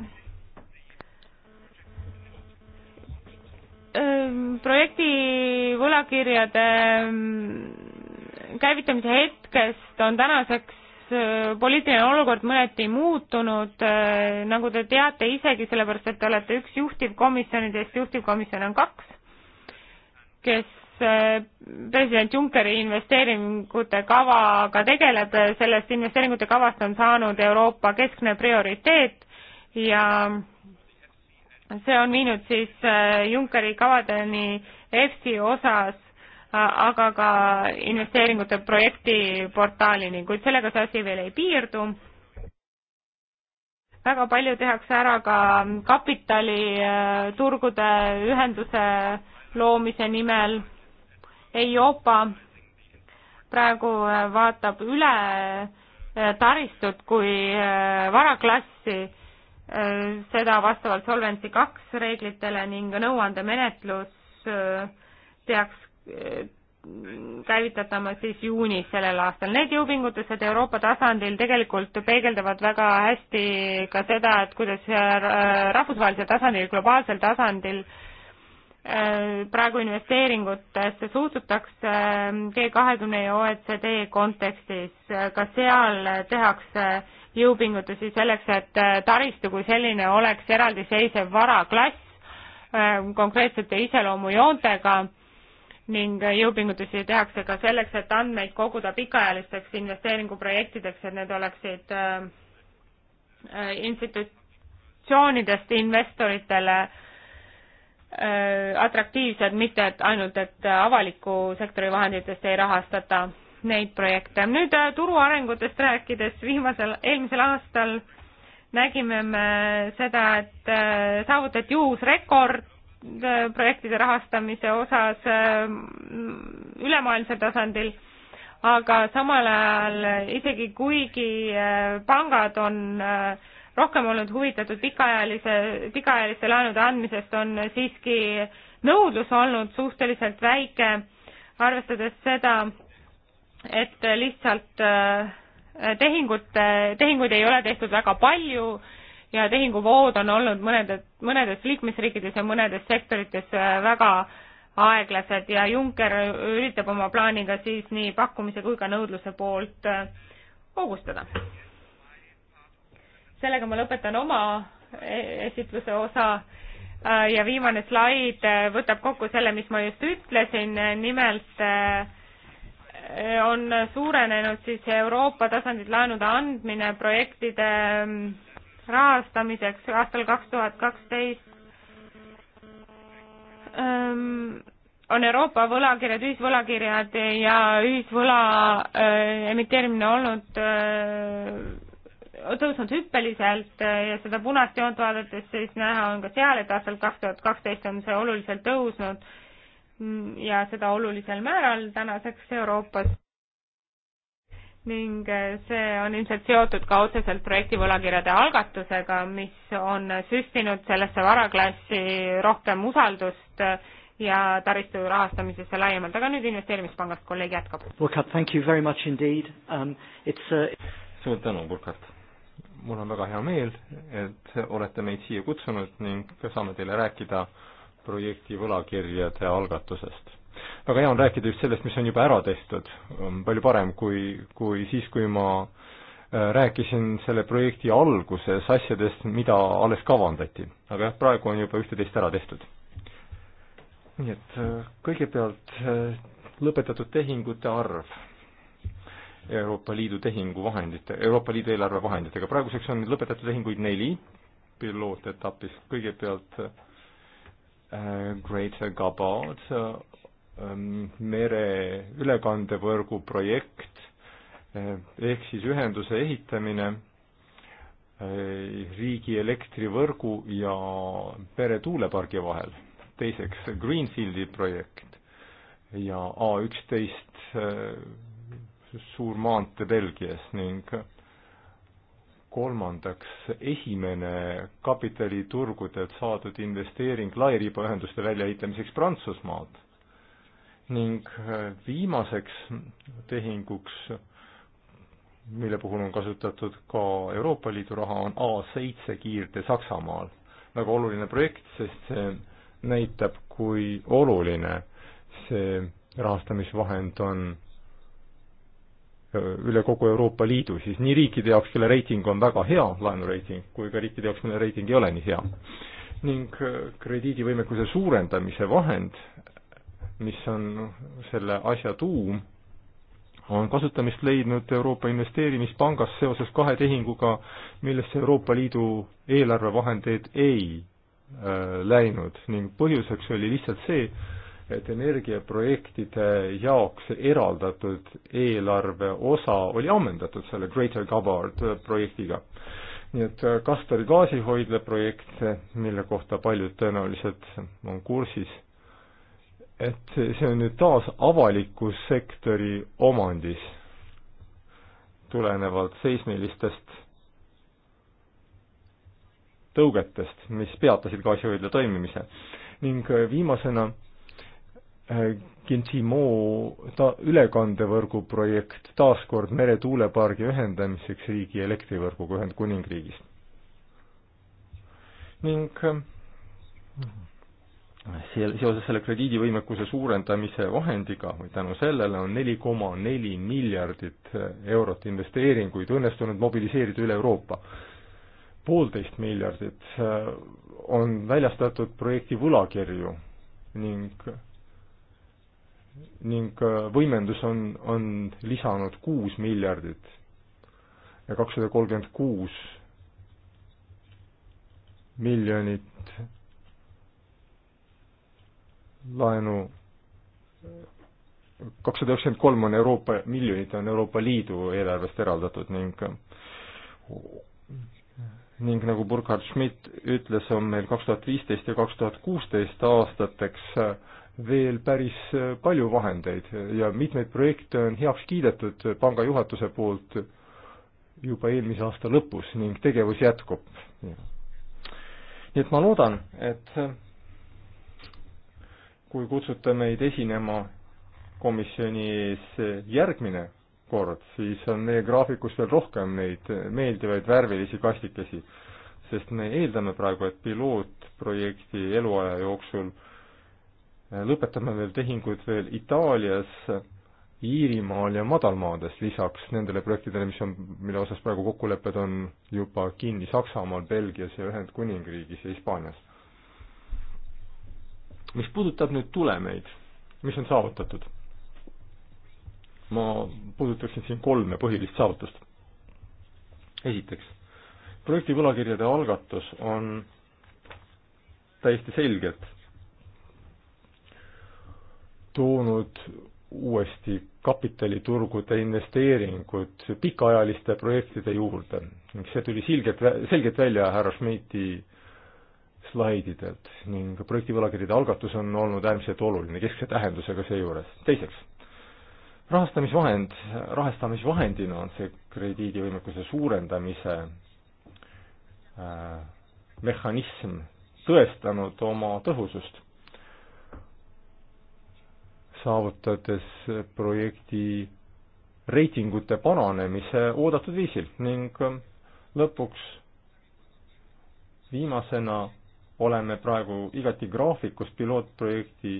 Ehm, projekti võlakirjade mm, käivitamise hetkest on tänaseks äh, poliitiline olukord mõneti muutunud, äh, nagu te teate isegi, sellepärast et te olete üks juhtivkomisjonidest, juhtivkomisjone on kaks, kes äh, president Junckeri investeeringute kavaga tegeleb, sellest investeeringute kavast on saanud Euroopa keskne prioriteet ja see on viinud siis äh, Junckeri kavadeni EFSI osas, äh, aga ka investeeringute projekti portaalini, kuid sellega see asi veel ei piirdu. väga palju tehakse ära ka kapitaliturgude äh, ühenduse loomise nimel. EIOPA praegu vaatab üle taristut kui varaklassi Äh, seda vastavalt Solvency kaks reeglitele ning nõuandemenetlus äh, peaks äh, käivitatama siis juunis sellel aastal. Need jõupingutused Euroopa tasandil tegelikult peegeldavad väga hästi ka seda, et kuidas rahvusvahelisel tasandil, globaalsel tasandil praegu investeeringutesse suhtutakse G20 ja OECD kontekstis, ka seal tehakse jõupingutusi selleks, et äh, taristu kui selline oleks eraldiseisev varaklass äh, konkreetsete iseloomujoontega ning jõupingutusi tehakse ka selleks, et andmeid koguda pikaajalisteks investeeringuprojektideks, et need oleksid äh, institutsioonidest investoritele atraktiivsed, mitte et ainult, et avaliku sektori vahenditest ei rahastata neid projekte. nüüd äh, turu arengutest rääkides, viimasel, eelmisel aastal nägime me seda, et äh, saavutati uus rekord äh, projektide rahastamise osas ülemaailmsel tasandil, aga samal ajal isegi kuigi pangad on rohkem olnud huvitatud pikaajalise, pikaajaliste laenude andmisest, on siiski nõudlus olnud suhteliselt väike, arvestades seda, et lihtsalt äh, tehingute, tehinguid ei ole tehtud väga palju ja tehinguvood on olnud mõnede, mõnedes liikmesriikides ja mõnedes sektorites äh, väga aeglased ja Juncker üritab oma plaaniga siis nii pakkumise kui ka nõudluse poolt äh, hoogustada. sellega ma lõpetan oma esitluse osa ja viimane slaid võtab kokku selle, mis ma just ütlesin, nimelt on suurenenud siis Euroopa tasandil laenude andmine projektide mm, rahastamiseks aastal kaks tuhat kaksteist mm, on Euroopa võlakirjad, ühisvõlakirjad ja ühisvõla äh, emiteerimine olnud äh, tõusnud hüppeliselt äh, ja seda punast joont vaadates siis näha on ka seal, et aastal kaks tuhat kaksteist on see oluliselt tõusnud ja seda olulisel määral tänaseks Euroopas. ning eh, see on ilmselt seotud ka otseselt projekti võlakirjade algatusega, mis on süstinud sellesse varaklassi rohkem usaldust eh, ja taristu rahastamisesse laiemalt, aga nüüd investeerimispangast kolleeg jätkab. Burkhard, thank you very much indeed um,. It's a... Uh, suur tänu, Burkhard. mul on väga hea meel, et olete meid siia kutsunud ning saame teile rääkida uh, projekti võlakirjade algatusest. väga hea on rääkida just sellest, mis on juba ära tehtud, palju parem kui, kui siis, kui ma äh, rääkisin selle projekti alguses asjadest, mida alles kavandati. aga jah, praegu on juba üht-teist ära tehtud. nii et äh, kõigepealt äh, lõpetatud tehingute arv Euroopa Liidu tehinguvahendite, Euroopa Liidu eelarvevahenditega. praeguseks on lõpetatud tehinguid neli pilootetapis, kõigepealt Äh, Greater Gabbard, ähm, mereülekandevõrgu projekt äh, ehk siis ühenduse ehitamine äh, riigi elektrivõrgu ja peretuulepargi vahel. teiseks Greenfieldi projekt ja A üksteist suur maantee Belgias ning kolmandaks, esimene kapitaliturgudelt saadud investeering lairibaühenduste väljaehitamiseks Prantsusmaalt ning äh, viimaseks tehinguks, mille puhul on kasutatud ka Euroopa Liidu raha, on A7 kiirtee Saksamaal. väga oluline projekt, sest see näitab, kui oluline see rahastamisvahend on üle kogu Euroopa Liidu, siis nii riikide jaoks, kelle reiting on väga hea, laenureiting, kui ka riikide jaoks, mille reiting ei ole nii hea. ning äh, krediidivõimekuse suurendamise vahend, mis on selle asja tuum, on kasutamist leidnud Euroopa Investeerimispangas seoses kahe tehinguga, millesse Euroopa Liidu eelarvevahendeid ei äh, läinud ning põhjuseks oli lihtsalt see, et energiaprojektide jaoks eraldatud eelarve osa oli ammendatud selle Greater Gabbard projektiga. nii et Kastori äh, gaasihoidla projekt, mille kohta paljud tõenäoliselt on kursis, et see on nüüd taas avaliku sektori omandis tulenevalt seismilistest tõugetest, mis peatasid gaasihoidla toimimise. ning äh, viimasena Äh, Gentimo ta-, ülekandevõrgu projekt taas kord meretuulepargi ühendamiseks riigi elektrivõrguga Ühendkuningriigis. ning äh, seal, seoses selle krediidivõimekuse suurendamise vahendiga või tänu sellele on neli koma neli miljardit äh, eurot investeeringuid õnnestunud mobiliseerida üle Euroopa. poolteist miljardit on väljastatud projekti võlakirju ning ning äh, võimendus on, on lisanud kuus miljardit ja kakssada kolmkümmend kuus miljonit laenu, kakssada üheksakümmend kolm on Euroopa, miljonit on Euroopa Liidu eelarvest eraldatud ning ning nagu Burkhard Schmidt ütles, on meil kaks tuhat viisteist ja kaks tuhat kuusteist aastateks äh, veel päris äh, palju vahendeid ja mitmeid projekte on heaks kiidetud panga juhatuse poolt juba eelmise aasta lõpus ning tegevus jätkub. nii et ma loodan, et kui kutsute meid esinema komisjoni ees järgmine kord, siis on meie graafikus veel rohkem neid meeldivaid värvilisi kastikesi, sest me eeldame praegu, et pilootprojekti eluaja jooksul lõpetame veel tehingud veel Itaalias, Iirimaal ja Madalmaades, lisaks nendele projektidele, mis on, mille osas praegu kokkulepped on juba kinni Saksamaal, Belgias ja Ühendkuningriigis ja Hispaanias. mis puudutab nüüd tulemeid, mis on saavutatud? ma puudutaksin siin kolme põhilist saavutust. esiteks, projekti võlakirjade algatus on täiesti selgelt toonud uuesti kapitaliturgude investeeringud pikaajaliste projektide juurde ning see tuli selgelt, selgelt välja härra Schmidti slaididelt ning projektivõlakirjade algatus on olnud äärmiselt oluline, keskse tähendusega seejuures. teiseks, rahastamisvahend, rahastamisvahendina on see krediidivõimekuse suurendamise äh, mehhanism tõestanud oma tõhusust saavutades projekti reitingute paranemise oodatud viisil ning ähm, lõpuks viimasena oleme praegu igati graafikus pilootprojekti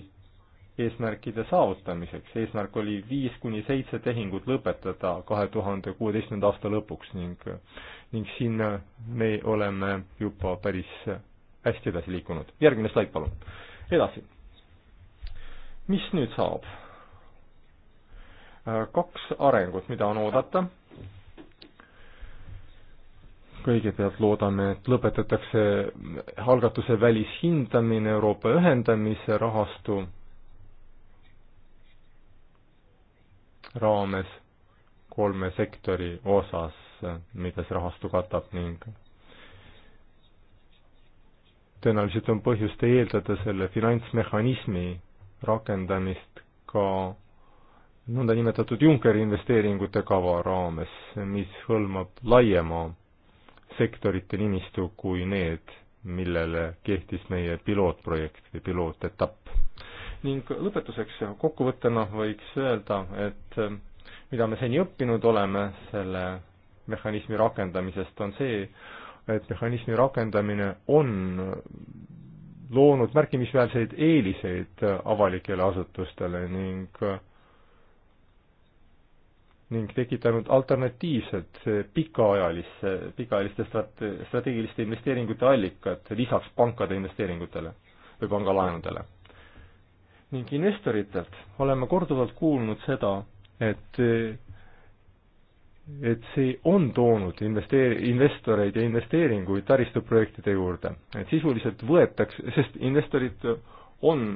eesmärkide saavutamiseks. eesmärk oli viis kuni seitse tehingut lõpetada kahe tuhande kuueteistkümnenda aasta lõpuks ning, äh, ning siin äh, me oleme juba päris äh, hästi edasi liikunud. järgmine slaid, palun. edasi mis nüüd saab? Äh, kaks arengut, mida on oodata. kõigepealt loodame, et lõpetatakse algatuse välishindamine Euroopa ühendamise rahastu raames kolme sektori osas, mida see rahastu katab ning tõenäoliselt on põhjust eeldada selle finantsmehhanismi rakendamist ka nõndanimetatud Junckeri investeeringute kava raames, mis hõlmab laiema sektorite nimistu kui need, millele kehtis meie pilootprojekt või pilootetapp. ning lõpetuseks kokkuvõttena võiks öelda, et eh, mida me seni õppinud oleme selle mehhanismi rakendamisest, on see, et mehhanismi rakendamine on loonud märkimisväärseid eeliseid avalikele asutustele ning ning tekitanud alternatiivsed pikaajalisse, pikaajaliste strate-, strateegiliste investeeringute allikad lisaks pankade investeeringutele või pangalaenudele. ning investoritelt oleme korduvalt kuulnud seda, et et see on toonud investeer-, investoreid ja investeeringuid taristuprojektide juurde. et sisuliselt võetakse, sest investorid on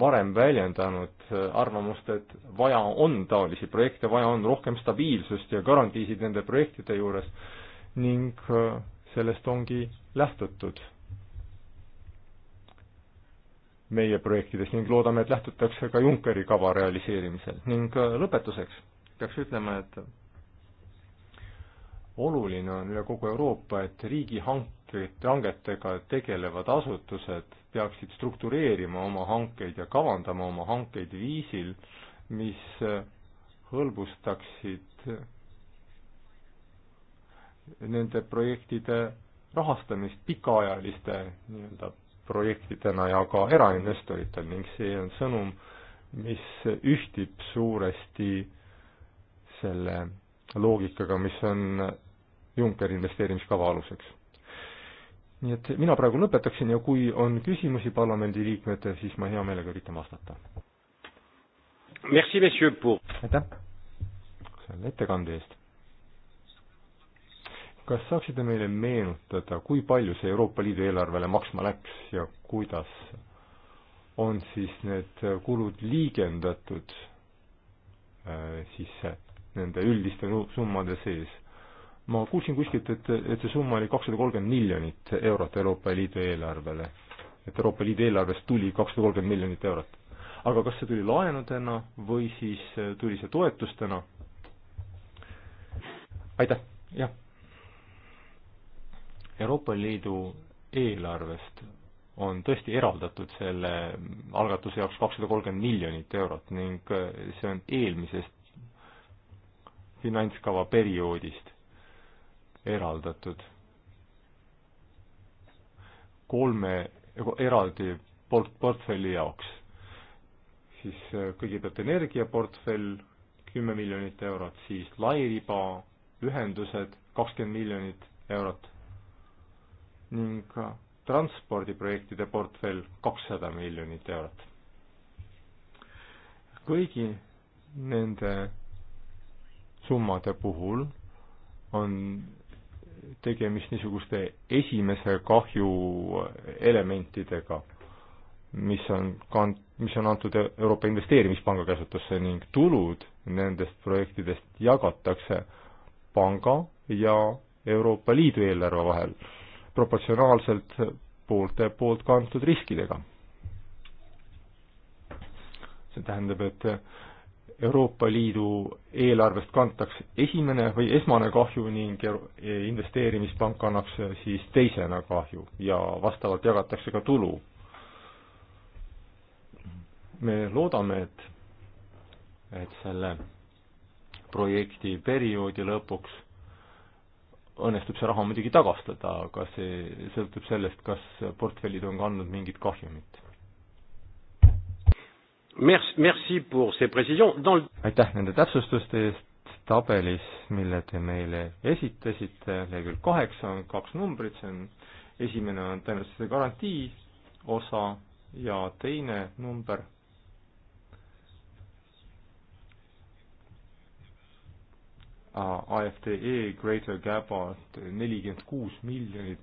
varem väljendanud arvamust, et vaja on taolisi projekte, vaja on rohkem stabiilsust ja garantiisid nende projektide juures ning sellest ongi lähtutud meie projektides ning loodame, et lähtutakse ka Junckeri kava realiseerimisel. ning lõpetuseks peaks ütlema, et oluline on üle kogu Euroopa, et riigihanked, hangetega tegelevad asutused peaksid struktureerima oma hankeid ja kavandama oma hankeid viisil, mis hõlbustaksid nende projektide rahastamist pikaajaliste nii-öelda projektidena ja ka erainvestoritel ning see on sõnum, mis ühtib suuresti selle loogikaga, mis on Junckeri investeerimiskava aluseks. nii et mina praegu lõpetaksin ja kui on küsimusi parlamendiliikmetel, siis ma hea meelega üritan vastata. Merci, messieurs, pour aitäh selle ettekande eest. kas saaksite meile meenutada, kui palju see Euroopa Liidu eelarvele maksma läks ja kuidas on siis need kulud liigendatud äh, siis nende üldiste summade sees ma kuulsin kuskilt, et, et see summa oli kakssada kolmkümmend miljonit eurot Euroopa Liidu eelarvele. et Euroopa Liidu eelarvest tuli kakssada kolmkümmend miljonit eurot. aga kas see tuli laenudena või siis tuli see toetustena? aitäh, jah. Euroopa Liidu eelarvest on tõesti eraldatud selle algatuse jaoks kakssada kolmkümmend miljonit eurot ning see on eelmisest finantskava perioodist eraldatud kolme eraldi port-, portfelli jaoks. siis äh, kõigepealt energiaportfell, kümme miljonit eurot, siis lairiba, ühendused, kakskümmend miljonit eurot ning äh, transpordiprojektide portfell, kakssada miljonit eurot. kõigi nende summade puhul on tegemist niisuguste esimese kahju elementidega, mis on kant-, mis on antud e-, Euroopa Investeerimispanga käsutusse ning tulud nendest projektidest jagatakse panga ja Euroopa Liidu eelarve vahel proportsionaalselt poolte poolt kantud riskidega. see tähendab, et Euroopa Liidu eelarvest kantakse esimene või esmane kahju ning investeerimispank annaks äh, siis teisena kahju ja vastavalt jagatakse ka tulu. me loodame, et, et selle projekti perioodi lõpuks õnnestub see raha muidugi tagastada, aga see sõltub sellest, kas portfellid on kandnud mingit kahjumit Merci, merci pour ces précisions. Dans... aitäh nende täpsustuste eest. tabelis, mille te meile esitasite, lehekülg kaheksa on kaks numbrit, see on, esimene on tõenäoliselt see garantii osa ja teine number AFDE Greater Gaba nelikümmend kuus miljonit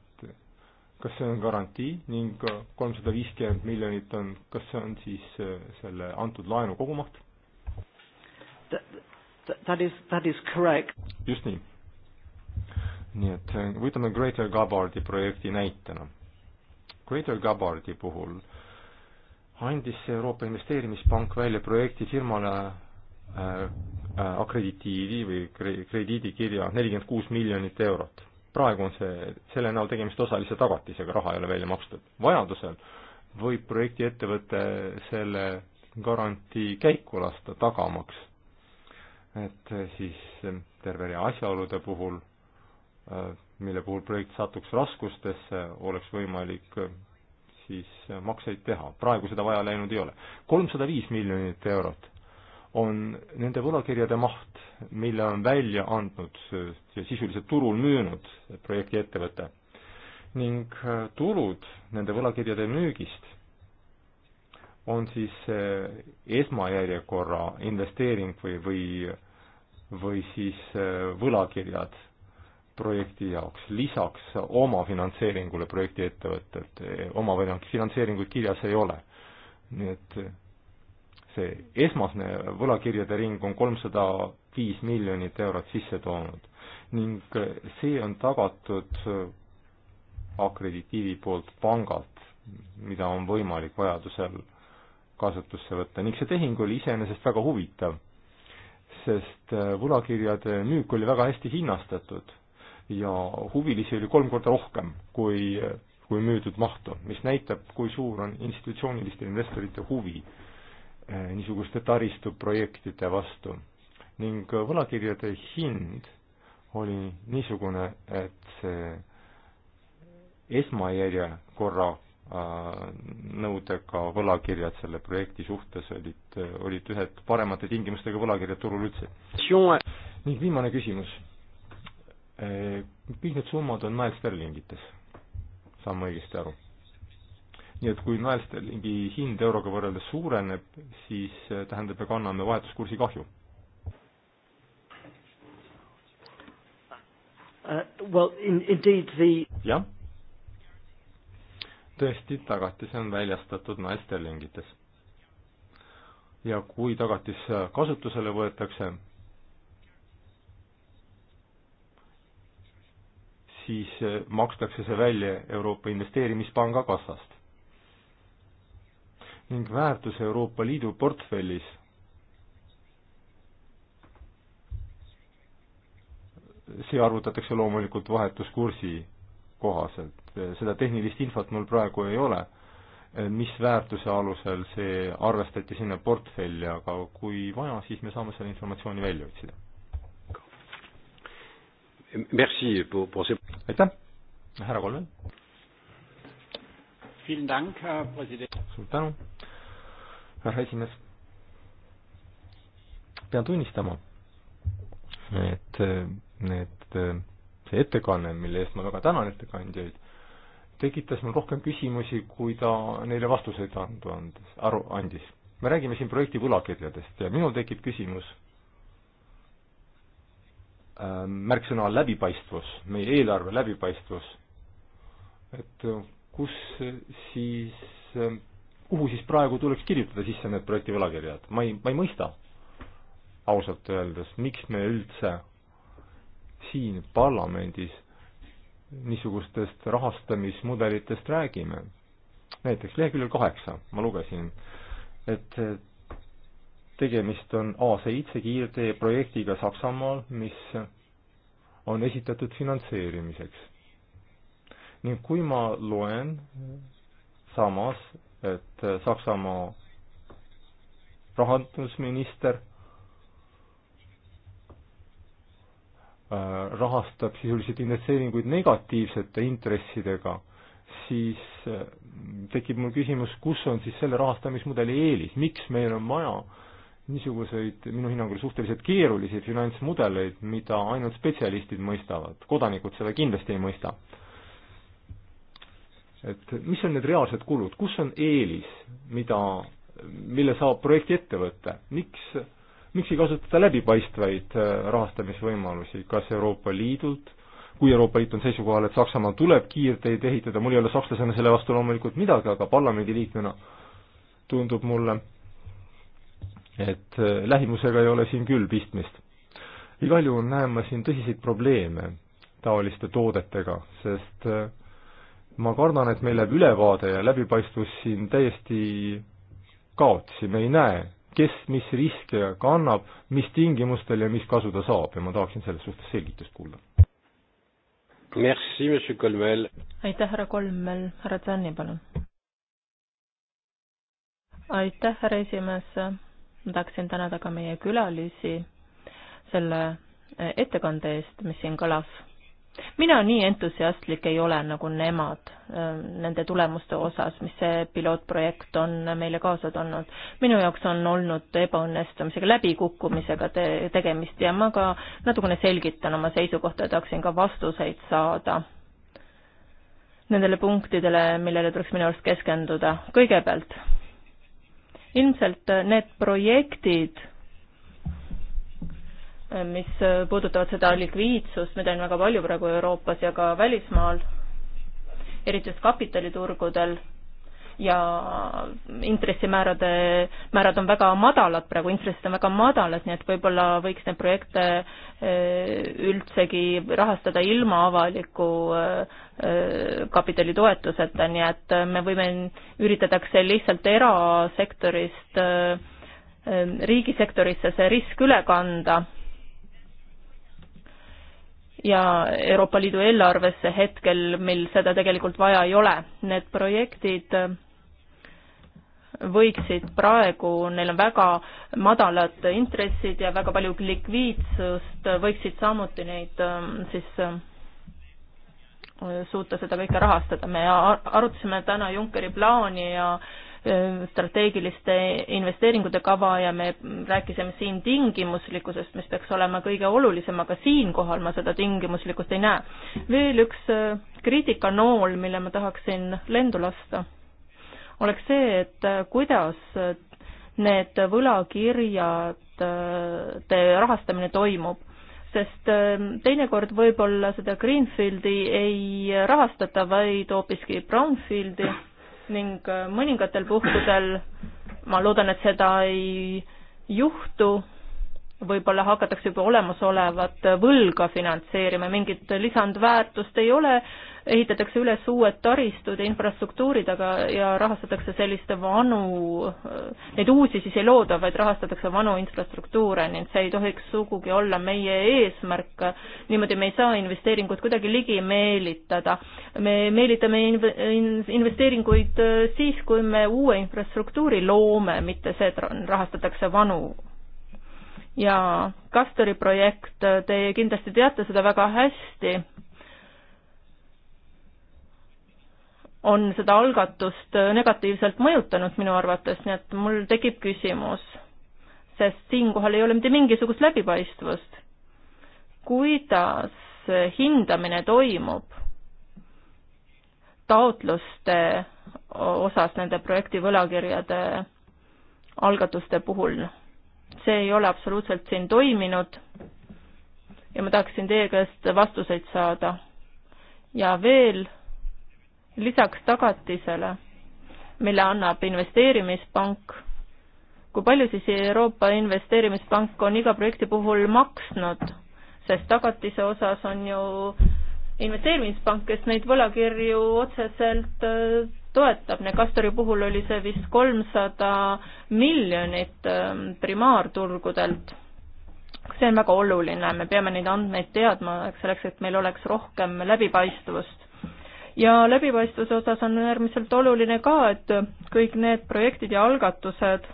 kas see on garantii ning kolmsada viiskümmend miljonit on, kas see on siis eh, selle antud laenu kogumaht? That is, that is correct. just nii. nii et eh, võtame Greater Gabbardi projekti näitena. Greater Gabbardi puhul andis Euroopa Investeerimispank välja projekti firmale eh, akreditiivi või krediidikirja nelikümmend kuus miljonit eurot praegu on see, selle näol tegemist osalise tagatisega, raha ei ole välja makstud. vajadusel võib projektiettevõte selle garantii käiku lasta, tagamaks, et siis terve rea asjaolude puhul, mille puhul projekt satuks raskustesse, oleks võimalik siis makseid teha. praegu seda vaja läinud ei ole. kolmsada viis miljonit eurot on nende võlakirjade maht, mille on välja andnud ja sisuliselt turul müünud projekti ettevõte ning äh, tulud nende võlakirjade müügist on siis äh, esmajärjekorra investeering või, või, või siis äh, võlakirjad projekti jaoks, lisaks omafinantseeringule projekti ettevõttelt, omafinantseeringuid kirjas ei ole. nii et see esmasne võlakirjade ring on kolmsada viis miljonit eurot sisse toonud ning see on tagatud akreditiivi poolt pangalt, mida on võimalik vajadusel kasutusse võtta ning see tehing oli iseenesest väga huvitav, sest äh, võlakirjade müük oli väga hästi hinnastatud ja huvilisi oli kolm korda rohkem kui, äh, kui müüdud mahtu, mis näitab, kui suur on institutsiooniliste investorite huvi äh, Äh, niisuguste taristuprojektide vastu ning äh, võlakirjade hind oli niisugune, et see esmajärjekorra äh, nõudega võlakirjad selle projekti suhtes olid, olid ühed paremate tingimustega võlakirjad turul üldse. ning viimane küsimus. kõik need summad on naelsterlingites, saan ma õigesti aru? nii et kui naelstelingi hind euroga võrreldes suureneb, siis eh, tähendab, me kanname vahetuskursi kahju uh,. Well, in, indeed the jah, tõesti, tagatis on väljastatud naelsterlingites. ja kui tagatis eh, kasutusele võetakse, siis eh, makstakse see välja Euroopa Investeerimispanga kassast ning väärtus Euroopa Liidu portfellis see arvutatakse loomulikult vahetuskursi kohaselt. seda tehnilist infot mul praegu ei ole, mis väärtuse alusel see arvestati sinna portfelli, aga kui vaja, siis me saame selle informatsiooni välja otsida. aitäh, härra Kolvel! suur tänu, härra esimees. pean tunnistama, et need, see ettekanne, mille eest ma väga tänan ettekandjaid, tekitas mul rohkem küsimusi, kui ta neile vastuseid andu andes, aru andis. me räägime siin projekti võlakirjadest ja minul tekib küsimus äh,, märksõna läbipaistvus, meie eelarve läbipaistvus, et kus siis, ähm, kuhu siis praegu tuleks kirjutada sisse need projekti võlakirjad, ma ei, ma ei mõista ausalt öeldes, miks me üldse siin parlamendis niisugustest rahastamismudelitest räägime. näiteks leheküljel kaheksa ma lugesin, et tegemist on A7 kiirtee projektiga Saksamaal, mis on esitatud finantseerimiseks ning kui ma loen samas, et Saksamaa rahandusminister äh, rahastab sisuliselt investeeringuid negatiivsete intressidega, siis äh, tekib mul küsimus, kus on siis selle rahastamismudeli eelis, miks meil on vaja niisuguseid minu hinnangul suhteliselt keerulisi finantsmudeleid, mida ainult spetsialistid mõistavad, kodanikud seda kindlasti ei mõista et mis on need reaalsed kulud, kus on eelis, mida, mille saab projekti ette võtta, miks, miks ei kasutata läbipaistvaid äh, rahastamisvõimalusi, kas Euroopa Liidult, kui Euroopa Liit on seisukohal, et Saksamaal tuleb kiirteid ehitada, mul ei ole sakslasena selle vastu loomulikult midagi, aga parlamendiliikmena tundub mulle, et äh, lähimusega ei ole siin küll pistmist. igal juhul näen ma siin tõsiseid probleeme taoliste toodetega, sest äh, ma kardan, et meil läheb ülevaade ja läbipaistvus siin täiesti kaotsi, me ei näe, kes mis riske kannab, mis tingimustel ja mis kasu ta saab ja ma tahaksin selles suhtes selgitust kuulda. Merci, monsieur Kolmel. aitäh, härra Kolmel, härra Tsanni, palun. aitäh, härra esimees, ma tahaksin tänada ka meie külalisi selle eh, ettekande eest, mis siin kõlas mina nii entusiastlik ei ole nagu nemad ähm, nende tulemuste osas, mis see pilootprojekt on meile kaasa toonud. minu jaoks on olnud ebaõnnestumisega, läbikukkumisega te tegemist ja ma ka natukene selgitan oma seisukohta ja tahaksin ka vastuseid saada nendele punktidele, millele tuleks minu arust keskenduda. kõigepealt, ilmselt need projektid mis puudutavad seda likviidsust, mida on väga palju praegu Euroopas ja ka välismaal, eriti just kapitaliturgudel ja intressimäärade, määrad on väga madalad praegu, intressid on väga madalad, nii et võib-olla võiks neid projekte eh, üldsegi rahastada ilma avaliku eh, kapitalitoetuseta, nii et me võime, üritatakse lihtsalt erasektorist eh, riigisektorisse see risk üle kanda ja Euroopa Liidu eelarvesse hetkel, mil seda tegelikult vaja ei ole. Need projektid võiksid praegu, neil on väga madalad intressid ja väga palju likviidsust, võiksid samuti neid ähm, siis ähm, suuta seda kõike rahastada. me arutasime täna Junckeri plaani ja äh, strateegiliste investeeringute kava ja me rääkisime siin tingimuslikkusest, mis peaks olema kõige olulisem, aga siinkohal ma seda tingimuslikkust ei näe. veel üks äh, kriitikanool, mille ma tahaksin lendu lasta, oleks see, et äh, kuidas äh, need võlakirjade rahastamine toimub sest ähm, teinekord võib-olla seda Greenfieldi ei rahastata, vaid hoopiski Brownfieldi ning äh, mõningatel puhkudel, ma loodan, et seda ei juhtu, võib-olla hakatakse juba olemasolevat võlga finantseerima, mingit lisandväärtust ei ole, ehitatakse üles uued taristud ja infrastruktuurid, aga, ja rahastatakse selliste vanu, neid uusi siis ei looda, vaid rahastatakse vanu infrastruktuure, nii et see ei tohiks sugugi olla meie eesmärk. niimoodi me ei saa investeeringuid kuidagi ligi meelitada. me meelitame inv-, investeeringuid äh, siis, kui me uue infrastruktuuri loome, mitte see, et rahastatakse vanu ja Kastori projekt, te kindlasti teate seda väga hästi on seda algatust negatiivselt mõjutanud minu arvates, nii et mul tekib küsimus, sest siinkohal ei ole mitte mingisugust läbipaistvust. kuidas hindamine toimub taotluste osas nende projekti võlakirjade algatuste puhul? see ei ole absoluutselt siin toiminud ja ma tahaksin teie käest vastuseid saada. ja veel lisaks tagatisele, mille annab investeerimispank, kui palju siis Euroopa Investeerimispank on iga projekti puhul maksnud, sest tagatise osas on ju investeerimispank, kes neid võlakirju otseselt äh, toetab, Nekastori puhul oli see vist kolmsada miljonit ähm, primaarturgudelt. see on väga oluline, me peame neid andmeid teadma selleks, et meil oleks rohkem läbipaistvust ja läbipaistvuse osas on äärmiselt oluline ka, et kõik need projektid ja algatused,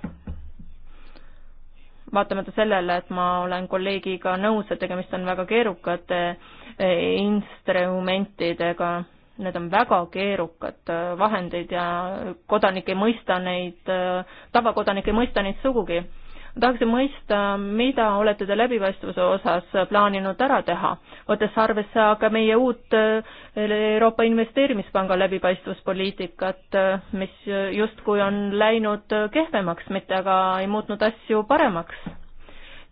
vaatamata sellele, et ma olen kolleegiga nõus, et tegemist on väga keerukate eh, instrumentidega, need on väga keerukad eh, vahendid ja kodanik ei mõista neid, eh, tavakodanik ei mõista neid sugugi tahaksin mõista, mida olete te läbipaistvuse osas plaaninud ära teha, võttes arvesse aga meie uut eh, Euroopa Investeerimispanga läbipaistvuspoliitikat, eh, mis justkui on läinud kehvemaks, mitte aga ei muutnud asju paremaks.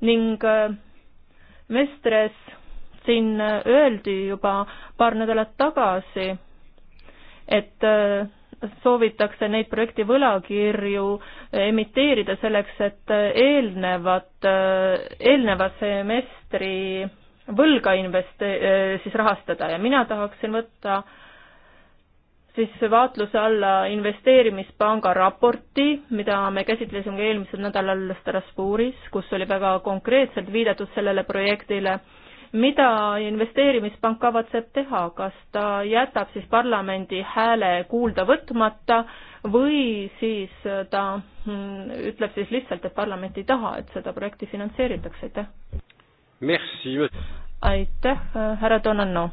ning eh, Mestres siin öeldi juba paar nädalat tagasi, et soovitakse neid projekti võlakirju emiteerida selleks, et eelnevat, eelneva semestri võlga investe-, siis rahastada ja mina tahaksin võtta siis vaatluse alla investeerimispanga raporti, mida me käsitlesime eelmisel nädalal Strasbourgis, kus oli väga konkreetselt viidatud sellele projektile mida investeerimispank kavatseb teha, kas ta jätab siis parlamendi hääle kuulda võtmata või siis ta mm, ütleb siis lihtsalt, et parlament ei taha, et seda projekti finantseeritakse, aitäh. aitäh, härra Donanno.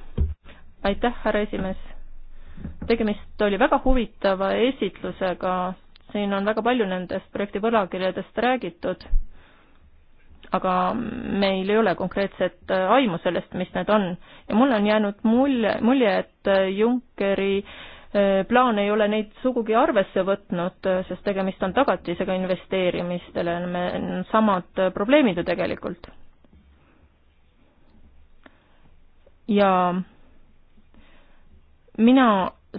aitäh, härra esimees. tegemist oli väga huvitava esitlusega, siin on väga palju nendest projekti võlakirjadest räägitud aga meil ei ole konkreetset äh, aimu sellest, mis need on. ja mulle on jäänud mulje, mulje, et äh, Junckeri äh, plaan ei ole neid sugugi arvesse võtnud, sest tegemist on tagatisega investeerimistele, meil on samad probleemid ju tegelikult. ja mina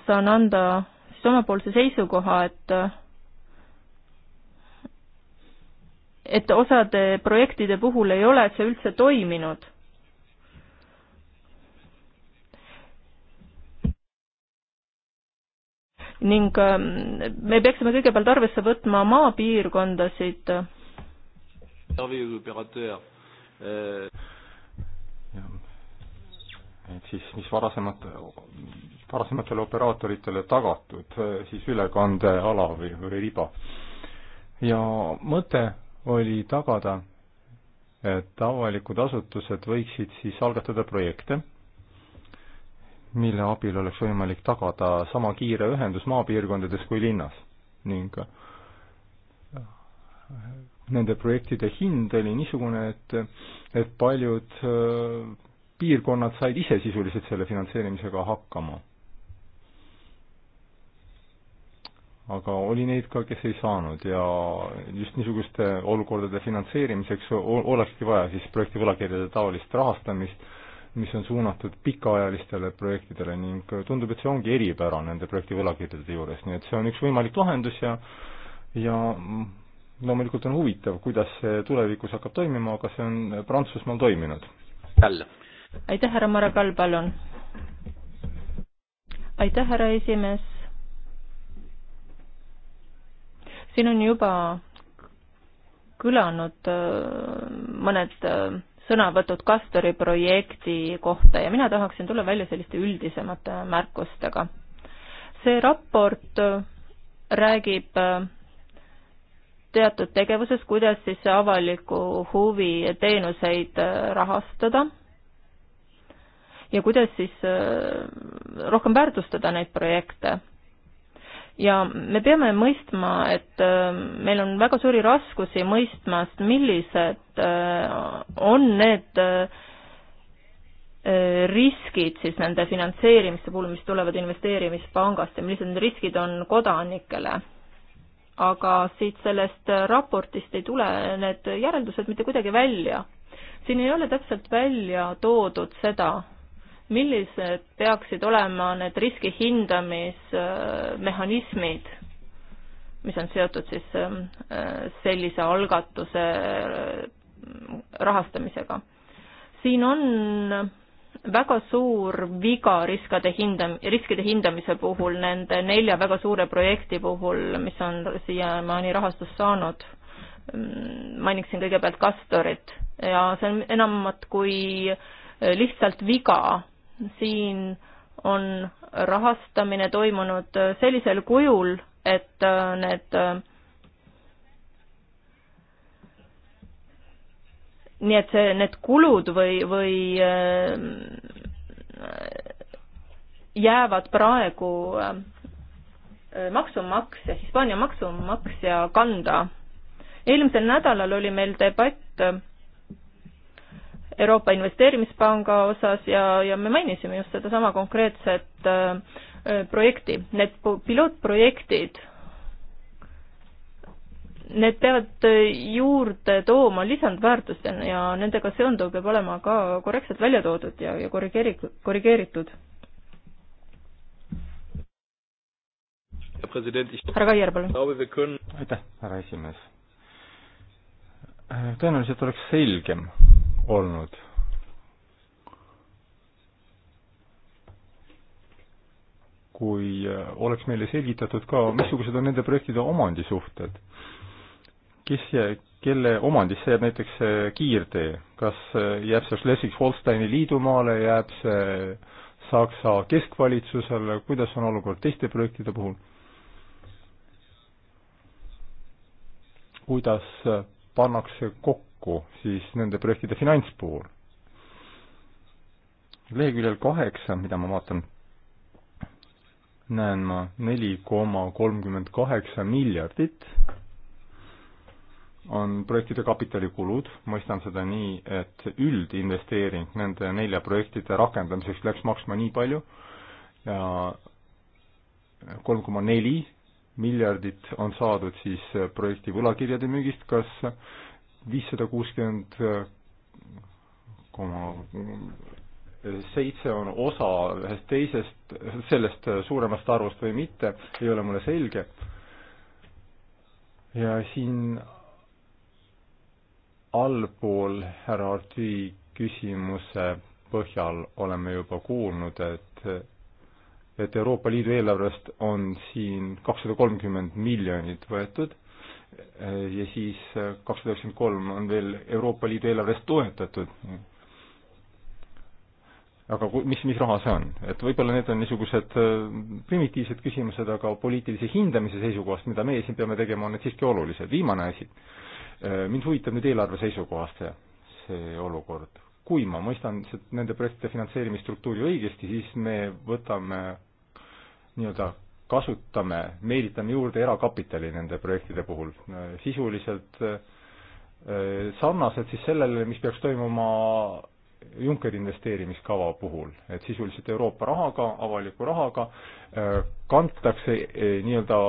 saan anda siis omapoolse seisukoha, et et osade projektide puhul ei ole see üldse toiminud. ning ähm, me peaksime kõigepealt arvesse võtma maapiirkondasid. Euh. et siis, mis varasemate, varasematele operaatoritele tagatud siis ülekandeala või, või riba. ja mõte oli tagada, et avalikud asutused võiksid siis algatada projekte, mille abil oleks võimalik tagada sama kiire ühendus maapiirkondades kui linnas ning äh, nende projektide hind oli niisugune, et, et paljud äh, piirkonnad said ise sisuliselt selle finantseerimisega hakkama aga oli neid ka, kes ei saanud ja just niisuguste olukordade finantseerimiseks olekski vaja siis projekti võlakirjade taolist rahastamist, mis on suunatud pikaajalistele projektidele ning tundub, et see ongi eripära nende projekti võlakirjade juures, nii et see on üks võimalik lahendus ja ja loomulikult on huvitav, kuidas see tulevikus hakkab toimima, aga see on Prantsusmaal toiminud. aitäh, härra Maragall, palun! aitäh, härra esimees! siin on juba kõlanud äh, mõned äh, sõnavõtud Kastori projekti kohta ja mina tahaksin tulla välja selliste üldisemate märkustega. see raport äh, räägib teatud tegevuses, kuidas siis avaliku huvi teenuseid rahastada ja kuidas siis rohkem väärtustada neid projekte ja me peame mõistma, et äh, meil on väga suuri raskusi mõistmast, millised äh, on need äh, riskid siis nende finantseerimiste puhul, mis tulevad investeerimispangast ja millised need riskid on kodanikele. aga siit sellest raportist ei tule need järeldused mitte kuidagi välja. siin ei ole täpselt välja toodud seda, millised peaksid olema need riski hindamismehhanismid, mis on seotud siis ähm, äh, sellise algatuse äh, rahastamisega? siin on väga suur viga riskade hindam-, riskide hindamise puhul, nende nelja väga suure projekti puhul, mis on siiamaani rahastust saanud, mm, mainiksin kõigepealt Castorit ja see on enamat kui lihtsalt viga, siin on rahastamine toimunud sellisel kujul, et äh, need äh, nii et see, need kulud või, või äh, jäävad praegu maksumaksja, Hispaania maksumaksja kanda. eelmisel nädalal oli meil debatt Euroopa Investeerimispanga osas ja, ja me mainisime just sedasama konkreetset äh, projekti. Need pilootprojektid, need peavad äh, juurde tooma lisandväärtust ja nendega seonduv peab olema ka korrektselt välja toodud ja, ja korrigeeri-, korrigeeritud. härra Kaier, palun. aitäh, härra esimees. tõenäoliselt oleks selgem olnud. kui äh, oleks meile selgitatud ka, missugused on nende projektide omandisuhted, kes, kelle omandisse jääb näiteks see äh, kiirtee, kas äh, jääb see Schleswig-Holsteini liidumaale, jääb see Saksa keskvalitsusele, kuidas on olukord teiste projektide puhul? kuidas pannakse kokku kokku siis nende projektide finantspool. leheküljel kaheksa, mida ma vaatan, näen ma neli koma kolmkümmend kaheksa miljardit on projektide kapitalikulud, mõistan seda nii, et üldinvesteering nende nelja projektide rakendamiseks läks maksma nii palju ja kolm koma neli miljardit on saadud siis projekti võlakirjade müügist, kas viissada kuuskümmend äh, koma seitse on osa ühest teisest, sellest äh, suuremast arvust või mitte, ei ole mulle selge. ja siin allpool härra Artüi küsimuse põhjal oleme juba kuulnud, et et Euroopa Liidu eelarvest on siin kakssada kolmkümmend miljonit võetud ja siis äh, kakssada üheksakümmend kolm on veel Euroopa Liidu eelarvest toetatud. aga mis, mis raha see on, et võib-olla need on niisugused äh, primitiivsed küsimused, aga poliitilise hindamise seisukohast, mida meie siin peame tegema, on need siiski olulised. viimane asi, äh, mind huvitab nüüd eelarve seisukohast see, see olukord. kui ma mõistan nende projektide finantseerimisstruktuuri õigesti, siis me võtame nii-öelda kasutame, meelitame juurde erakapitali nende projektide puhul. sisuliselt äh, sarnased siis sellele, mis peaks toimuma Junckeri investeerimiskava puhul, et sisuliselt Euroopa rahaga, avaliku rahaga äh, kantakse äh, nii-öelda,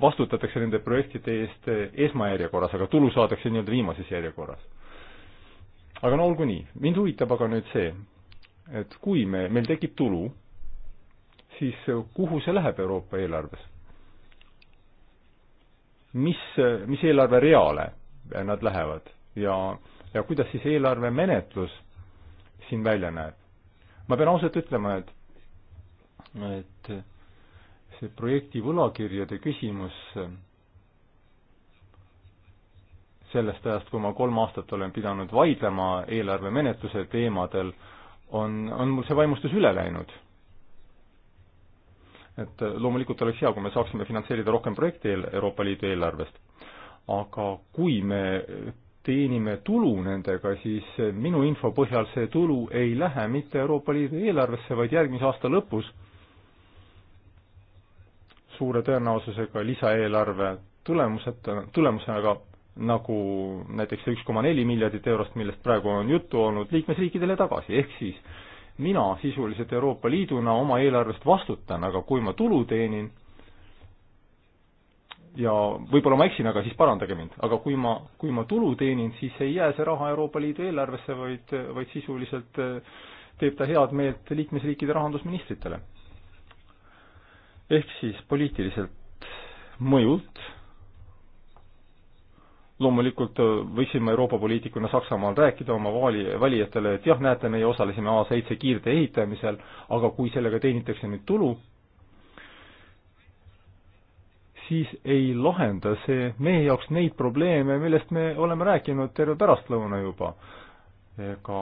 vastutatakse nende projektide eest esmajärjekorras, aga tulu saadakse nii-öelda viimases järjekorras. aga no olgu nii, mind huvitab aga nüüd see, et kui me, meil tekib tulu siis eh, kuhu see läheb Euroopa eelarves? mis, eh, mis eelarvereale nad lähevad ja, ja kuidas siis eelarvemenetlus siin välja näeb? ma pean ausalt ütlema, et, et see projekti võlakirjade küsimus sellest ajast, kui ma kolm aastat olen pidanud vaidlema eelarvemenetluse teemadel, on, on mul see vaimustus üle läinud et loomulikult oleks hea, kui me saaksime finantseerida rohkem projekte Euroopa Liidu eelarvest, aga kui me teenime tulu nendega, siis minu info põhjal see tulu ei lähe mitte Euroopa Liidu eelarvesse, vaid järgmise aasta lõpus suure tõenäosusega lisaeelarve tulemuseta, tulemusega nagu näiteks see üks koma neli miljardit eurost, millest praegu on juttu olnud, liikmesriikidele tagasi, ehk siis mina sisuliselt Euroopa Liiduna oma eelarvest vastutan, aga kui ma tulu teenin, ja võib-olla ma eksin, aga siis parandage mind, aga kui ma, kui ma tulu teenin, siis ei jää see raha Euroopa Liidu eelarvesse, vaid, vaid sisuliselt eh, teeb ta head meelt liikmesriikide rahandusministritele. ehk siis poliitiliselt mõjult loomulikult äh, võiksime Euroopa poliitikuna Saksamaal rääkida oma vali, valijatele, et jah, näete, meie osalesime A7 kiirtee ehitamisel, aga kui sellega teenitakse nüüd tulu, siis ei lahenda see meie jaoks neid probleeme, millest me oleme rääkinud terve pärastlõuna juba. ega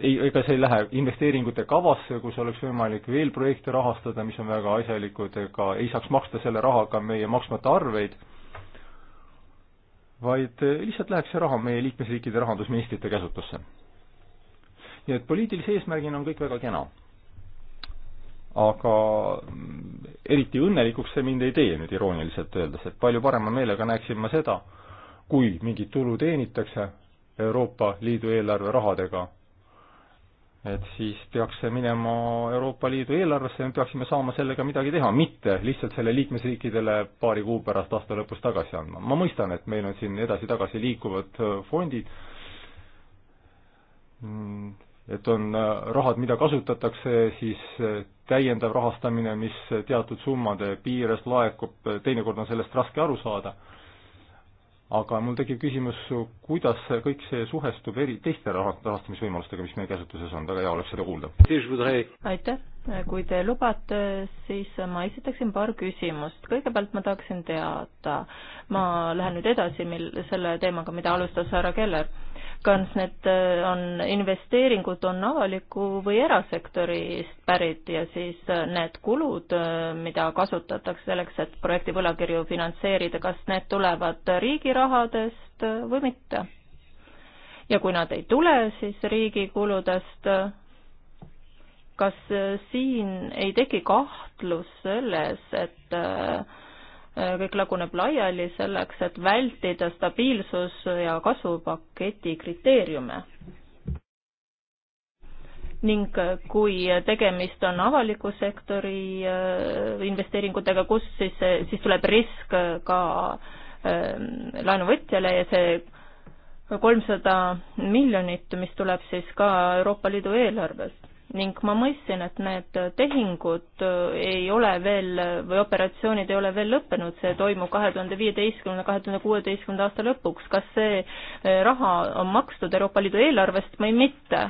ei, ega see ei lähe investeeringute kavasse, kus oleks võimalik veel projekte rahastada, mis on väga asjalikud, ega ei saaks maksta selle rahaga meie maksmata arveid vaid eh, lihtsalt läheks see raha meie liikmesriikide rahandusministrite käsutusse. nii et poliitilise eesmärgina on kõik väga kena. aga mm, eriti õnnelikuks see mind ei tee nüüd irooniliselt öeldes, et palju parema meelega näeksin ma seda, kui mingit tulu teenitakse Euroopa Liidu eelarve rahadega et siis peaks see minema Euroopa Liidu eelarvesse ja me peaksime saama sellega midagi teha, mitte lihtsalt selle liikmesriikidele paari kuu pärast aasta lõpus tagasi andma. ma mõistan, et meil on siin edasi-tagasi liikuvad äh, fondid, mm, et on äh, rahad, mida kasutatakse, siis äh, täiendav rahastamine, mis teatud summade piires laekub, teinekord on sellest raske aru saada aga mul tekib küsimus, kuidas kõik see suhestub eri, teiste rahastamisvõimalustega, mis meie käsutuses on, väga hea oleks seda kuulda. aitäh, kui te lubate, siis ma esitaksin paar küsimust. kõigepealt ma tahaksin teada, ma lähen nüüd edasi mil-, selle teemaga, mida alustas härra Keller kas need äh, on, investeeringud on avaliku või erasektorist pärit ja siis äh, need kulud, äh, mida kasutatakse selleks, et projekti võlakirju finantseerida, kas need tulevad riigi rahadest või mitte? ja kui nad ei tule, siis riigi kuludest, kas siin ei teki kahtlus selles, et äh, Eh, kõik laguneb laiali selleks, et vältida stabiilsus- ja kasvupaketi kriteeriume. ning eh, kui tegemist on avaliku sektori eh, investeeringutega, kus siis, siis tuleb risk ka laenuvõtjale ja see kolmsada miljonit, mis tuleb siis ka Euroopa Liidu eelarvest ning ma mõistsin, et need tehingud äh, ei ole veel või operatsioonid ei ole veel lõppenud, see toimub kahe tuhande viieteistkümnenda, kahe tuhande kuueteistkümnenda aasta lõpuks. kas see äh, raha on makstud Euroopa Liidu eelarvest või mitte?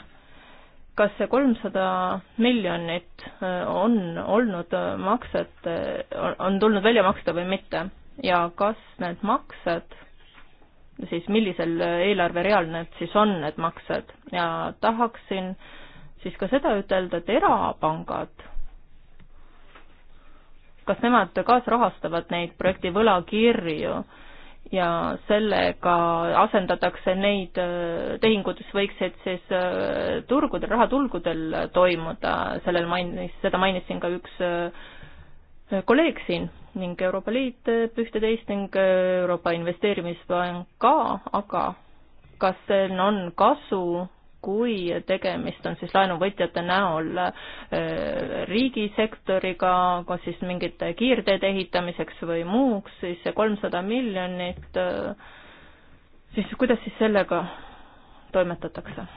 kas see kolmsada miljonit äh, on olnud makset, on tulnud välja maksta või mitte ja kas need maksed, siis millisel eelarvereal need siis on, need maksed ja tahaksin äh, siis ka seda ütelda, et erapangad, kas nemad kaasrahastavad neid projekti võlakirju ja sellega asendatakse neid äh, tehingud, mis võiksid siis äh, turgudel, rahaturgudel toimuda, sellel mainis, seda mainis siin ka üks äh, kolleeg siin ning Euroopa Liit teeb ühteteist ning Euroopa Investeerimispank ka, aga kas see on kasu kui tegemist on siis laenuvõtjate näol äh, riigisektoriga, kas siis mingite kiirteede ehitamiseks või muuks, siis see kolmsada miljonit, äh, siis kuidas siis sellega toimetatakse?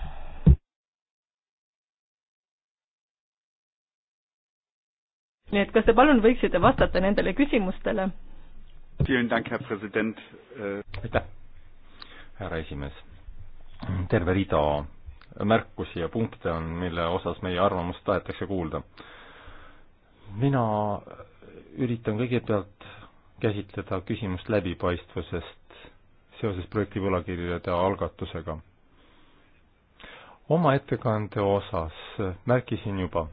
nii et kas te palun võiksite vastata nendele küsimustele? Äh, aitäh, härra esimees. terve rida märkusi ja punkte on, mille osas meie arvamust tahetakse kuulda. mina üritan kõigepealt käsitleda küsimust läbipaistvusest seoses projekti võlakirjade algatusega. oma ettekande osas märkisin juba,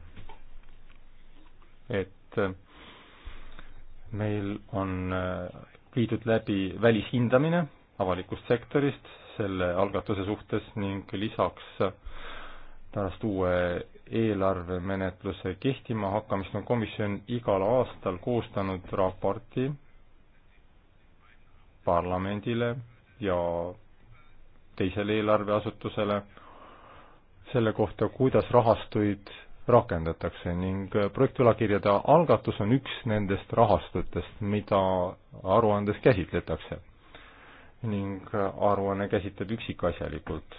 et meil on viidud läbi välishindamine avalikust sektorist, selle algatuse suhtes ning lisaks pärast uue eelarvemenetluse kehtima hakkamist on komisjon igal aastal koostanud raporti parlamendile ja teisele eelarveasutusele selle kohta, kuidas rahastuid rakendatakse ning projektvõlakirjade algatus on üks nendest rahastutest, mida aruandes käsitletakse ning äh, aruanne käsitleb üksikasjalikult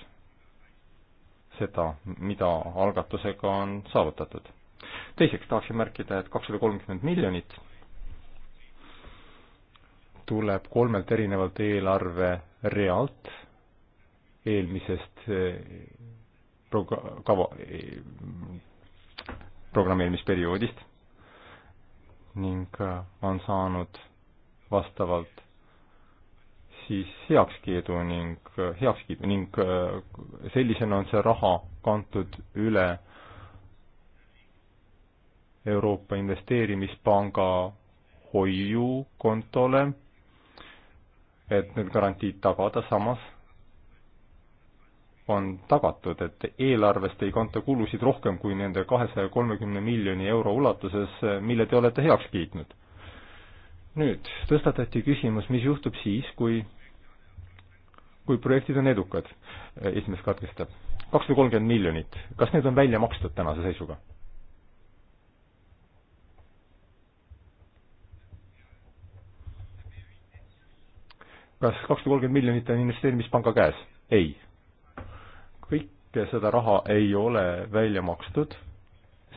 seda, mida algatusega on saavutatud. teiseks tahaksin märkida, et kakssada kolmkümmend miljonit tuleb kolmelt erinevalt eelarverealt eelmisest äh, proga-, kava, äh, programmeerimisperioodist ning on saanud vastavalt siis heakskiidu ning, heakskiidu ning äh, sellisena on see raha kantud üle Euroopa Investeerimispanga hoiukontole, et need garantiid tagada, samas on tagatud, et eelarvest ei kanta kulusid rohkem kui nende kahesaja kolmekümne miljoni euro ulatuses, mille te olete heaks kiitnud. nüüd tõstatati küsimus, mis juhtub siis, kui kui projektid on edukad, eh, esimees katkestab. kakssada kolmkümmend miljonit, kas need on välja makstud tänase seisuga? kas kakssada kolmkümmend miljonit on investeerimispanga käes? ei. kõike seda raha ei ole välja makstud,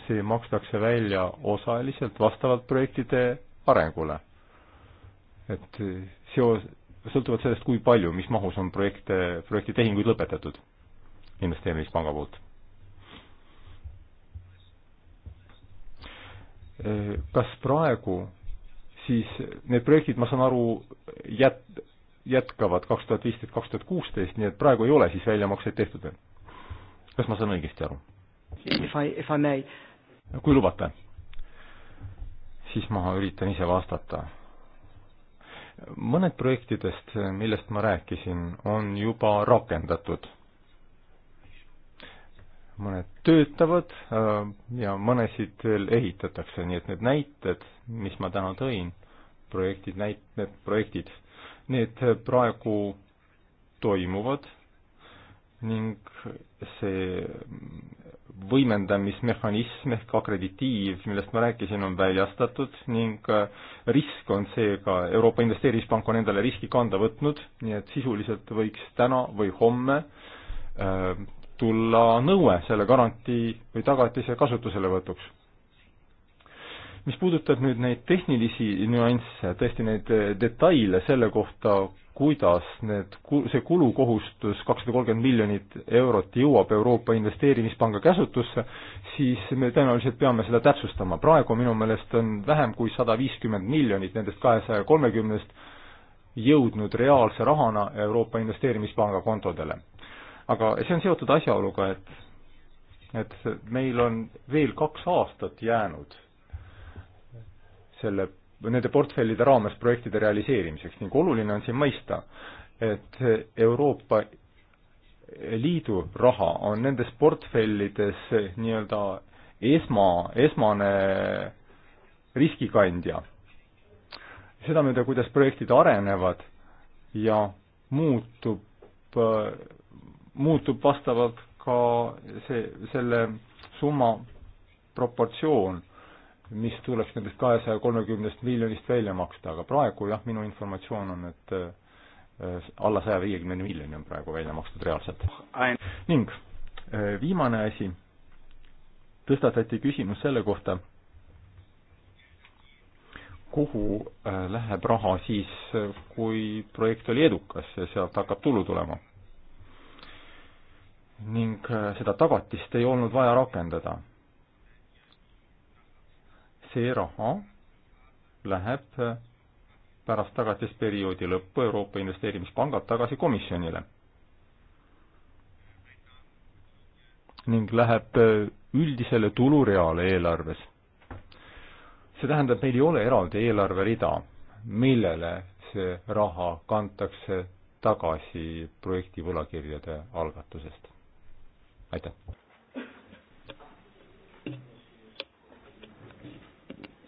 see makstakse välja osaliselt vastavalt projektide arengule. et seos, sõltuvalt sellest, kui palju, mis mahus on projekte, projektitehinguid lõpetatud investeerimispanga poolt. kas praegu siis need projektid, ma saan aru, jät-, jätkavad kaks tuhat viisteist, kaks tuhat kuusteist, nii et praegu ei ole siis väljamakseid tehtud veel? kas ma saan õigesti aru? If I, if I may. kui lubate, siis ma üritan ise vastata mõned projektidest, millest ma rääkisin, on juba rakendatud. mõned töötavad äh, ja mõnesid veel ehitatakse, nii et need näited, mis ma täna tõin, projektid, näit-, need projektid, need praegu toimuvad ning see, võimendamismehhanism ehk akreditiiv, millest ma rääkisin, on väljastatud ning äh, risk on seega, Euroopa Investeerimispank on endale riski kanda võtnud, nii et sisuliselt võiks täna või homme äh, tulla nõue selle garantii või tagatise kasutuselevõtuks mis puudutab nüüd neid tehnilisi nüansse, tõesti neid eh, detaile selle kohta, kuidas need, see kulukohustus kakssada kolmkümmend miljonit eurot jõuab Euroopa Investeerimispanga käsutusse, siis me tõenäoliselt peame seda täpsustama. praegu minu meelest on vähem kui sada viiskümmend miljonit nendest kahesaja kolmekümnest jõudnud reaalse rahana Euroopa Investeerimispanga kontodele. aga see on seotud asjaoluga, et et meil on veel kaks aastat jäänud selle, nende portfellide raames projektide realiseerimiseks ning oluline on siin mõista, et Euroopa Liidu raha on nendes portfellides nii-öelda esma, esmane riskikandja. sedamööda, kuidas projektid arenevad ja muutub, muutub vastavalt ka see, selle summa proportsioon mis tuleks nendest kahesaja kolmekümnest miljonist välja maksta, aga praegu jah, minu informatsioon on, et äh, alla saja viiekümne miljoni on praegu välja makstud reaalselt. ning äh, viimane asi, tõstatati küsimus selle kohta, kuhu äh, läheb raha siis, kui projekt oli edukas ja sealt hakkab tulu tulema. ning seda tagatist ei olnud vaja rakendada see raha läheb pärast tagatisperioodi lõppu Euroopa Investeerimispangad tagasi komisjonile ning läheb üldisele tulureale eelarves. see tähendab, meil ei ole eraldi eelarverida, millele see raha kantakse tagasi projekti võlakirjade algatusest. aitäh!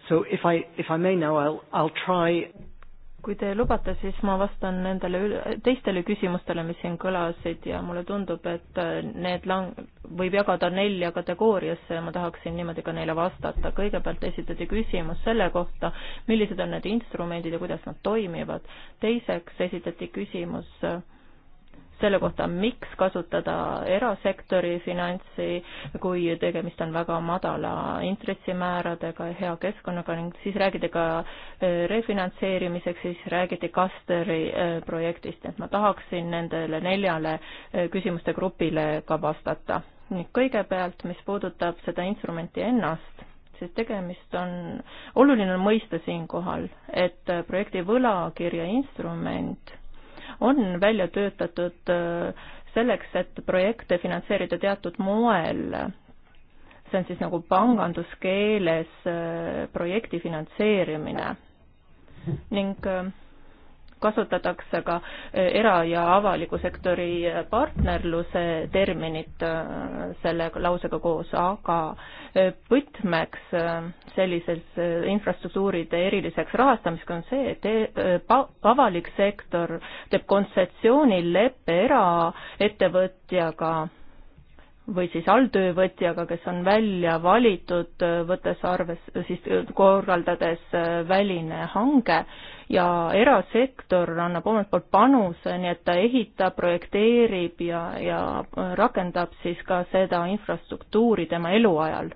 So if I, if I may now, I'll, I'll try kui te lubate, siis ma vastan nendele teistele küsimustele, mis siin kõlasid ja mulle tundub, et äh, need lang-, võib jagada nelja kategooriasse ja ma tahaksin niimoodi ka neile vastata. kõigepealt esitati küsimus selle kohta, millised on need instrumendid ja kuidas nad toimivad. teiseks esitati küsimus äh, selle kohta, miks kasutada erasektori finantsi, kui tegemist on väga madala intressimääradega ja hea keskkonnaga ning siis räägiti ka eh, refinantseerimiseks, siis räägiti Kasteri eh, projektist, et ma tahaksin nendele neljale eh, küsimuste grupile ka vastata. nüüd kõigepealt, mis puudutab seda instrumenti ennast, siis tegemist on, oluline on mõista siinkohal, et projekti võlakirja instrument on välja töötatud äh, selleks, et projekte finantseerida teatud moel. see on siis nagu panganduskeeles äh, projekti finantseerimine ning äh, kasutatakse ka eh, era- ja avaliku sektori eh, partnerluse terminit eh, selle lausega koos, aga võtmeks sellises infrastruktuuride eriliseks rahastamiseks on see, et avalik sektor teeb kontsessioonileppe eraettevõtjaga või siis alltöövõtjaga, kes on välja valitud, võttes arves, siis korraldades väline hange ja erasektor annab omalt poolt panuse, nii et ta ehitab, projekteerib ja, ja äh, rakendab siis ka seda infrastruktuuri tema eluajal.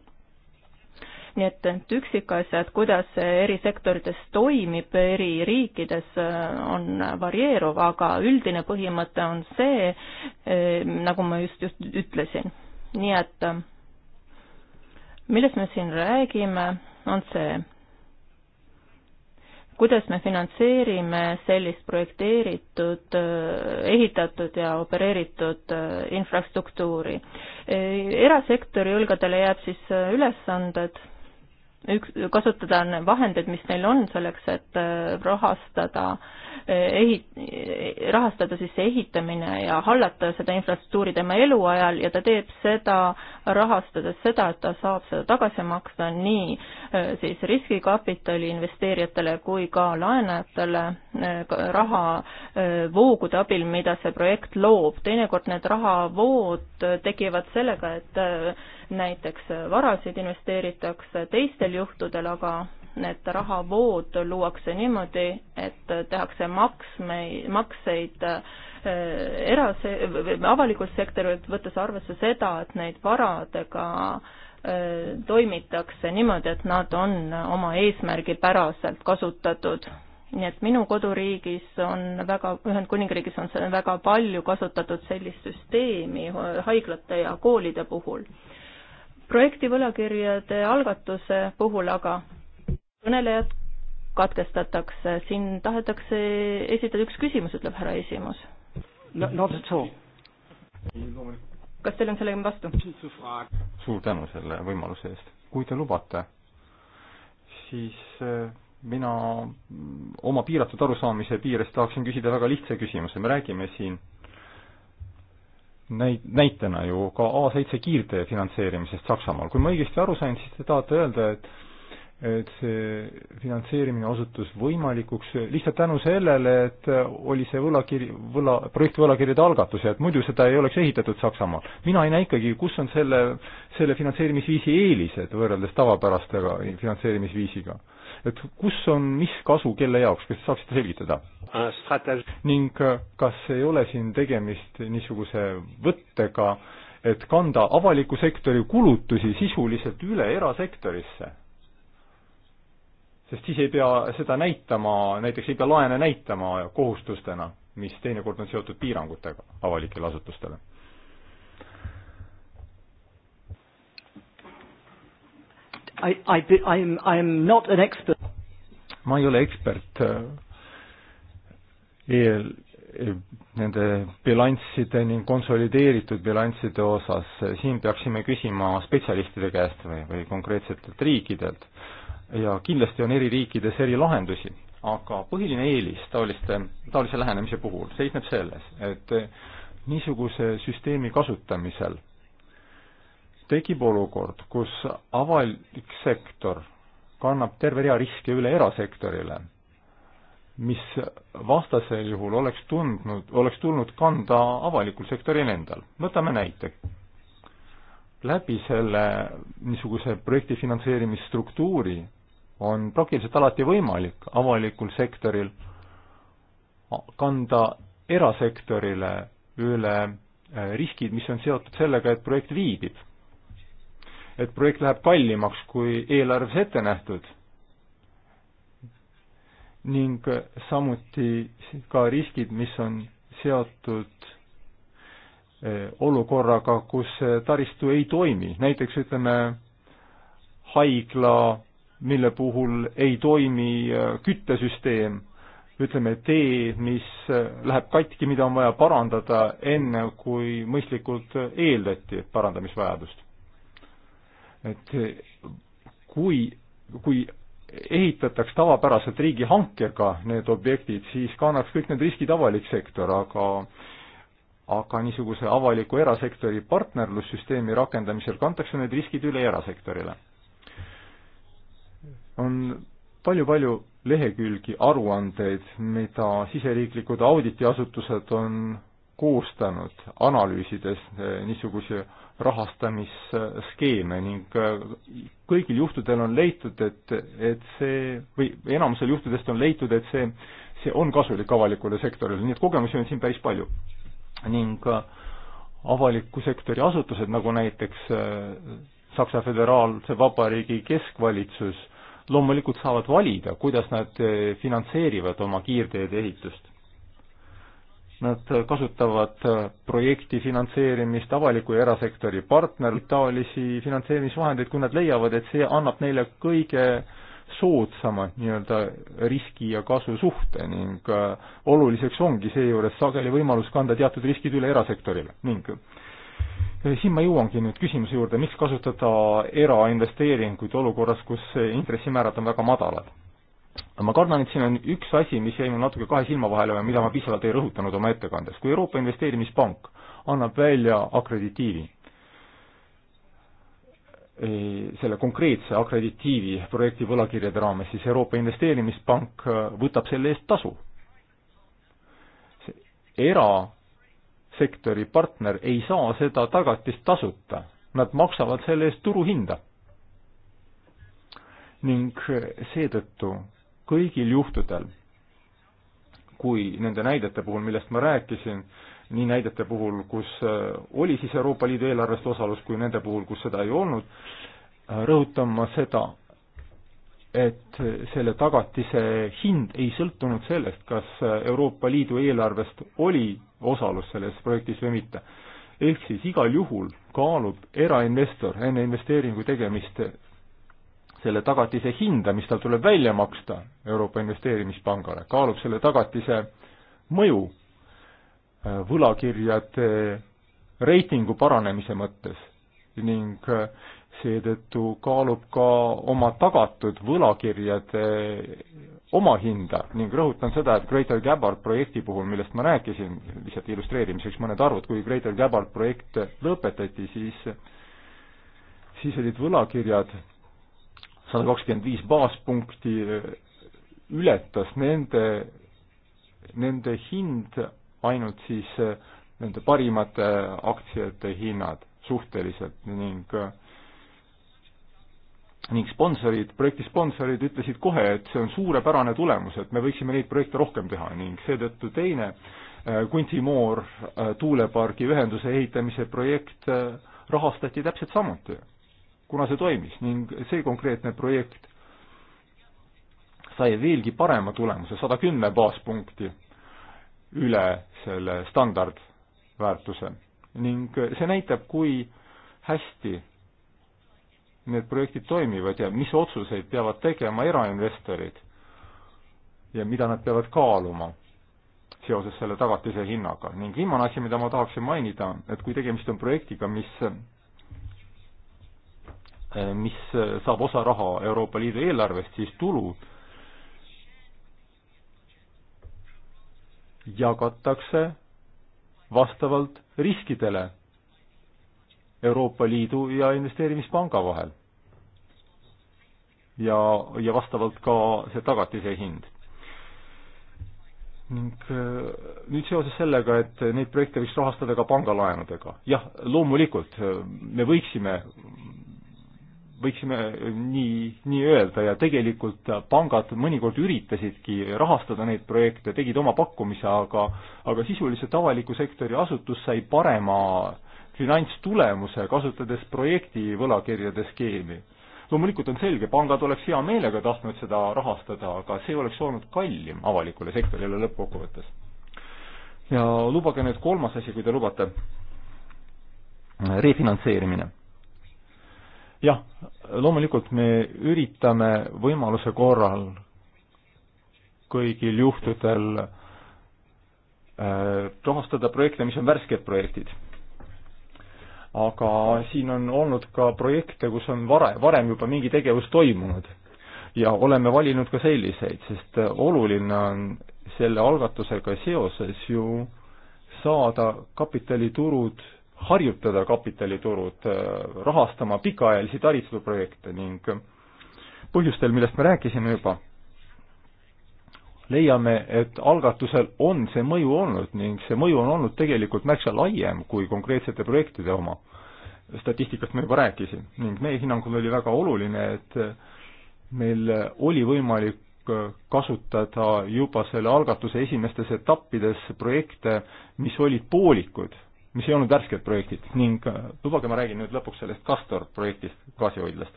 nii et, et üksikasjad, kuidas see eri sektorites toimib eri riikides, äh, on varieeruv, aga üldine põhimõte on see, äh, nagu ma just, just ütlesin. nii et millest me siin räägime, on see, kuidas me finantseerime sellist projekteeritud, äh, ehitatud ja opereeritud äh, infrastruktuuri. Äh, erasektori õlgadele jääb siis ülesanded üks, kasutada vahendeid, mis neil on selleks, et äh, rahastada äh, ehit-, rahastada siis see ehitamine ja hallata seda infrastruktuuri tema eluajal ja ta teeb seda, rahastades seda, et ta saab seda tagasi maksta nii äh, siis riskikapitali investeerijatele kui ka laenajatele rahavoogude abil, mida see projekt loob. teinekord need rahavood tekivad sellega, et näiteks varasid investeeritakse teistele teistel juhtudel aga need rahavood luuakse niimoodi, et tehakse maksme, makseid äh, erase-, avalikus sektoris, võttes arvesse seda, et neid varadega äh, toimitakse niimoodi, et nad on oma eesmärgipäraselt kasutatud. nii et minu koduriigis on väga, Ühendkuningriigis on see väga palju kasutatud sellist süsteemi haiglate ja koolide puhul projekti võlakirjade algatuse puhul aga kõnelejad katkestatakse, siin tahetakse esitada üks küsimus, ütleb härra esimus no,. Not at all. kas teil on sellega vastu? suur tänu selle võimaluse eest. kui te lubate, siis äh, mina oma piiratud arusaamise piires tahaksin küsida väga lihtsa küsimuse, me räägime siin näit-, näitena ju ka A7 kiirtee finantseerimisest Saksamaal. kui ma õigesti aru sain, siis te tahate öelda, et et see finantseerimine osutus võimalikuks lihtsalt tänu sellele, et oli see võlakiri, võla, projektvõlakirjade algatus ja et muidu seda ei oleks ehitatud Saksamaal. mina ei näe ikkagi, kus on selle, selle finantseerimisviisi eelised võrreldes tavapäraste finantseerimisviisiga et kus on mis kasu kelle jaoks, kas saaksite selgitada? ning äh, kas ei ole siin tegemist niisuguse võttega, et kanda avaliku sektori kulutusi sisuliselt üle erasektorisse? sest siis ei pea seda näitama, näiteks ei pea laene näitama kohustustena, mis teinekord on seotud piirangutega avalikele asutustele I, I, I'm, I'm not an expert. ma ei ole ekspert eh, eel, eh, nende bilansside ning konsolideeritud bilansside osas, siin peaksime küsima spetsialistide käest või, või konkreetsetelt riikidelt. ja kindlasti on eri riikides eri lahendusi, aga põhiline eelis taoliste, taolise lähenemise puhul seisneb selles, et eh, niisuguse süsteemi kasutamisel tekib olukord, kus avalik sektor kannab terve rea riske üle erasektorile, mis vastasel juhul oleks tundnud, oleks tulnud kanda avalikul sektoril endal. võtame näite. läbi selle niisuguse projekti finantseerimisstruktuuri on praktiliselt alati võimalik avalikul sektoril kanda erasektorile üle riskid, mis on seotud sellega, et projekt viibib et projekt läheb kallimaks kui eelarves ette nähtud. ning samuti ka riskid, mis on seotud eh, olukorraga, kus eh, taristu ei toimi, näiteks ütleme haigla, mille puhul ei toimi eh, küttesüsteem, ütleme tee, mis läheb katki, mida on vaja parandada, enne kui mõistlikult eeldati parandamisvajadust et kui, kui ehitataks tavapäraselt riigihankega need objektid, siis kannaks kõik need riskid avalik sektor, aga aga niisuguse avaliku erasektori partnerlussüsteemi rakendamisel kantakse need riskid üle erasektorile. on palju-palju lehekülgi aruandeid, mida siseriiklikud auditiasutused on koostanud, analüüsides niisuguse rahastamisskeeme ning äh, kõigil juhtudel on leitud, et, et see või enamusel juhtudest on leitud, et see, see on kasulik avalikule sektorile, nii et kogemusi on siin päris palju. ning äh, avaliku sektori asutused, nagu näiteks äh, Saksa Föderaalse Vabariigi keskvalitsus, loomulikult saavad valida, kuidas nad finantseerivad oma kiirteede ehitust Nad kasutavad äh, projekti finantseerimist, avaliku ja erasektori partnerid, taolisi finantseerimisvahendeid, kui nad leiavad, et see annab neile kõige soodsama nii-öelda riski ja kasu suhte ning äh, oluliseks ongi seejuures sageli võimalus kanda teatud riskid üle erasektorile ning äh, siin ma jõuangi nüüd küsimuse juurde, miks kasutada erainvesteeringuid olukorras, kus intressimäärad on väga madalad ma kardan, et siin on üks asi, mis jäi mul natuke kahe silma vahele ja mida ma piisavalt ei rõhutanud oma ettekandes. kui Euroopa Investeerimispank annab välja akreditiivi, e, selle konkreetse akreditiivi projekti võlakirjade raames, siis Euroopa Investeerimispank e, võtab selle eest tasu. erasektori partner ei saa seda tagatist tasuta, nad maksavad selle eest turuhinda. ning seetõttu kõigil juhtudel, kui nende näidete puhul, millest ma rääkisin, nii näidete puhul, kus äh, oli siis Euroopa Liidu eelarvest osalus, kui nende puhul, kus seda ei olnud, äh, rõhutan ma seda, et selle tagatise hind ei sõltunud sellest, kas äh, Euroopa Liidu eelarvest oli osalus selles projektis või mitte. ehk siis igal juhul kaalub erainvestor enne investeeringu tegemist selle tagatise hinda, mis tal tuleb välja maksta Euroopa Investeerimispangale, kaalub selle tagatise mõju äh, võlakirjade reitingu paranemise mõttes ning äh, seetõttu kaalub ka oma tagatud võlakirjade omahinda ning rõhutan seda, et Greater Gabbard projekti puhul, millest ma rääkisin, lihtsalt illustreerimiseks mõned arvud, kui Greater Gabbard projekt lõpetati, siis siis olid võlakirjad sada kakskümmend viis baaspunkti eh, ületas nende, nende hind ainult siis eh, nende parimate eh, aktsiate hinnad suhteliselt ning ning sponsorid, projekti sponsorid ütlesid kohe, et see on suurepärane tulemus, et me võiksime neid projekte rohkem teha ning seetõttu teine Kunti Moor tuulepargi ühenduse ehitamise projekt rahastati täpselt samuti kuna see toimis ning see konkreetne projekt sai veelgi parema tulemuse, sada kümme baaspunkti üle selle standardväärtuse ning see näitab, kui hästi need projektid toimivad ja mis otsuseid peavad tegema erainvestorid ja mida nad peavad kaaluma seoses selle tagatise hinnaga. ning viimane asi, mida ma tahaksin mainida, et kui tegemist on projektiga, mis Äh, mis äh, saab osa raha Euroopa Liidu eelarvest, siis tulu jagatakse vastavalt riskidele Euroopa Liidu ja investeerimispanga vahel. ja, ja vastavalt ka see tagatise hind. ning äh, nüüd seoses sellega, et neid projekte võiks rahastada ka pangalaenudega. jah, loomulikult me võiksime võiksime nii, nii öelda ja tegelikult pangad mõnikord üritasidki rahastada neid projekte, tegid oma pakkumise, aga aga sisuliselt avaliku sektori asutus sai parema finantstulemuse, kasutades projekti võlakirjade skeemi. loomulikult on selge, pangad oleks hea meelega tahtnud seda rahastada, aga see oleks olnud kallim avalikule sektorile lõppkokkuvõttes. ja lubage nüüd kolmas asi, kui te lubate, refinantseerimine jah, loomulikult me üritame võimaluse korral kõigil juhtudel äh, rahastada projekte, mis on värsked projektid. aga siin on olnud ka projekte, kus on vare, varem juba mingi tegevus toimunud ja oleme valinud ka selliseid, sest oluline on selle algatusega seoses ju saada kapitaliturud harjutada kapitaliturud, äh, rahastama pikaajalisi taristuprojekte ning põhjustel, millest me rääkisime juba, leiame, et algatusel on see mõju olnud ning see mõju on olnud tegelikult märksa laiem kui konkreetsete projektide oma. statistikast ma juba rääkisin ning meie hinnangul oli väga oluline, et meil oli võimalik äh, kasutada juba selle algatuse esimestes etappides projekte, mis olid poolikud mis ei olnud värsked projektid ning äh, lubage, ma räägin nüüd lõpuks sellest Castor projektist, gaasihoidlast.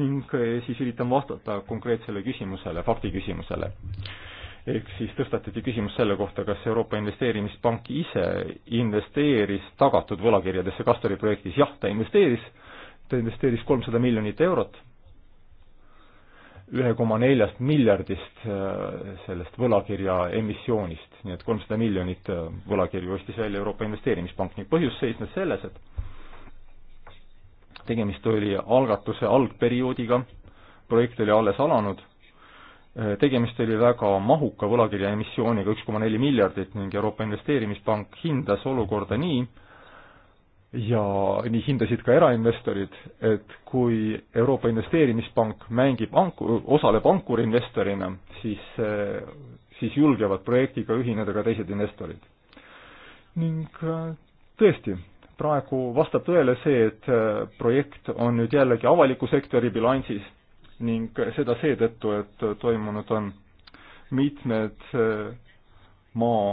ning äh, siis üritan vastata konkreetsele küsimusele, faktiküsimusele. ehk siis tõstatati küsimus selle kohta, kas Euroopa Investeerimispank ise investeeris tagatud võlakirjadesse Castori projektis, jah, ta investeeris, ta investeeris kolmsada miljonit eurot ühe koma neljast miljardist äh, sellest võlakirja emissioonist, nii et kolmsada miljonit äh, võlakirju ostis välja Euroopa Investeerimispank ning põhjus seisnes selles, et tegemist oli algatuse algperioodiga, projekt oli alles alanud, äh, tegemist oli väga mahuka võlakirja emissiooniga, üks koma neli miljardit, ning Euroopa Investeerimispank hindas olukorda nii, ja nii hindasid ka erainvestorid, et kui Euroopa Investeerimispank mängib anku-, osaleb ankurinvestorina, siis, siis julgevad projektiga ühineda ka teised investorid. ning tõesti, praegu vastab tõele see, et projekt on nüüd jällegi avaliku sektori bilansis ning seda seetõttu, et toimunud on mitmed maa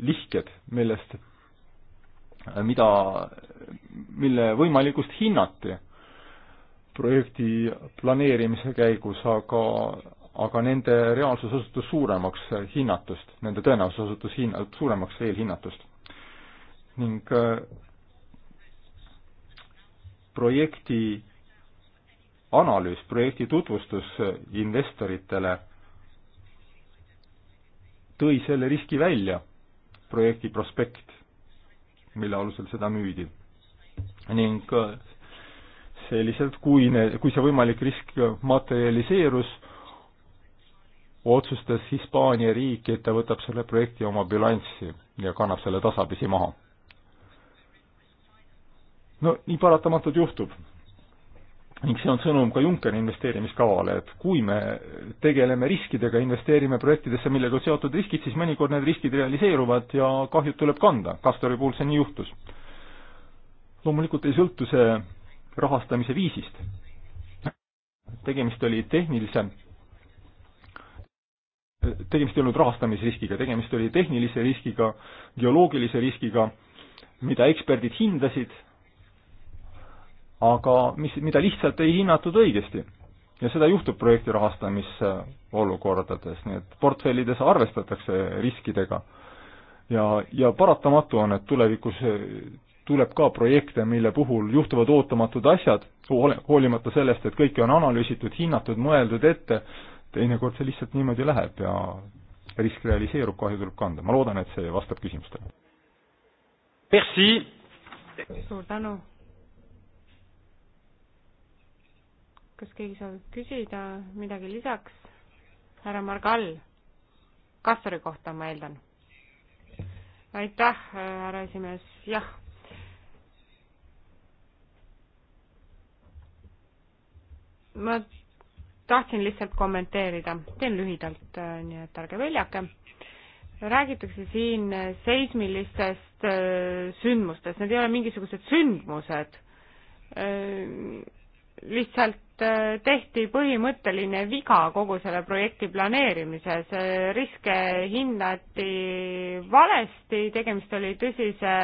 lihked, millest mida, mille võimalikkust hinnati projekti planeerimise käigus, aga, aga nende reaalsus osutus suuremaks hinnatust, nende tõenäosus osutus hinna, suuremaks eelhinnatust. ning projekti analüüs, projekti tutvustus investoritele tõi selle riski välja, projekti prospekt mille alusel seda müüdi. ning äh, selliselt, kui ne-, kui see võimalik risk materialiseerus, otsustas Hispaania riik, et ta võtab selle projekti oma bilanssi ja kannab selle tasapisi maha. no nii paratamatult juhtub ning see on sõnum ka Junckeri investeerimiskavale, et kui me tegeleme riskidega, investeerime projektidesse, millega on seotud riskid, siis mõnikord need riskid realiseeruvad ja kahjud tuleb kanda. Kastori puhul see nii juhtus. loomulikult ei sõltu see rahastamise viisist. tegemist oli tehnilise, tegemist ei olnud rahastamisriskiga, tegemist oli tehnilise riskiga, geoloogilise riskiga, mida eksperdid hindasid aga mis, mida lihtsalt ei hinnatud õigesti. ja seda juhtub projekti rahastamise olukordades, nii et portfellides arvestatakse riskidega. ja, ja paratamatu on, et tulevikus eh, tuleb ka projekte, mille puhul juhtuvad ootamatud asjad, hoolimata sellest, et kõike on analüüsitud, hinnatud, mõeldud ette, teinekord see lihtsalt niimoodi läheb ja risk realiseerub, kahju tuleb kanda. ma loodan, et see vastab küsimustele. Merci! suur tänu! kas keegi soovib küsida midagi lisaks? härra Margal, Kassari kohta, ma eeldan. aitäh, härra esimees, jah. ma tahtsin lihtsalt kommenteerida, teen lühidalt, äh, nii et ärge väljake. räägitakse siin seismilistest äh, sündmustest, need ei ole mingisugused sündmused äh, lihtsalt et äh, tehti põhimõtteline viga kogu selle projekti planeerimises, riske hinnati valesti, tegemist oli tõsise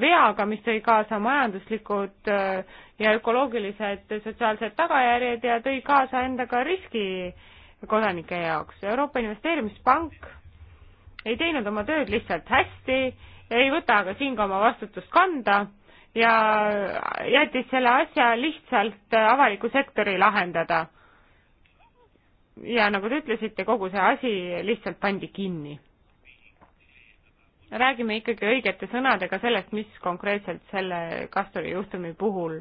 veaga, mis tõi kaasa majanduslikud äh, ja ökoloogilised sotsiaalsed tagajärjed ja tõi kaasa endaga riski kodanike jaoks. Euroopa Investeerimispank ei teinud oma tööd lihtsalt hästi, ei võta aga siin ka oma vastutust kanda ja jättis selle asja lihtsalt avaliku sektori lahendada. ja nagu te ütlesite, kogu see asi lihtsalt pandi kinni. räägime ikkagi õigete sõnadega sellest, mis konkreetselt selle Kastori juhtumi puhul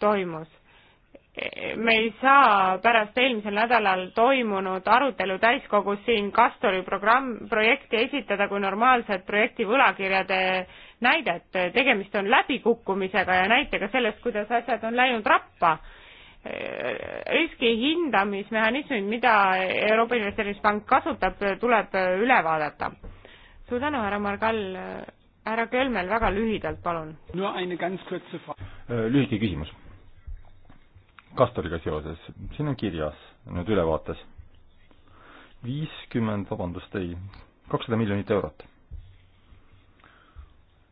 toimus. me ei saa pärast eelmisel nädalal toimunud arutelu täiskogus siin Kastori programm, projekti esitada kui normaalset projekti võlakirjade näidet, tegemist on läbikukkumisega ja näitega sellest, kuidas asjad on läinud rappa. riski hindamismehhanismid, mida Euroopa Investeerimispank kasutab, tuleb üle vaadata. suur tänu, härra Margal, härra Kölmel, väga lühidalt, palun. Äh, lühike küsimus. Kastoriga seoses, siin on kirjas nüüd ülevaates viiskümmend, vabandust, ei, kakssada miljonit eurot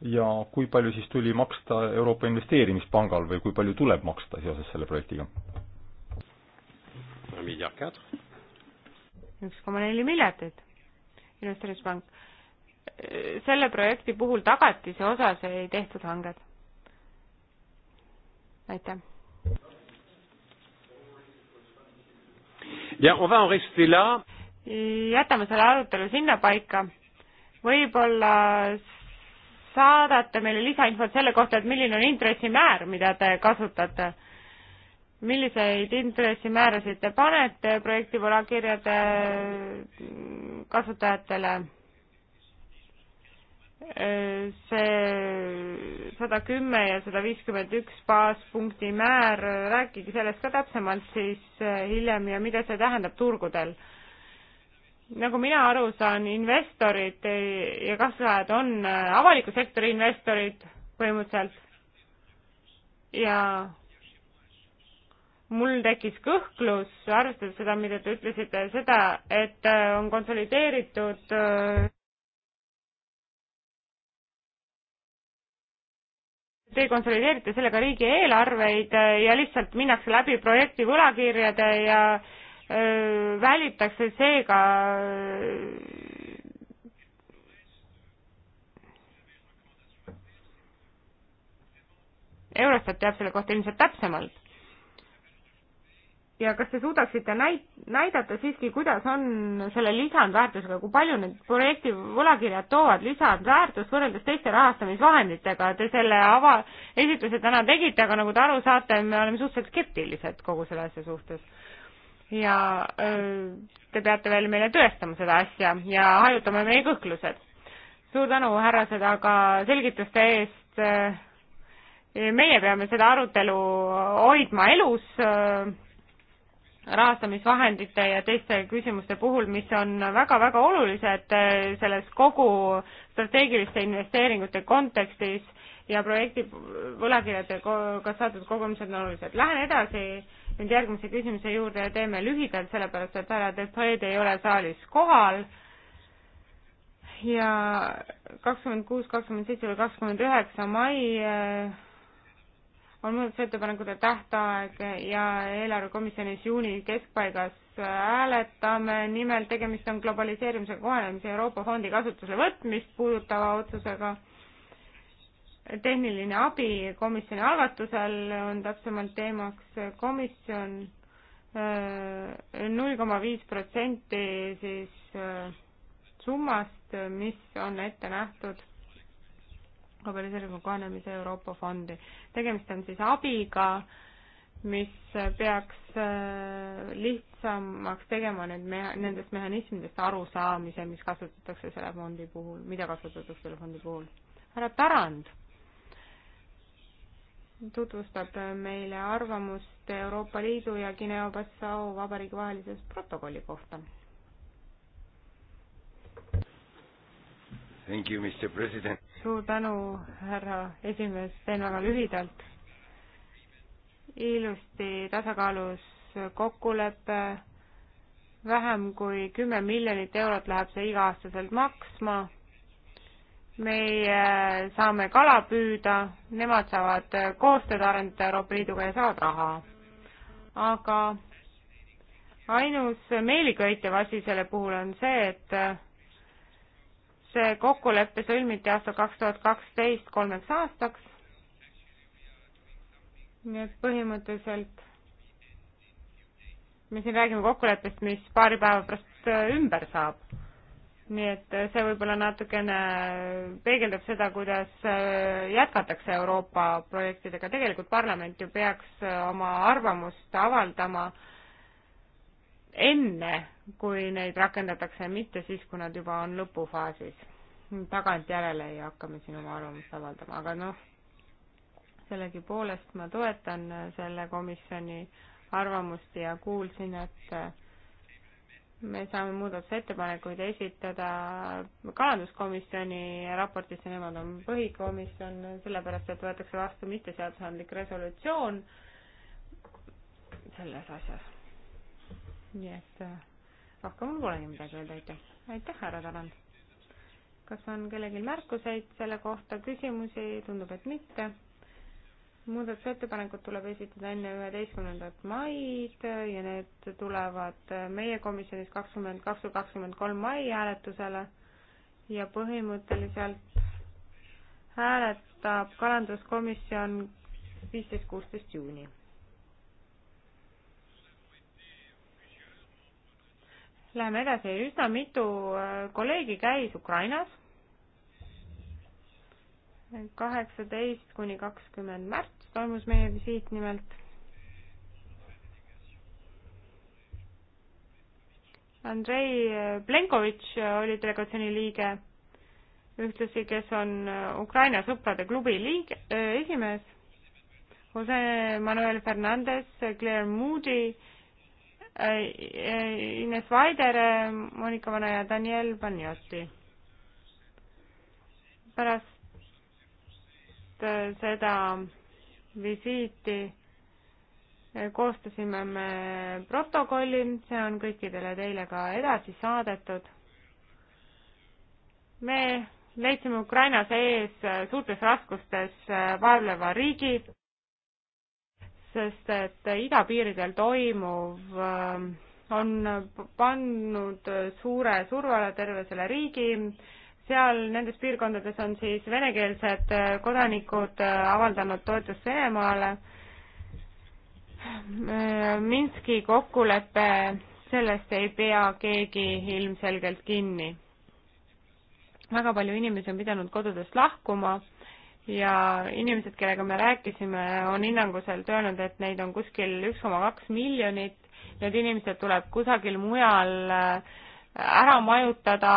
ja kui palju siis tuli maksta Euroopa Investeerimispangal või kui palju tuleb maksta seoses selle projektiga? üks koma neli miljardit, investeerimispank. selle projekti puhul tagatise osas ei tehtud hanged. aitäh. jätame selle arutelu sinnapaika. võib-olla saadate meile lisainfot selle kohta, et milline on intressimäär, mida te kasutate? milliseid intressimäärasid te panete projekti võlakirjade kasutajatele? see sada kümme ja sada viiskümmend üks baaspunkti määr, rääkige sellest ka täpsemalt siis äh, hiljem ja mida see tähendab turgudel nagu mina aru saan, investorid ja kasvajad on äh, avaliku sektori investorid põhimõtteliselt ja mul tekkis kõhklus, arvestades seda, mida te ütlesite, seda, et äh, on konsolideeritud äh, Te konsolideerite sellega riigieelarveid ja lihtsalt minnakse läbi projekti võlakirjade ja äh, välitakse seega Eurostat teab selle kohta ilmselt täpsemalt. ja kas te suudaksite näit-, näidata siiski, kuidas on selle lisandväärtusega, kui palju need projekti võlakirjad toovad lisandväärtust võrreldes teiste rahastamisvahenditega, te selle ava-, esitluse täna tegite, aga nagu te aru saate, me oleme suhteliselt skeptilised kogu selle asja suhtes ja öö, te peate veel meile tõestama seda asja ja hajutama meie kõhklused. suur tänu, härrased, aga selgituste eest. meie peame seda arutelu hoidma elus rahastamisvahendite ja teiste küsimuste puhul, mis on väga-väga olulised selles kogu strateegiliste investeeringute kontekstis ja projekti võlakirjadega saadud kogumised on olulised. Lähen edasi nüüd järgmise küsimuse juurde ja teeme lühidalt, sellepärast et härra Defaid ei ole saalis kohal ja kakskümmend kuus, kakskümmend seitse või kakskümmend üheksa mai äh, on muudatusettepanekute tähtaeg ja eelarvekomisjonis juuni keskpaigas hääletame, nimelt tegemist on globaliseerimisega kohanemise Euroopa Fondi kasutusele võtmist puudutava otsusega tehniline abi komisjoni algatusel on täpsemalt teemaks komisjon äh, null koma viis protsenti siis äh, summast, mis on ette nähtud globaliseerimise kohanemise Euroopa fondi. tegemist on siis abiga, mis peaks äh, lihtsamaks tegema need meha-, nendest mehhanismidest arusaamise, mis kasutatakse selle fondi puhul, mida kasutatakse selle fondi puhul. härra Tarand tutvustab meile arvamust Euroopa Liidu ja Guinea-Bissau vabariigi vahelisest protokolli kohta. suur tänu, härra esimees, teen väga lühidalt. ilusti tasakaalus kokkulepe, vähem kui kümme miljonit eurot läheb see iga-aastaselt maksma meie äh, saame kala püüda, nemad saavad äh, koostööd arendada Euroopa Liiduga ja saavad raha. aga ainus meeliköitev asi selle puhul on see, et äh, see kokkulepe sõlmiti aastal kaks tuhat kaksteist kolmeks aastaks. nii et põhimõtteliselt me siin räägime kokkuleppest, mis paari päeva pärast ümber saab nii et see võib-olla natukene peegeldab seda, kuidas äh, jätkatakse Euroopa projektidega, tegelikult parlament ju peaks äh, oma arvamust avaldama enne, kui neid rakendatakse, mitte siis, kui nad juba on lõpufaasis. tagantjärele ei hakka me siin oma arvamust avaldama, aga noh, sellegipoolest ma toetan äh, selle komisjoni arvamust ja kuulsin, et me saame muudatusettepanekuid esitada kalanduskomisjoni raportisse, nemad on põhikomisjon, sellepärast et võetakse vastu mitteseadusandlik resolutsioon selles asjas. nii et äh, rohkem mul polegi midagi öelda, aitäh. aitäh, härra Tarand. kas on kellelgi märkuseid selle kohta, küsimusi, tundub, et mitte muudatusettepanekud tuleb esitada enne üheteistkümnendat maid ja need tulevad meie komisjonis kakskümmend kaks või kakskümmend kolm mai hääletusele ja põhimõtteliselt hääletab kalanduskomisjon viisteist, kuusteist juuni. Läheme edasi, üsna mitu äh, kolleegi käis Ukrainas kaheksateist kuni kakskümmend märts toimus meie visiit nimelt. Andrei Plenkovitš oli delegatsiooni liige, ühtlasi, kes on Ukraina sõprade klubi liige, äh, esimees, Jose Manuel Fernandez, Claire Moody, äh, äh, Ines Vaidere, Monika Vana ja Daniel Panjoti. pärast seda visiiti koostasime me protokolli, see on kõikidele teile ka edasi saadetud. me leidsime Ukrainas ees suurtes raskustes vaevleva riigi, sest et idapiiridel toimuv ähm, on pannud suure surve alla terve selle riigi, seal nendes piirkondades on siis venekeelsed äh, kodanikud äh, avaldanud toetust Venemaale. Äh, Minski kokkulepe, sellest ei pea keegi ilmselgelt kinni. väga palju inimesi on pidanud kodudest lahkuma ja inimesed, kellega me rääkisime, on hinnanguselt öelnud, et neid on kuskil üks koma kaks miljonit, need inimesed tuleb kusagil mujal äh, ära majutada,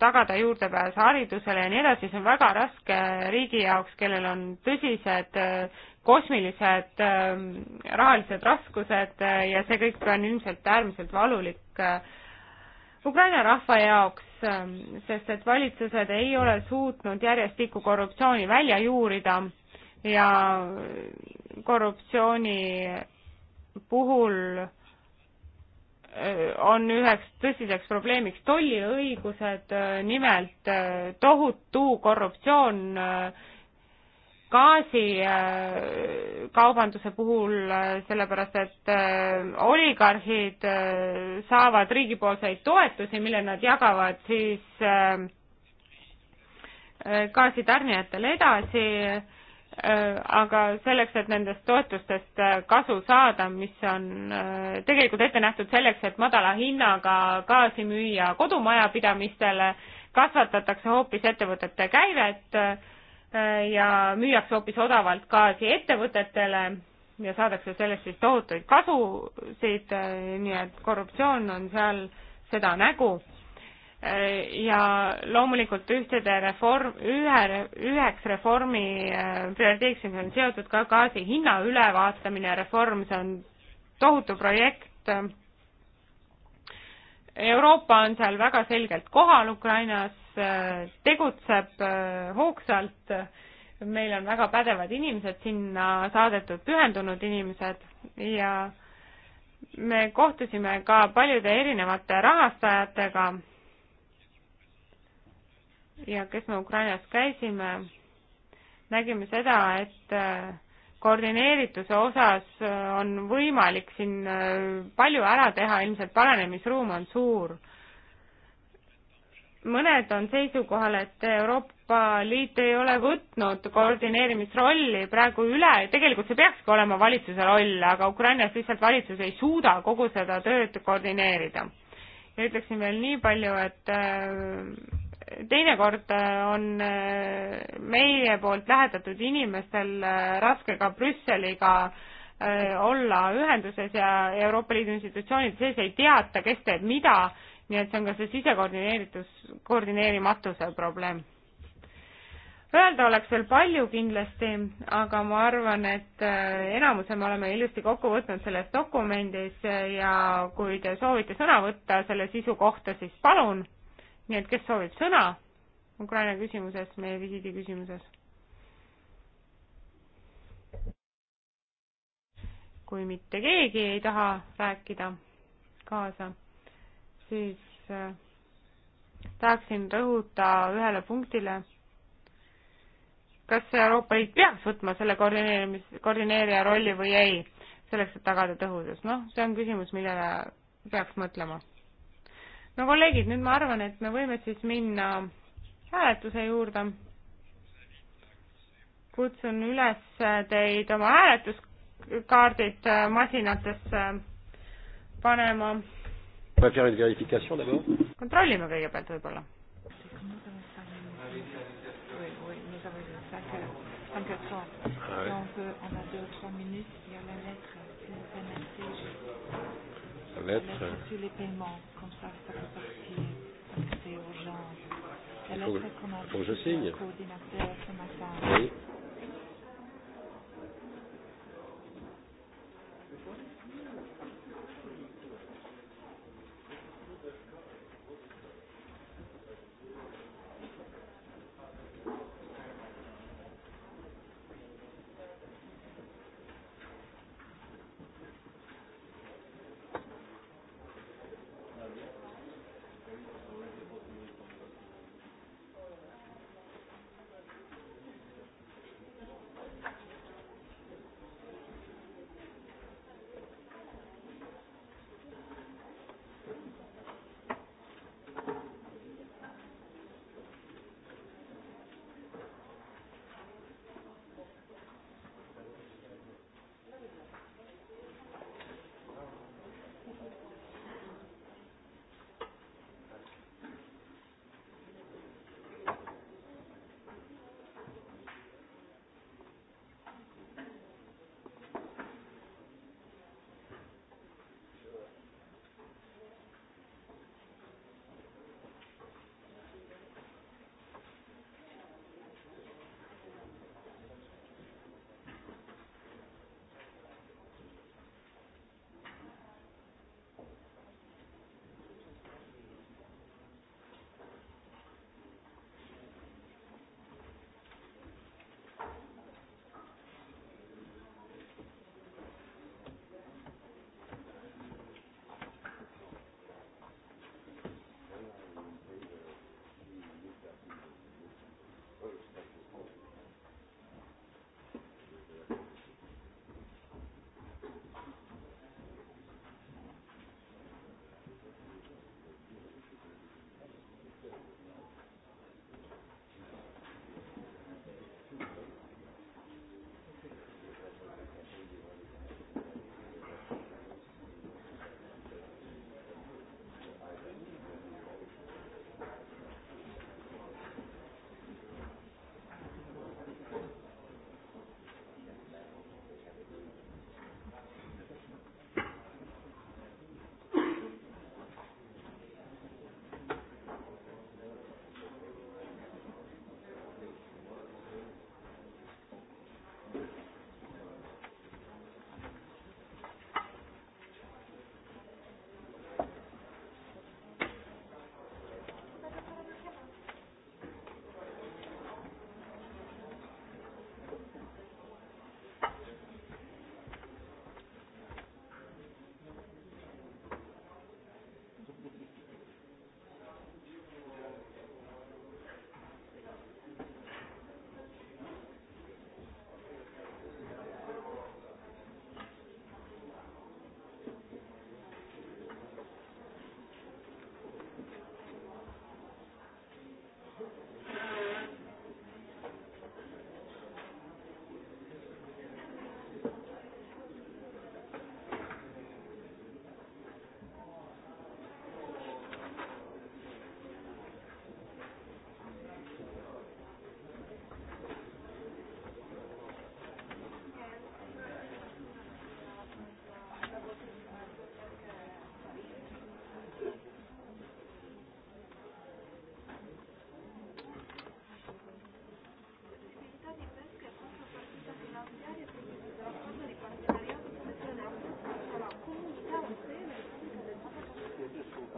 tagada juurdepääs haridusele ja nii edasi, see on väga raske riigi jaoks, kellel on tõsised kosmilised rahalised raskused ja see kõik on ilmselt äärmiselt valulik äh, Ukraina rahva jaoks, äh, sest et valitsused ei ole suutnud järjestikku korruptsiooni välja juurida ja korruptsiooni puhul on üheks tõsiseks probleemiks tolliõigused, nimelt äh, tohutu korruptsioon äh, gaasikaubanduse äh, puhul, sellepärast et oligarhid saavad riigipoolseid toetusi, mille nad jagavad siis gaasitarnijatele edasi Äh, aga selleks, et nendest toetustest äh, kasu saada, mis on äh, tegelikult ette nähtud selleks, et madala hinnaga gaasi müüa kodumajapidamistele, kasvatatakse hoopis ettevõtete käivet ja müüakse hoopis odavalt gaasi ettevõtetele ja saadakse sellest siis tohutuid kasusid, nii et korruptsioon on seal seda nägu Äh, ja loomulikult ühtede reform, ühe, üheks reformi äh, prioriteeksiks on seotud ka gaasi hinna ülevaatamine, reform, see on tohutu projekt. Euroopa on seal väga selgelt kohal Ukrainas, äh, tegutseb hoogsalt, meil on väga pädevad inimesed sinna saadetud, pühendunud inimesed ja me kohtusime ka paljude erinevate rahastajatega ja kes me Ukrainas käisime, nägime seda, et äh, koordineerituse osas äh, on võimalik siin äh, palju ära teha, ilmselt paranemisruum on suur. mõned on seisukohal, et Euroopa Liit ei ole võtnud koordineerimisrolli praegu üle, tegelikult see peakski olema valitsuse roll, aga Ukrainas lihtsalt valitsus ei suuda kogu seda tööd koordineerida. ja ütleksin veel nii palju, et teinekord äh, on äh, meie poolt lähetatud inimestel äh, raske ka Brüsseliga olla ühenduses ja Euroopa Liidu institutsioonide sees ei teata, kes teeb mida, nii et see on ka see sisekoordineeritus, koordineerimatuse probleem. Öelda oleks veel palju kindlasti, aga ma arvan, et enamuse me oleme ilusti kokku võtnud selles dokumendis ja kui te soovite sõna võtta selle sisu kohta, siis palun nii et kes soovib sõna Ukraina küsimuses, meie visiidi küsimuses? kui mitte keegi ei taha rääkida kaasa, siis äh, tahaksin rõhuda ühele punktile. kas Euroopa Liit peaks võtma selle koordineerimis, koordineerija rolli või ei, selleks, et tagada tõhusus? noh, see on küsimus, millele peaks mõtlema no kolleegid, nüüd ma arvan, et me võime siis minna hääletuse juurde. kutsun üles teid oma hääletuskaardid masinatesse panema. kontrollime kõigepealt võib-olla. Ah ouais. Donc, on a deux, trois minutes. lettre. Sur euh, les paiements, comme ça, ça peut partir. C'est urgent. La lettre qu'on a. Faut que je signe. Coordinateur ce matin. Oui.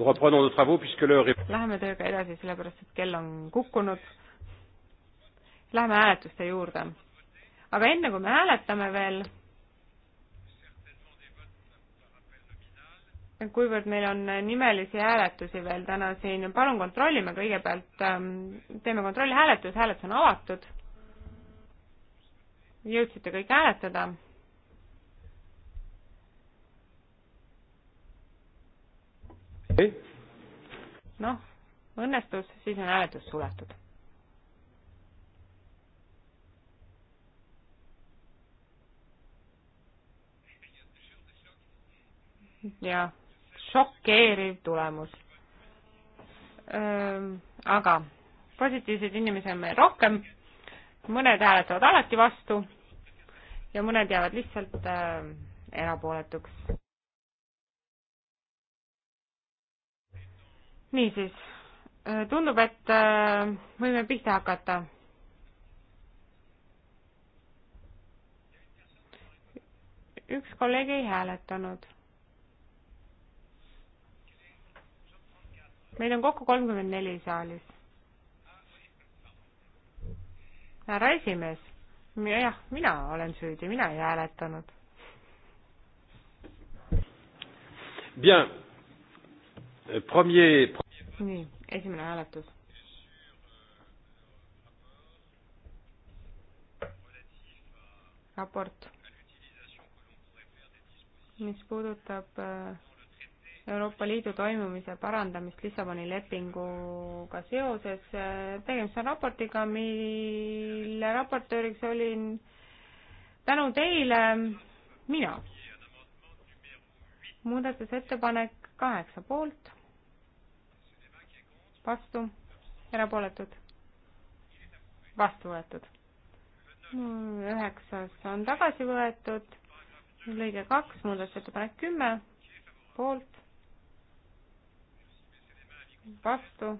Läheme tööga edasi, sellepärast et kell on kukkunud. Läheme hääletuste juurde. aga enne kui me hääletame veel, kuivõrd meil on nimelisi hääletusi veel täna siin, palun kontrollime kõigepealt, ähm, teeme kontrollhääletus, hääletus on avatud. jõudsite kõik hääletada? noh, õnnestus, siis on hääletus suletud. ja šokeeriv tulemus. aga positiivseid inimesi on meil rohkem, mõned hääletavad alati vastu ja mõned jäävad lihtsalt äh, erapooletuks. niisiis, äh, tundub, et äh, võime pihta hakata. üks kolleeg ei hääletanud. meil on kokku kolmkümmend neli saalis. härra esimees, jah, mina olen süüdi, mina ei hääletanud. Bien, Euh, premier... nii, esimene hääletus. raport, mis puudutab äh, Euroopa Liidu toimumise parandamist Lissaboni lepinguga seoses. Äh, tegemist on raportiga, mille raportööriks olin tänu teile mina. muudatusettepanek kaheksa poolt, vastu, erapooletud, vastu võetud. üheksas on tagasi võetud, lõige kaks, muudatusettepanek kümme, poolt, vastu,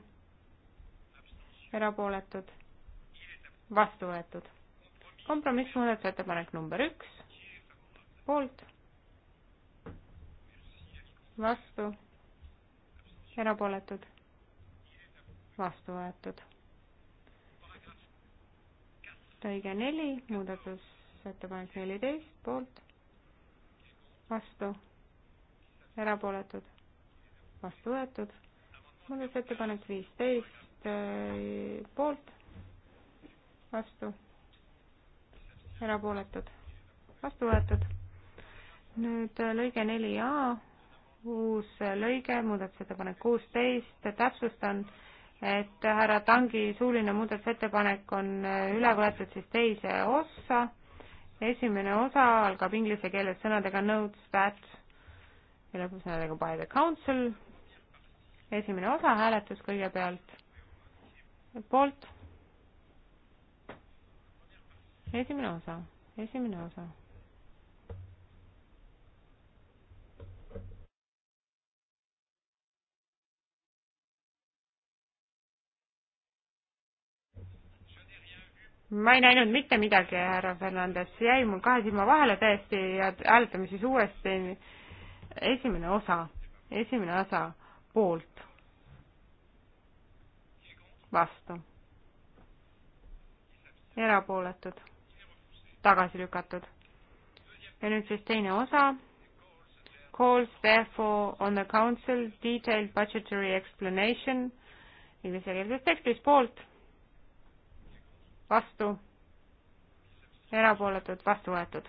erapooletud, vastu võetud. kompromissmuudatusettepanek number üks, poolt vastu, erapooletud, vastu võetud. lõige neli, muudatusettepanek neliteist, poolt, vastu, erapooletud, vastu võetud. muudatusettepanek viisteist, äh, poolt, vastu, erapooletud, vastu võetud. nüüd äh, lõige neli A uus lõige, muudatusettepanek kuusteist, täpsustan, et härra Tangi suuline muudatusettepanek on äh, üle võetud siis teise ossa. esimene osa algab inglise keeles sõnadega notes that ja lõpus sõnadega by the council. esimene osa hääletus kõigepealt poolt. esimene osa, esimene osa ma ei näinud mitte midagi, härra Fernandes, jäi mul kahe silma vahele täiesti ja hääletame siis uuesti. esimene osa, esimene osa poolt, vastu, erapooletud, tagasi lükatud. ja nüüd siis teine osa. Calls therefore on the council detailed budgetary explanation inglise keelses tekstis poolt vastu, erapooletud, vastu võetud.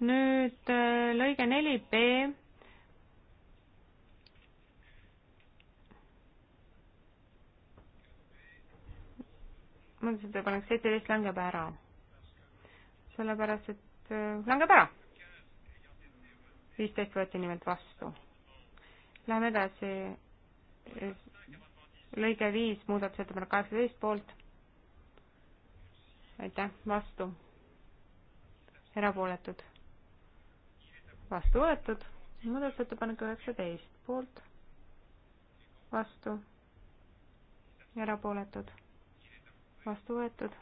nüüd äh, lõige neli B. muudatusettepanek seitseteist langeb ära, sellepärast et äh, langeb ära. viisteist võeti nimelt vastu. Läheme edasi lõige viis muudatusettepanek kaheksateist poolt, aitäh, vastu, erapooletud, vastu võetud, muudatusettepanek üheksateist, poolt, vastu, erapooletud, vastu võetud,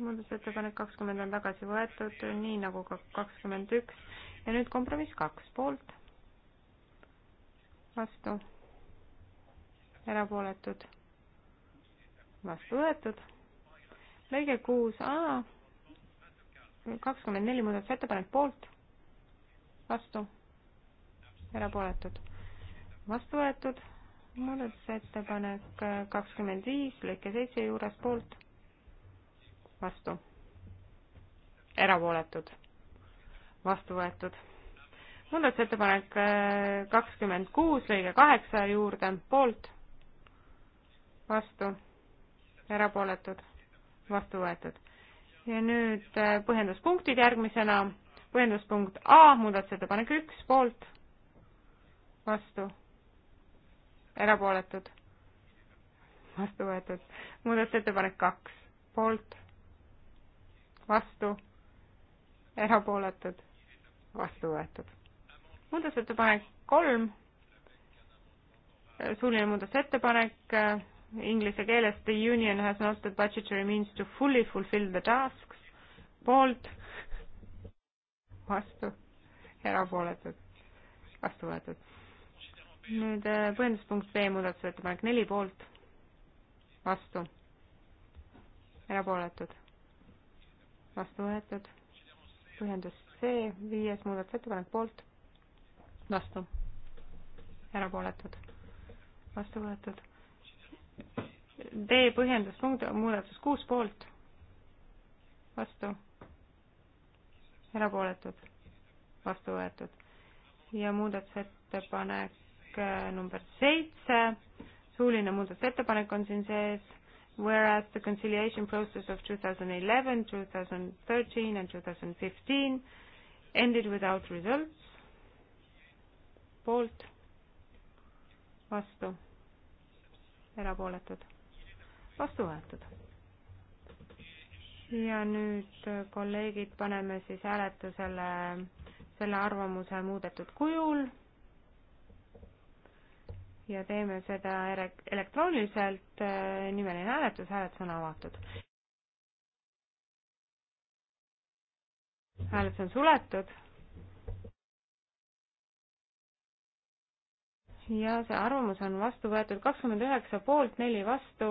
muudatusettepanek kakskümmend on tagasi võetud, nii nagu ka kakskümmend üks ja nüüd kompromiss kaks, poolt, vastu, erapooletud, vastu võetud lõige kuus A, kakskümmend neli muudatusettepanek poolt, vastu, erapooletud, vastu võetud, muudatusettepanek kakskümmend viis, lõike seitse juures poolt, vastu, erapooletud, vastu võetud. muudatusettepanek kakskümmend kuus, lõige kaheksa juurde poolt, vastu, erapooletud vastu võetud. ja nüüd äh, põhjenduspunktid järgmisena, põhjenduspunkt A, muudatusettepanek üks, poolt, vastu, erapooletud, vastu võetud. muudatusettepanek kaks, poolt, vastu, erapooletud, vastu võetud. muudatusettepanek kolm, suuline muudatusettepanek äh, inglise keeles the union has not the budgetary means to fully fulfill the tasks, poolt, vastu, erapooletud, vastu võetud. nüüd äh, põhjenduspunkt B muudatusettepanek neli poolt, vastu, erapooletud, vastu võetud. põhjendus C viies muudatusettepanek poolt, vastu, erapooletud, vastu võetud D põhjenduspunkt, muudatus kuus poolt, vastu, erapooletud, vastu võetud. ja muudatusettepanek äh, number seitse, suuline muudatusettepanek on siin sees, whereas the conciliation process of 2011, 2013 and 2015 ended without results, poolt, vastu erapooletud, vastu võetud. ja nüüd, kolleegid, paneme siis hääletusele selle arvamuse muudetud kujul ja teeme seda elektrooniliselt, nimeline hääletus, hääletus on avatud. hääletus on suletud ja see arvamus on vastu võetud kakskümmend üheksa poolt, neli vastu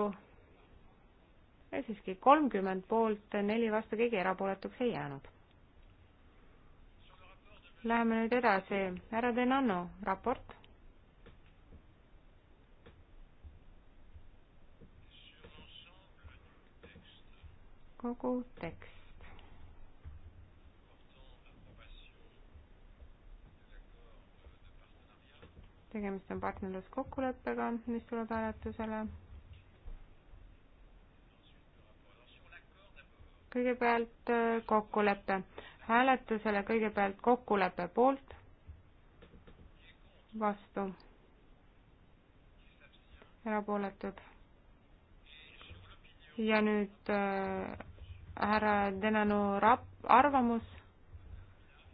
ja siiski kolmkümmend poolt, neli vastu, keegi erapooletuks ei jäänud. Läheme nüüd edasi, härra Denanno raport. kogu tekst. tegemist on partnerluskokkuleppega, mis tuleb hääletusele. kõigepealt äh, kokkulepe, hääletusele kõigepealt kokkulepe poolt, vastu, erapooletud. ja nüüd äh, härra Denanu rap-, arvamus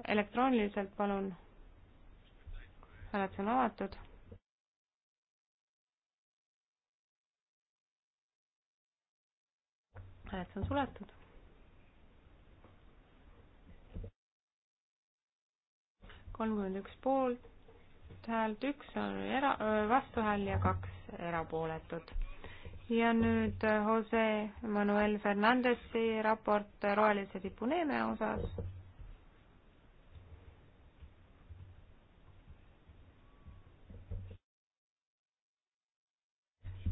elektrooniliselt, palun hääletus on avatud. hääletus on suletud. kolmkümmend üks poolt häält, üks on era-, vastuhääl ja kaks erapooletut. ja nüüd Jose Manuel Fernandesi raport rohelise tipuneeme osas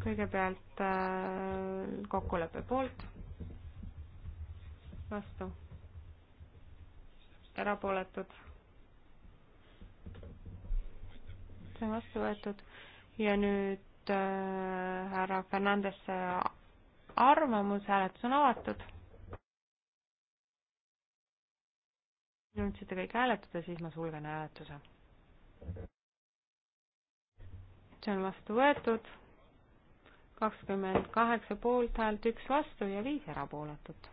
kõigepealt äh, kokkuleppe poolt, vastu, erapooletud, see on vastu võetud ja nüüd äh, härra Fernandese arvamus, hääletus on avatud. nüüd saate kõik hääletada, siis ma sulgen hääletuse. see on vastu võetud kakskümmend kaheksa poolthäält, üks vastu ja viis erapooletut.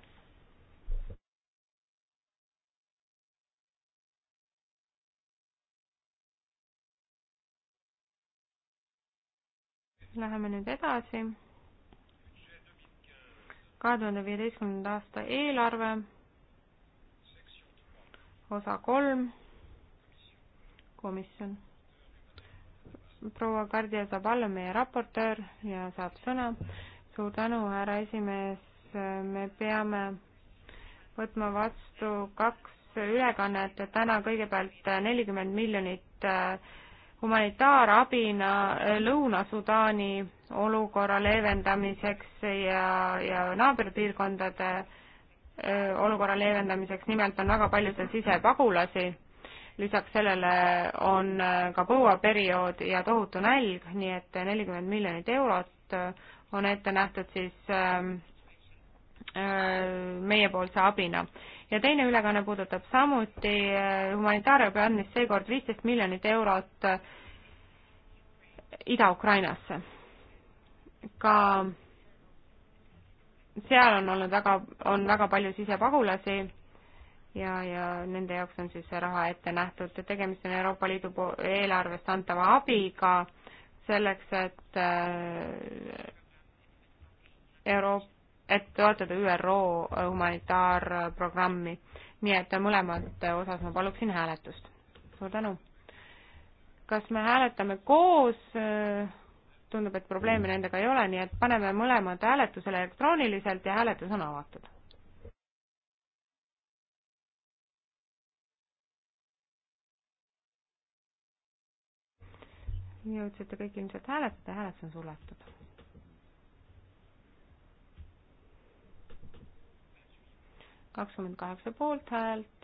Läheme nüüd edasi. kahe tuhande viieteistkümnenda aasta eelarve, osa kolm, komisjon proua Kardia saab alla meie raportöör ja saab sõna. suur tänu, härra esimees, me peame võtma vastu kaks ülekannet, et täna kõigepealt nelikümmend miljonit äh, humanitaarabina äh, Lõuna-Sudaani olukorra leevendamiseks ja, ja naaberpiirkondade äh, olukorra leevendamiseks, nimelt on väga palju seal sisepagulasi lisaks sellele on äh, ka põuaperiood ja tohutu nälg, nii et nelikümmend miljonit eurot äh, on ette nähtud siis ähm, äh, meiepoolse abina. ja teine ülekanne puudutab samuti humanitaarabi andmist, seekord viisteist miljonit eurot Ida-Ukrainasse. ka seal on olnud väga, on väga palju sisepagulasi ja, ja nende jaoks on siis see raha ette nähtud. tegemist on Euroopa Liidu eelarvest antava abiga selleks, et äh, Euroop-, et toetada ÜRO humanitaarprogrammi. nii et mõlemad osas ma paluksin hääletust. suur tänu! kas me hääletame koos? tundub, et probleeme nendega ei ole, nii et paneme mõlemad hääletusele elektrooniliselt ja hääletus on avatud jõudsite kõik ilmselt hääletada, hääletus on suletud. kakskümmend kaheksa poolthäält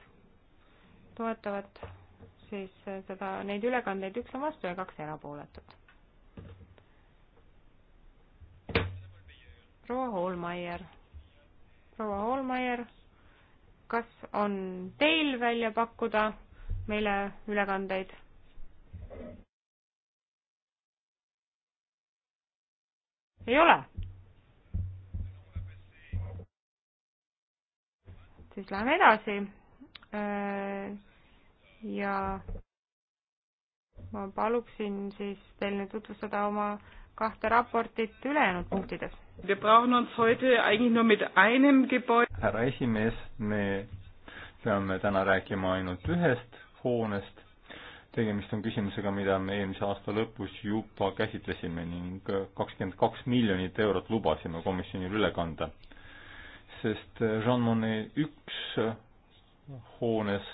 toetavad siis seda, neid ülekandeid, üks on vastu ja kaks erapooletut. proua Hoolmeier, proua Hoolmeier, kas on teil välja pakkuda meile ülekandeid? ei ole. siis läheme edasi. Äh, ja ma paluksin siis teil nüüd tutvustada oma kahte raportit ülejäänud punktides. härra esimees, me peame täna rääkima ainult ühest hoonest, tegemist on küsimusega, mida me eelmise aasta lõpus juba käsitlesime ning kakskümmend kaks miljonit eurot lubasime komisjonil üle kanda. sest Jean Monnet üks hoones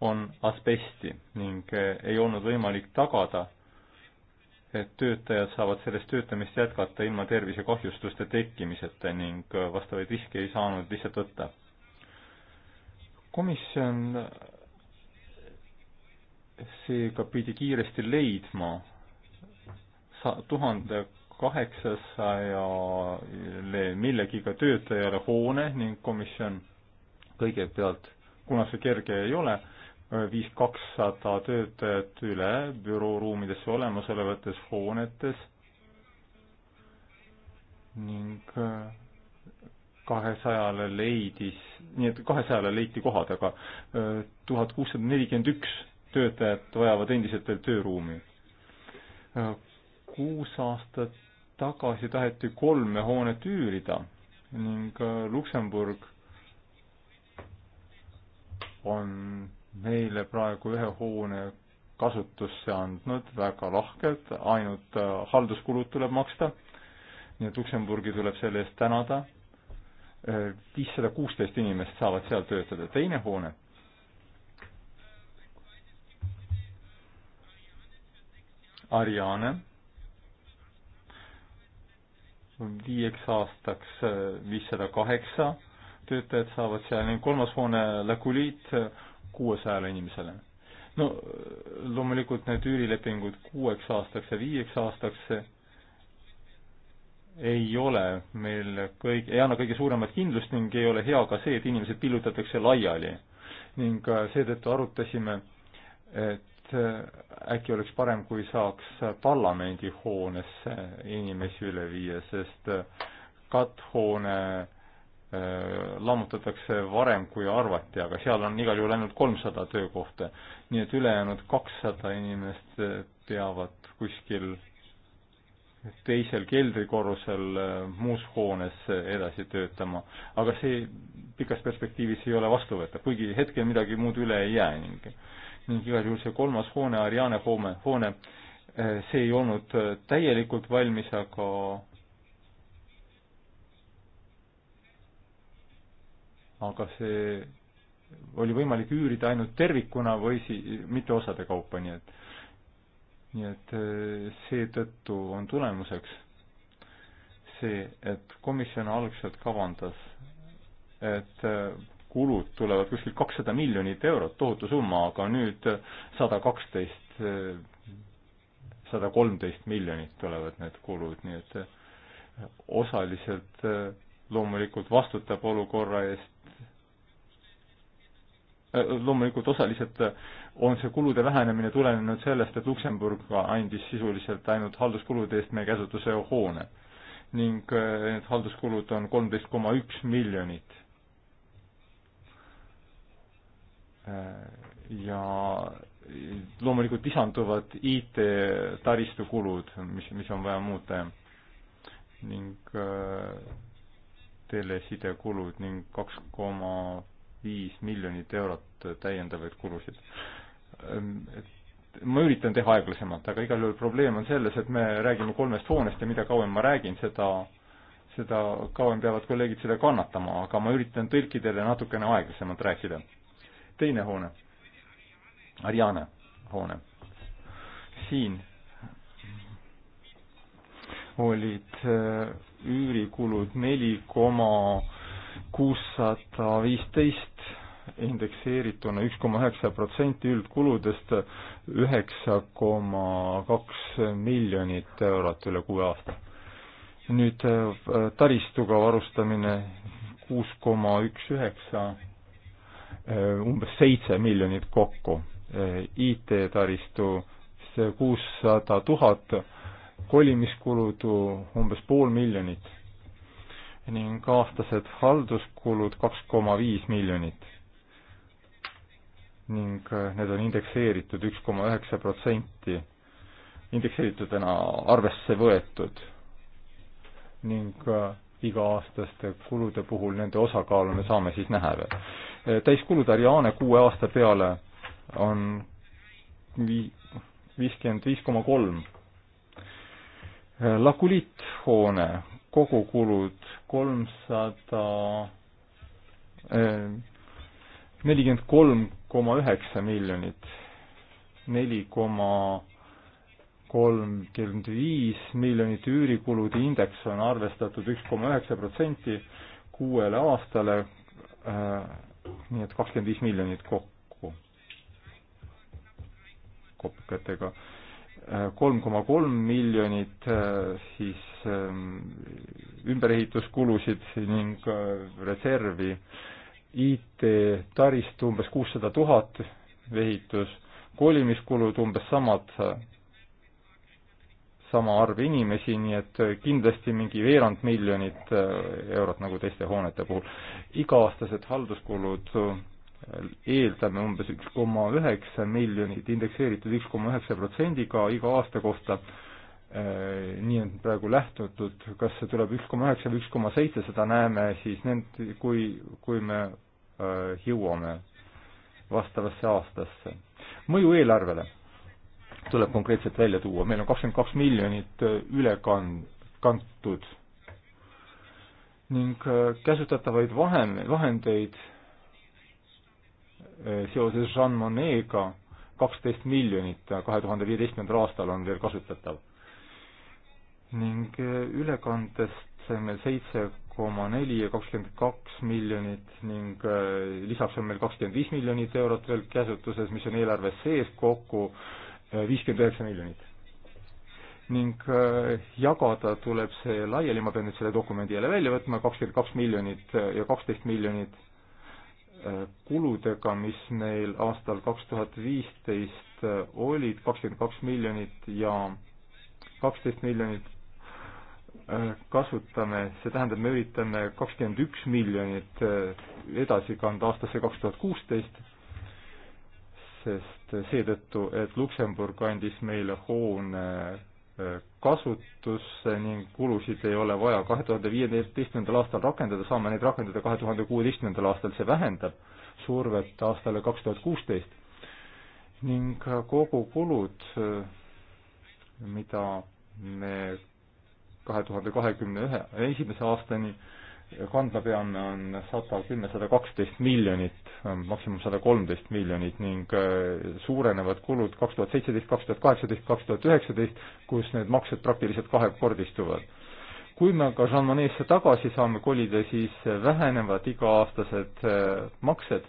on asbesti ning ei olnud võimalik tagada, et töötajad saavad selles töötamist jätkata ilma tervisekahjustuste tekkimiseta ning vastavaid riske ei saanud lihtsalt võtta. komisjon seega pidi kiiresti leidma tuhande kaheksasajale millegiga töötajale hoone ning komisjon kõigepealt, kuna see kerge ei ole, viis kakssada töötajat üle bürooruumidesse olemasolevates hoonetes ning äh, kahesajale leidis, nii et kahesajale leiti kohad, aga äh, tuhat kuussada nelikümmend üks töötajad vajavad endiselt veel tööruumi. kuus aastat tagasi taheti kolme hoonet üürida ning äh, Luksemburg on meile praegu ühe hoone kasutusse andnud väga lahkelt, ainult äh, halduskulud tuleb maksta. nii et Luksemburgi tuleb selle eest tänada. Äh, viissada kuusteist inimest saavad seal töötada, teine hoone Ariane viieks aastaks eh, viissada kaheksa töötajad saavad seal ning kolmas hoone Laguliit kuuesajale inimesele. no loomulikult need üürilepingud kuueks aastaks ja viieks aastaks eh, ei ole meil kõik, ei anna kõige suuremat kindlust ning ei ole hea ka see, et inimesed pillutatakse laiali. ning eh, seetõttu arutasime, et et äh, äkki oleks parem, kui saaks parlamendihoonesse inimesi üle viia, sest äh, katthoone äh, lammutatakse varem, kui arvati, aga seal on igal juhul ainult kolmsada töökohta. nii et ülejäänud kakssada inimest peavad kuskil teisel keldrikorrusel muus hoones edasi töötama. aga see pikas perspektiivis ei ole vastuvõetav, kuigi hetkel midagi muud üle ei jää ning ning igal juhul see kolmas hoone, Ariane hoone, hoone, eh, see ei olnud eh, täielikult valmis, aga aga see oli võimalik üürida ainult tervikuna või si-, mitte osade kaupa, nii et nii et eh, seetõttu on tulemuseks see, et komisjon algselt kavandas, et kulud tulevad kuskil kakssada miljonit eurot, tohutu summa, aga nüüd sada kaksteist, sada kolmteist miljonit tulevad need kulud, nii et osaliselt loomulikult vastutab olukorra eest, loomulikult osaliselt on see kulude vähenemine tulenenud sellest, et Luksemburg andis sisuliselt ainult halduskulude eest meie käsutuse hoone ning need halduskulud on kolmteist koma üks miljonit ja loomulikult lisanduvad IT-taristu kulud, mis, mis on vaja muuta ning äh, telesidekulud ning kaks koma viis miljonit eurot täiendavaid kulusid. Ähm, ma üritan teha aeglasemalt, aga igal juhul probleem on selles, et me räägime kolmest hoonest ja mida kauem ma räägin, seda, seda kauem peavad kolleegid seda kannatama, aga ma üritan tõlkidele natukene aeglasemalt rääkida teine hoone, Ariane hoone. siin olid äh, üürikulud neli koma kuussada viisteist indekseerituna üks koma üheksa protsenti üldkuludest, üheksa koma kaks miljonit eurot üle kuue aasta. nüüd äh, taristuga varustamine kuus koma üks üheksa Äh, umbes seitse miljonit kokku, äh, IT-taristu kuussada tuhat, kolimiskulud umbes pool miljonit ning aastased halduskulud kaks koma viis miljonit. ning äh, need on indekseeritud üks koma üheksa protsenti, indekseeritudena arvesse võetud ning iga-aastaste kulude puhul nende osakaalu me saame siis näha veel Eh, täiskulutariaane kuue aasta peale on vii-, viiskümmend viis koma kolm. Eh, lakuliithoone kogukulud kolmsada eh, nelikümmend kolm koma üheksa miljonit, neli koma kolmkümmend viis miljonit üürikulude indeks on arvestatud üks koma üheksa protsenti kuuele aastale äh, nii et kakskümmend viis miljonit kokku kopkatega. Äh, kolm koma kolm miljonit äh, siis ähm, ümberehituskulusid ning äh, reservi, IT, taristu umbes kuussada tuhat, ehitus, kolimiskulud umbes samad sama arv inimesi, nii et kindlasti mingi veerand miljonit äh, eurot nagu teiste hoonete puhul. iga-aastased halduskulud äh, eeldame umbes üks koma üheksa miljonit indekseeritud üks koma üheksa protsendiga iga aasta kohta, äh, nii on praegu lähtutud, kas see tuleb üks koma üheksa või üks koma seitse, seda näeme siis nend-, kui, kui me jõuame vastavasse aastasse. mõju eelarvele tuleb konkreetselt välja tuua, meil on kakskümmend kaks miljonit äh, ülekan-, kantud ning äh, käsutatavaid vahem-, vahendeid äh, seoses Jean Monnet'ga kaksteist miljonit kahe tuhande viieteistkümnendal aastal on veel kasutatav. ning ülekandest sai meil seitse koma neli ja kakskümmend kaks miljonit ning lisaks on meil kakskümmend viis miljonit eurot veel käsutuses, mis on eelarves sees kokku äh, viiskümmend üheksa miljonit. ning äh, jagada tuleb see laiali, ma pean nüüd selle dokumendi jälle välja võtma, kakskümmend kaks miljonit äh, ja kaksteist miljonit äh, kuludega, mis neil aastal kaks tuhat viisteist olid, kakskümmend kaks miljonit ja kaksteist miljonit kasutame, see tähendab, me üritame kakskümmend üks miljonit edasi kanda aastasse kaks tuhat kuusteist sest seetõttu, et Luksemburg andis meile hoone äh, kasutusse ning kulusid ei ole vaja kahe tuhande viieteistkümnendal aastal rakendada, saame neid rakendada kahe tuhande kuueteistkümnendal aastal, see vähendab survet aastale kaks tuhat kuusteist. ning kogukulud, äh, mida me kahe tuhande kahekümne ühe, esimese aastani äh, kandma peame, on sada kümme, sada kaksteist miljonit, maksimum sada kolmteist miljonit ning äh, suurenevad kulud kaks tuhat seitseteist, kaks tuhat kaheksateist, kaks tuhat üheksateist, kus need maksed praktiliselt kahekordistuvad. kui me aga Jean Monnet'sse tagasi saame kolida, siis vähenevad iga-aastased äh, maksed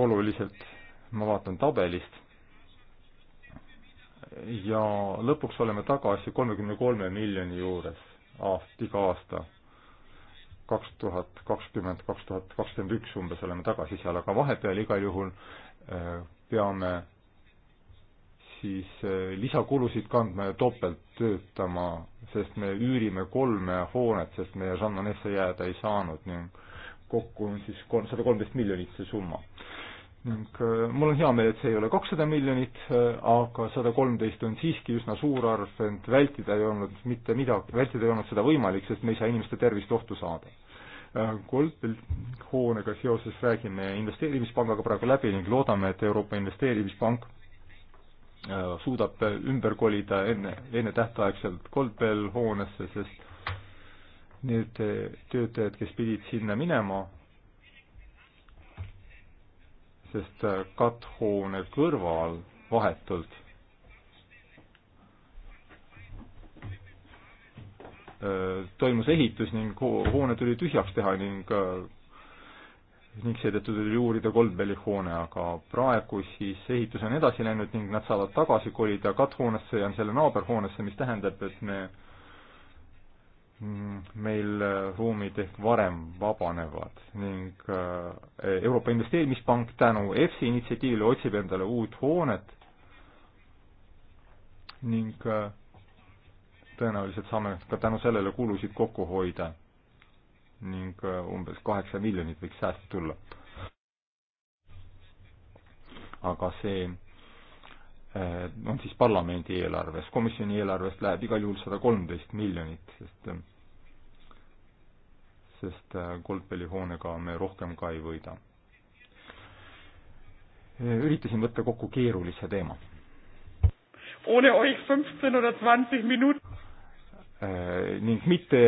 oluliselt, ma vaatan tabelist ja lõpuks oleme tagasi kolmekümne kolme miljoni juures aast-, iga aasta. kaks tuhat kakskümmend, kaks tuhat kakskümmend üks umbes oleme tagasi seal, aga vahepeal igal juhul äh, peame siis äh, lisakulusid kandma ja topelt töötama, sest me üürime kolme hoonet, sest meie Jean Monesse jääda ei saanud ning kokku on siis kolm, sada kolmteist miljonit see summa ning äh, mul on hea meel, et see ei ole kakssada miljonit, äh, aga sada kolmteist on siiski üsna suur arv, ent vältida ei olnud mitte midagi, vältida ei olnud seda võimalik, sest me ei saa inimeste tervist ohtu saada. Äh, Goldhoonega seoses räägime investeerimispangaga praegu läbi ning loodame, et Euroopa Investeerimispank suudab ümber kolida enne, ennetähtaegselt Goldbell hoonesse, sest need töötajad, kes pidid sinna minema, sest äh, katthoone kõrval vahetult äh, toimus ehitus ning hoone tuli tühjaks teha ning äh, ning seetõttu tuli uurida Goldbelli hoone, aga praegu siis ehitus on edasi läinud ning nad saavad tagasi kolida katthoonesse ja selle naaberhoonesse, mis tähendab, et me Mm, meil äh, ruumid ehk varem vabanevad ning äh, e, Euroopa Investeerimispank tänu EFSI initsiatiivile otsib endale uut hoonet ning äh, tõenäoliselt saame ka tänu sellele kulusid kokku hoida ning umbes kaheksa miljonit võiks säästu tulla. aga see Äh, on siis parlamendi eelarves, komisjoni eelarvest läheb igal juhul sada kolmteist miljonit, sest sest äh, Goldbelli hoonega me rohkem ka ei võida. üritasin võtta kokku keerulise teema. Äh, ning mitte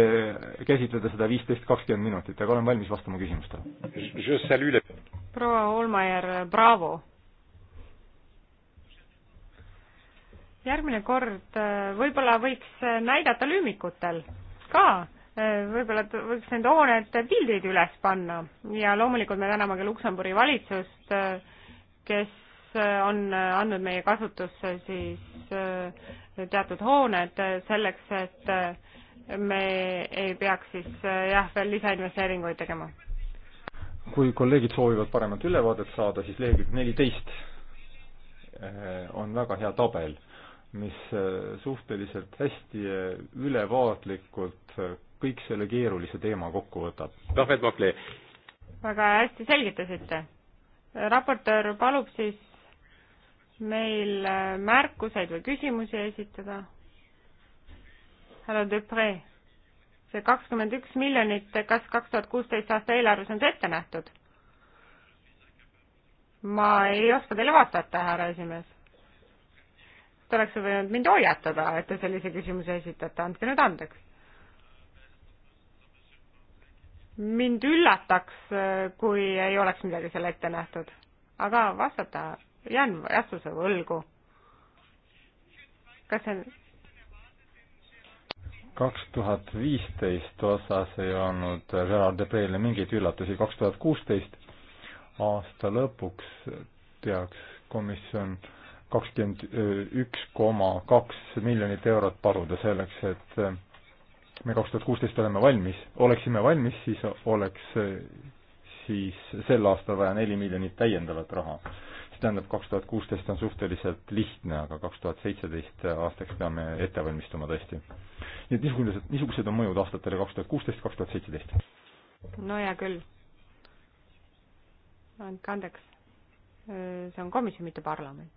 käsitleda seda viisteist, kakskümmend minutit, aga olen valmis vastama küsimustele. proua Olmajärv, braavo järgmine kord äh, võib-olla võiks äh, näidata lüümikutel ka, äh, võib-olla võiks need hooned pildid üles panna ja loomulikult me täname ka Luksemburi valitsust, kes on andnud meie kasutusse siis teatud hooned selleks, et me ei peaks siis jah, veel lisainvesteeringuid tegema. kui kolleegid soovivad paremat ülevaadet saada, siis lehekülg neliteist on väga hea tabel mis äh, suhteliselt hästi ülevaatlikult äh, kõik selle keerulise teema kokku võtab. väga hästi selgitasite. raportöör palub siis meil äh, märkuseid või küsimusi esitada. härra Dupre, see kakskümmend üks miljonit, kas kaks tuhat kuusteist aasta eelarves on see ette nähtud? ma ei oska teile vastata, härra esimees Te oleks võinud mind hoiatada, et te sellise küsimuse esitate, andke nüüd andeks. mind üllataks, kui ei oleks midagi seal ette nähtud, aga vastata jään vastuse võlgu. kas see on? kaks tuhat viisteist osas ei olnud Gerard Debrele mingeid üllatusi, kaks tuhat kuusteist aasta lõpuks peaks komisjon äh, kakskümmend üks koma kaks miljonit eurot paluda selleks, et äh, me kaks tuhat kuusteist oleme valmis, oleksime valmis, siis oleks äh, siis sel aastal vaja neli miljonit täiendavat raha. see tähendab, kaks tuhat kuusteist on suhteliselt lihtne, aga kaks tuhat seitseteist aastaks peame ette valmistuma tõesti. nii et niisugused, niisugused on mõjud aastatele kaks tuhat kuusteist, kaks tuhat seitseteist. no hea küll. andke andeks, äh, see on komisjon, mitte parlament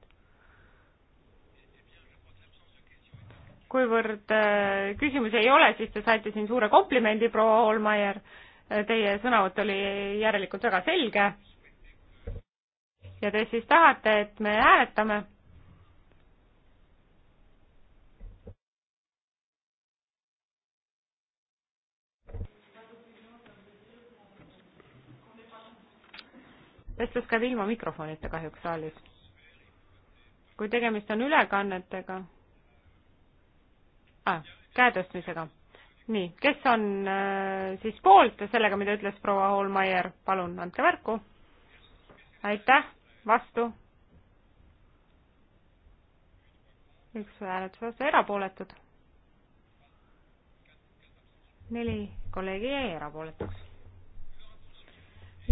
kuivõrd äh, küsimusi ei ole, siis te saite siin suure komplimendi, proua Holmeier. Äh, teie sõnavõtt oli järelikult väga selge. ja te siis tahate, et me hääletame? vestles käib ilma mikrofonita kahjuks saalis. kui tegemist on ülekannetega ah, käe tõstmisega. nii, kes on äh, siis poolt sellega, mida ütles proua Hoolmeier, palun andke märku. aitäh, vastu. üks hääletus vastu, erapooletud. neli kolleegi jäi erapooletuks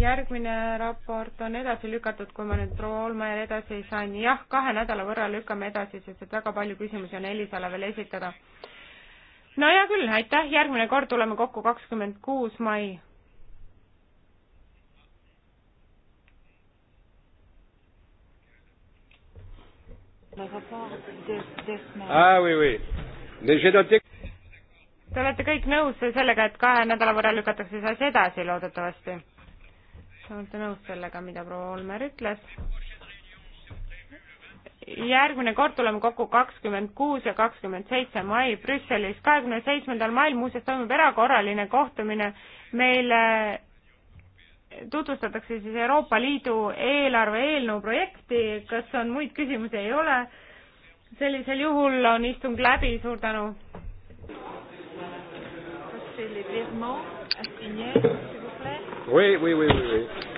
järgmine raport on edasi lükatud, kui ma nüüd proua Olmajal edasi ei saa, nii jah, kahe nädala võrra lükkame edasi, sest et väga palju küsimusi on Elisale veel esitada. no hea küll, aitäh, järgmine kord tuleme kokku kakskümmend kuus mai. Ah, oui, oui. Te olete kõik nõus sellega, et kahe nädala võrra lükatakse see asi edasi loodetavasti? absoluutselt nõus sellega, mida proua Olmer ütles. järgmine kord tuleme kokku kakskümmend kuus ja kakskümmend seitse mai Brüsselis. kahekümne seitsmendal mail muuseas toimub erakorraline kohtumine. meile tutvustatakse siis Euroopa Liidu eelarve eelnõu projekti. kas on muid küsimusi? ei ole. sellisel juhul on istung läbi. suur tänu. kas teil oli virement à signer? Oui, oui, oui, oui. oui.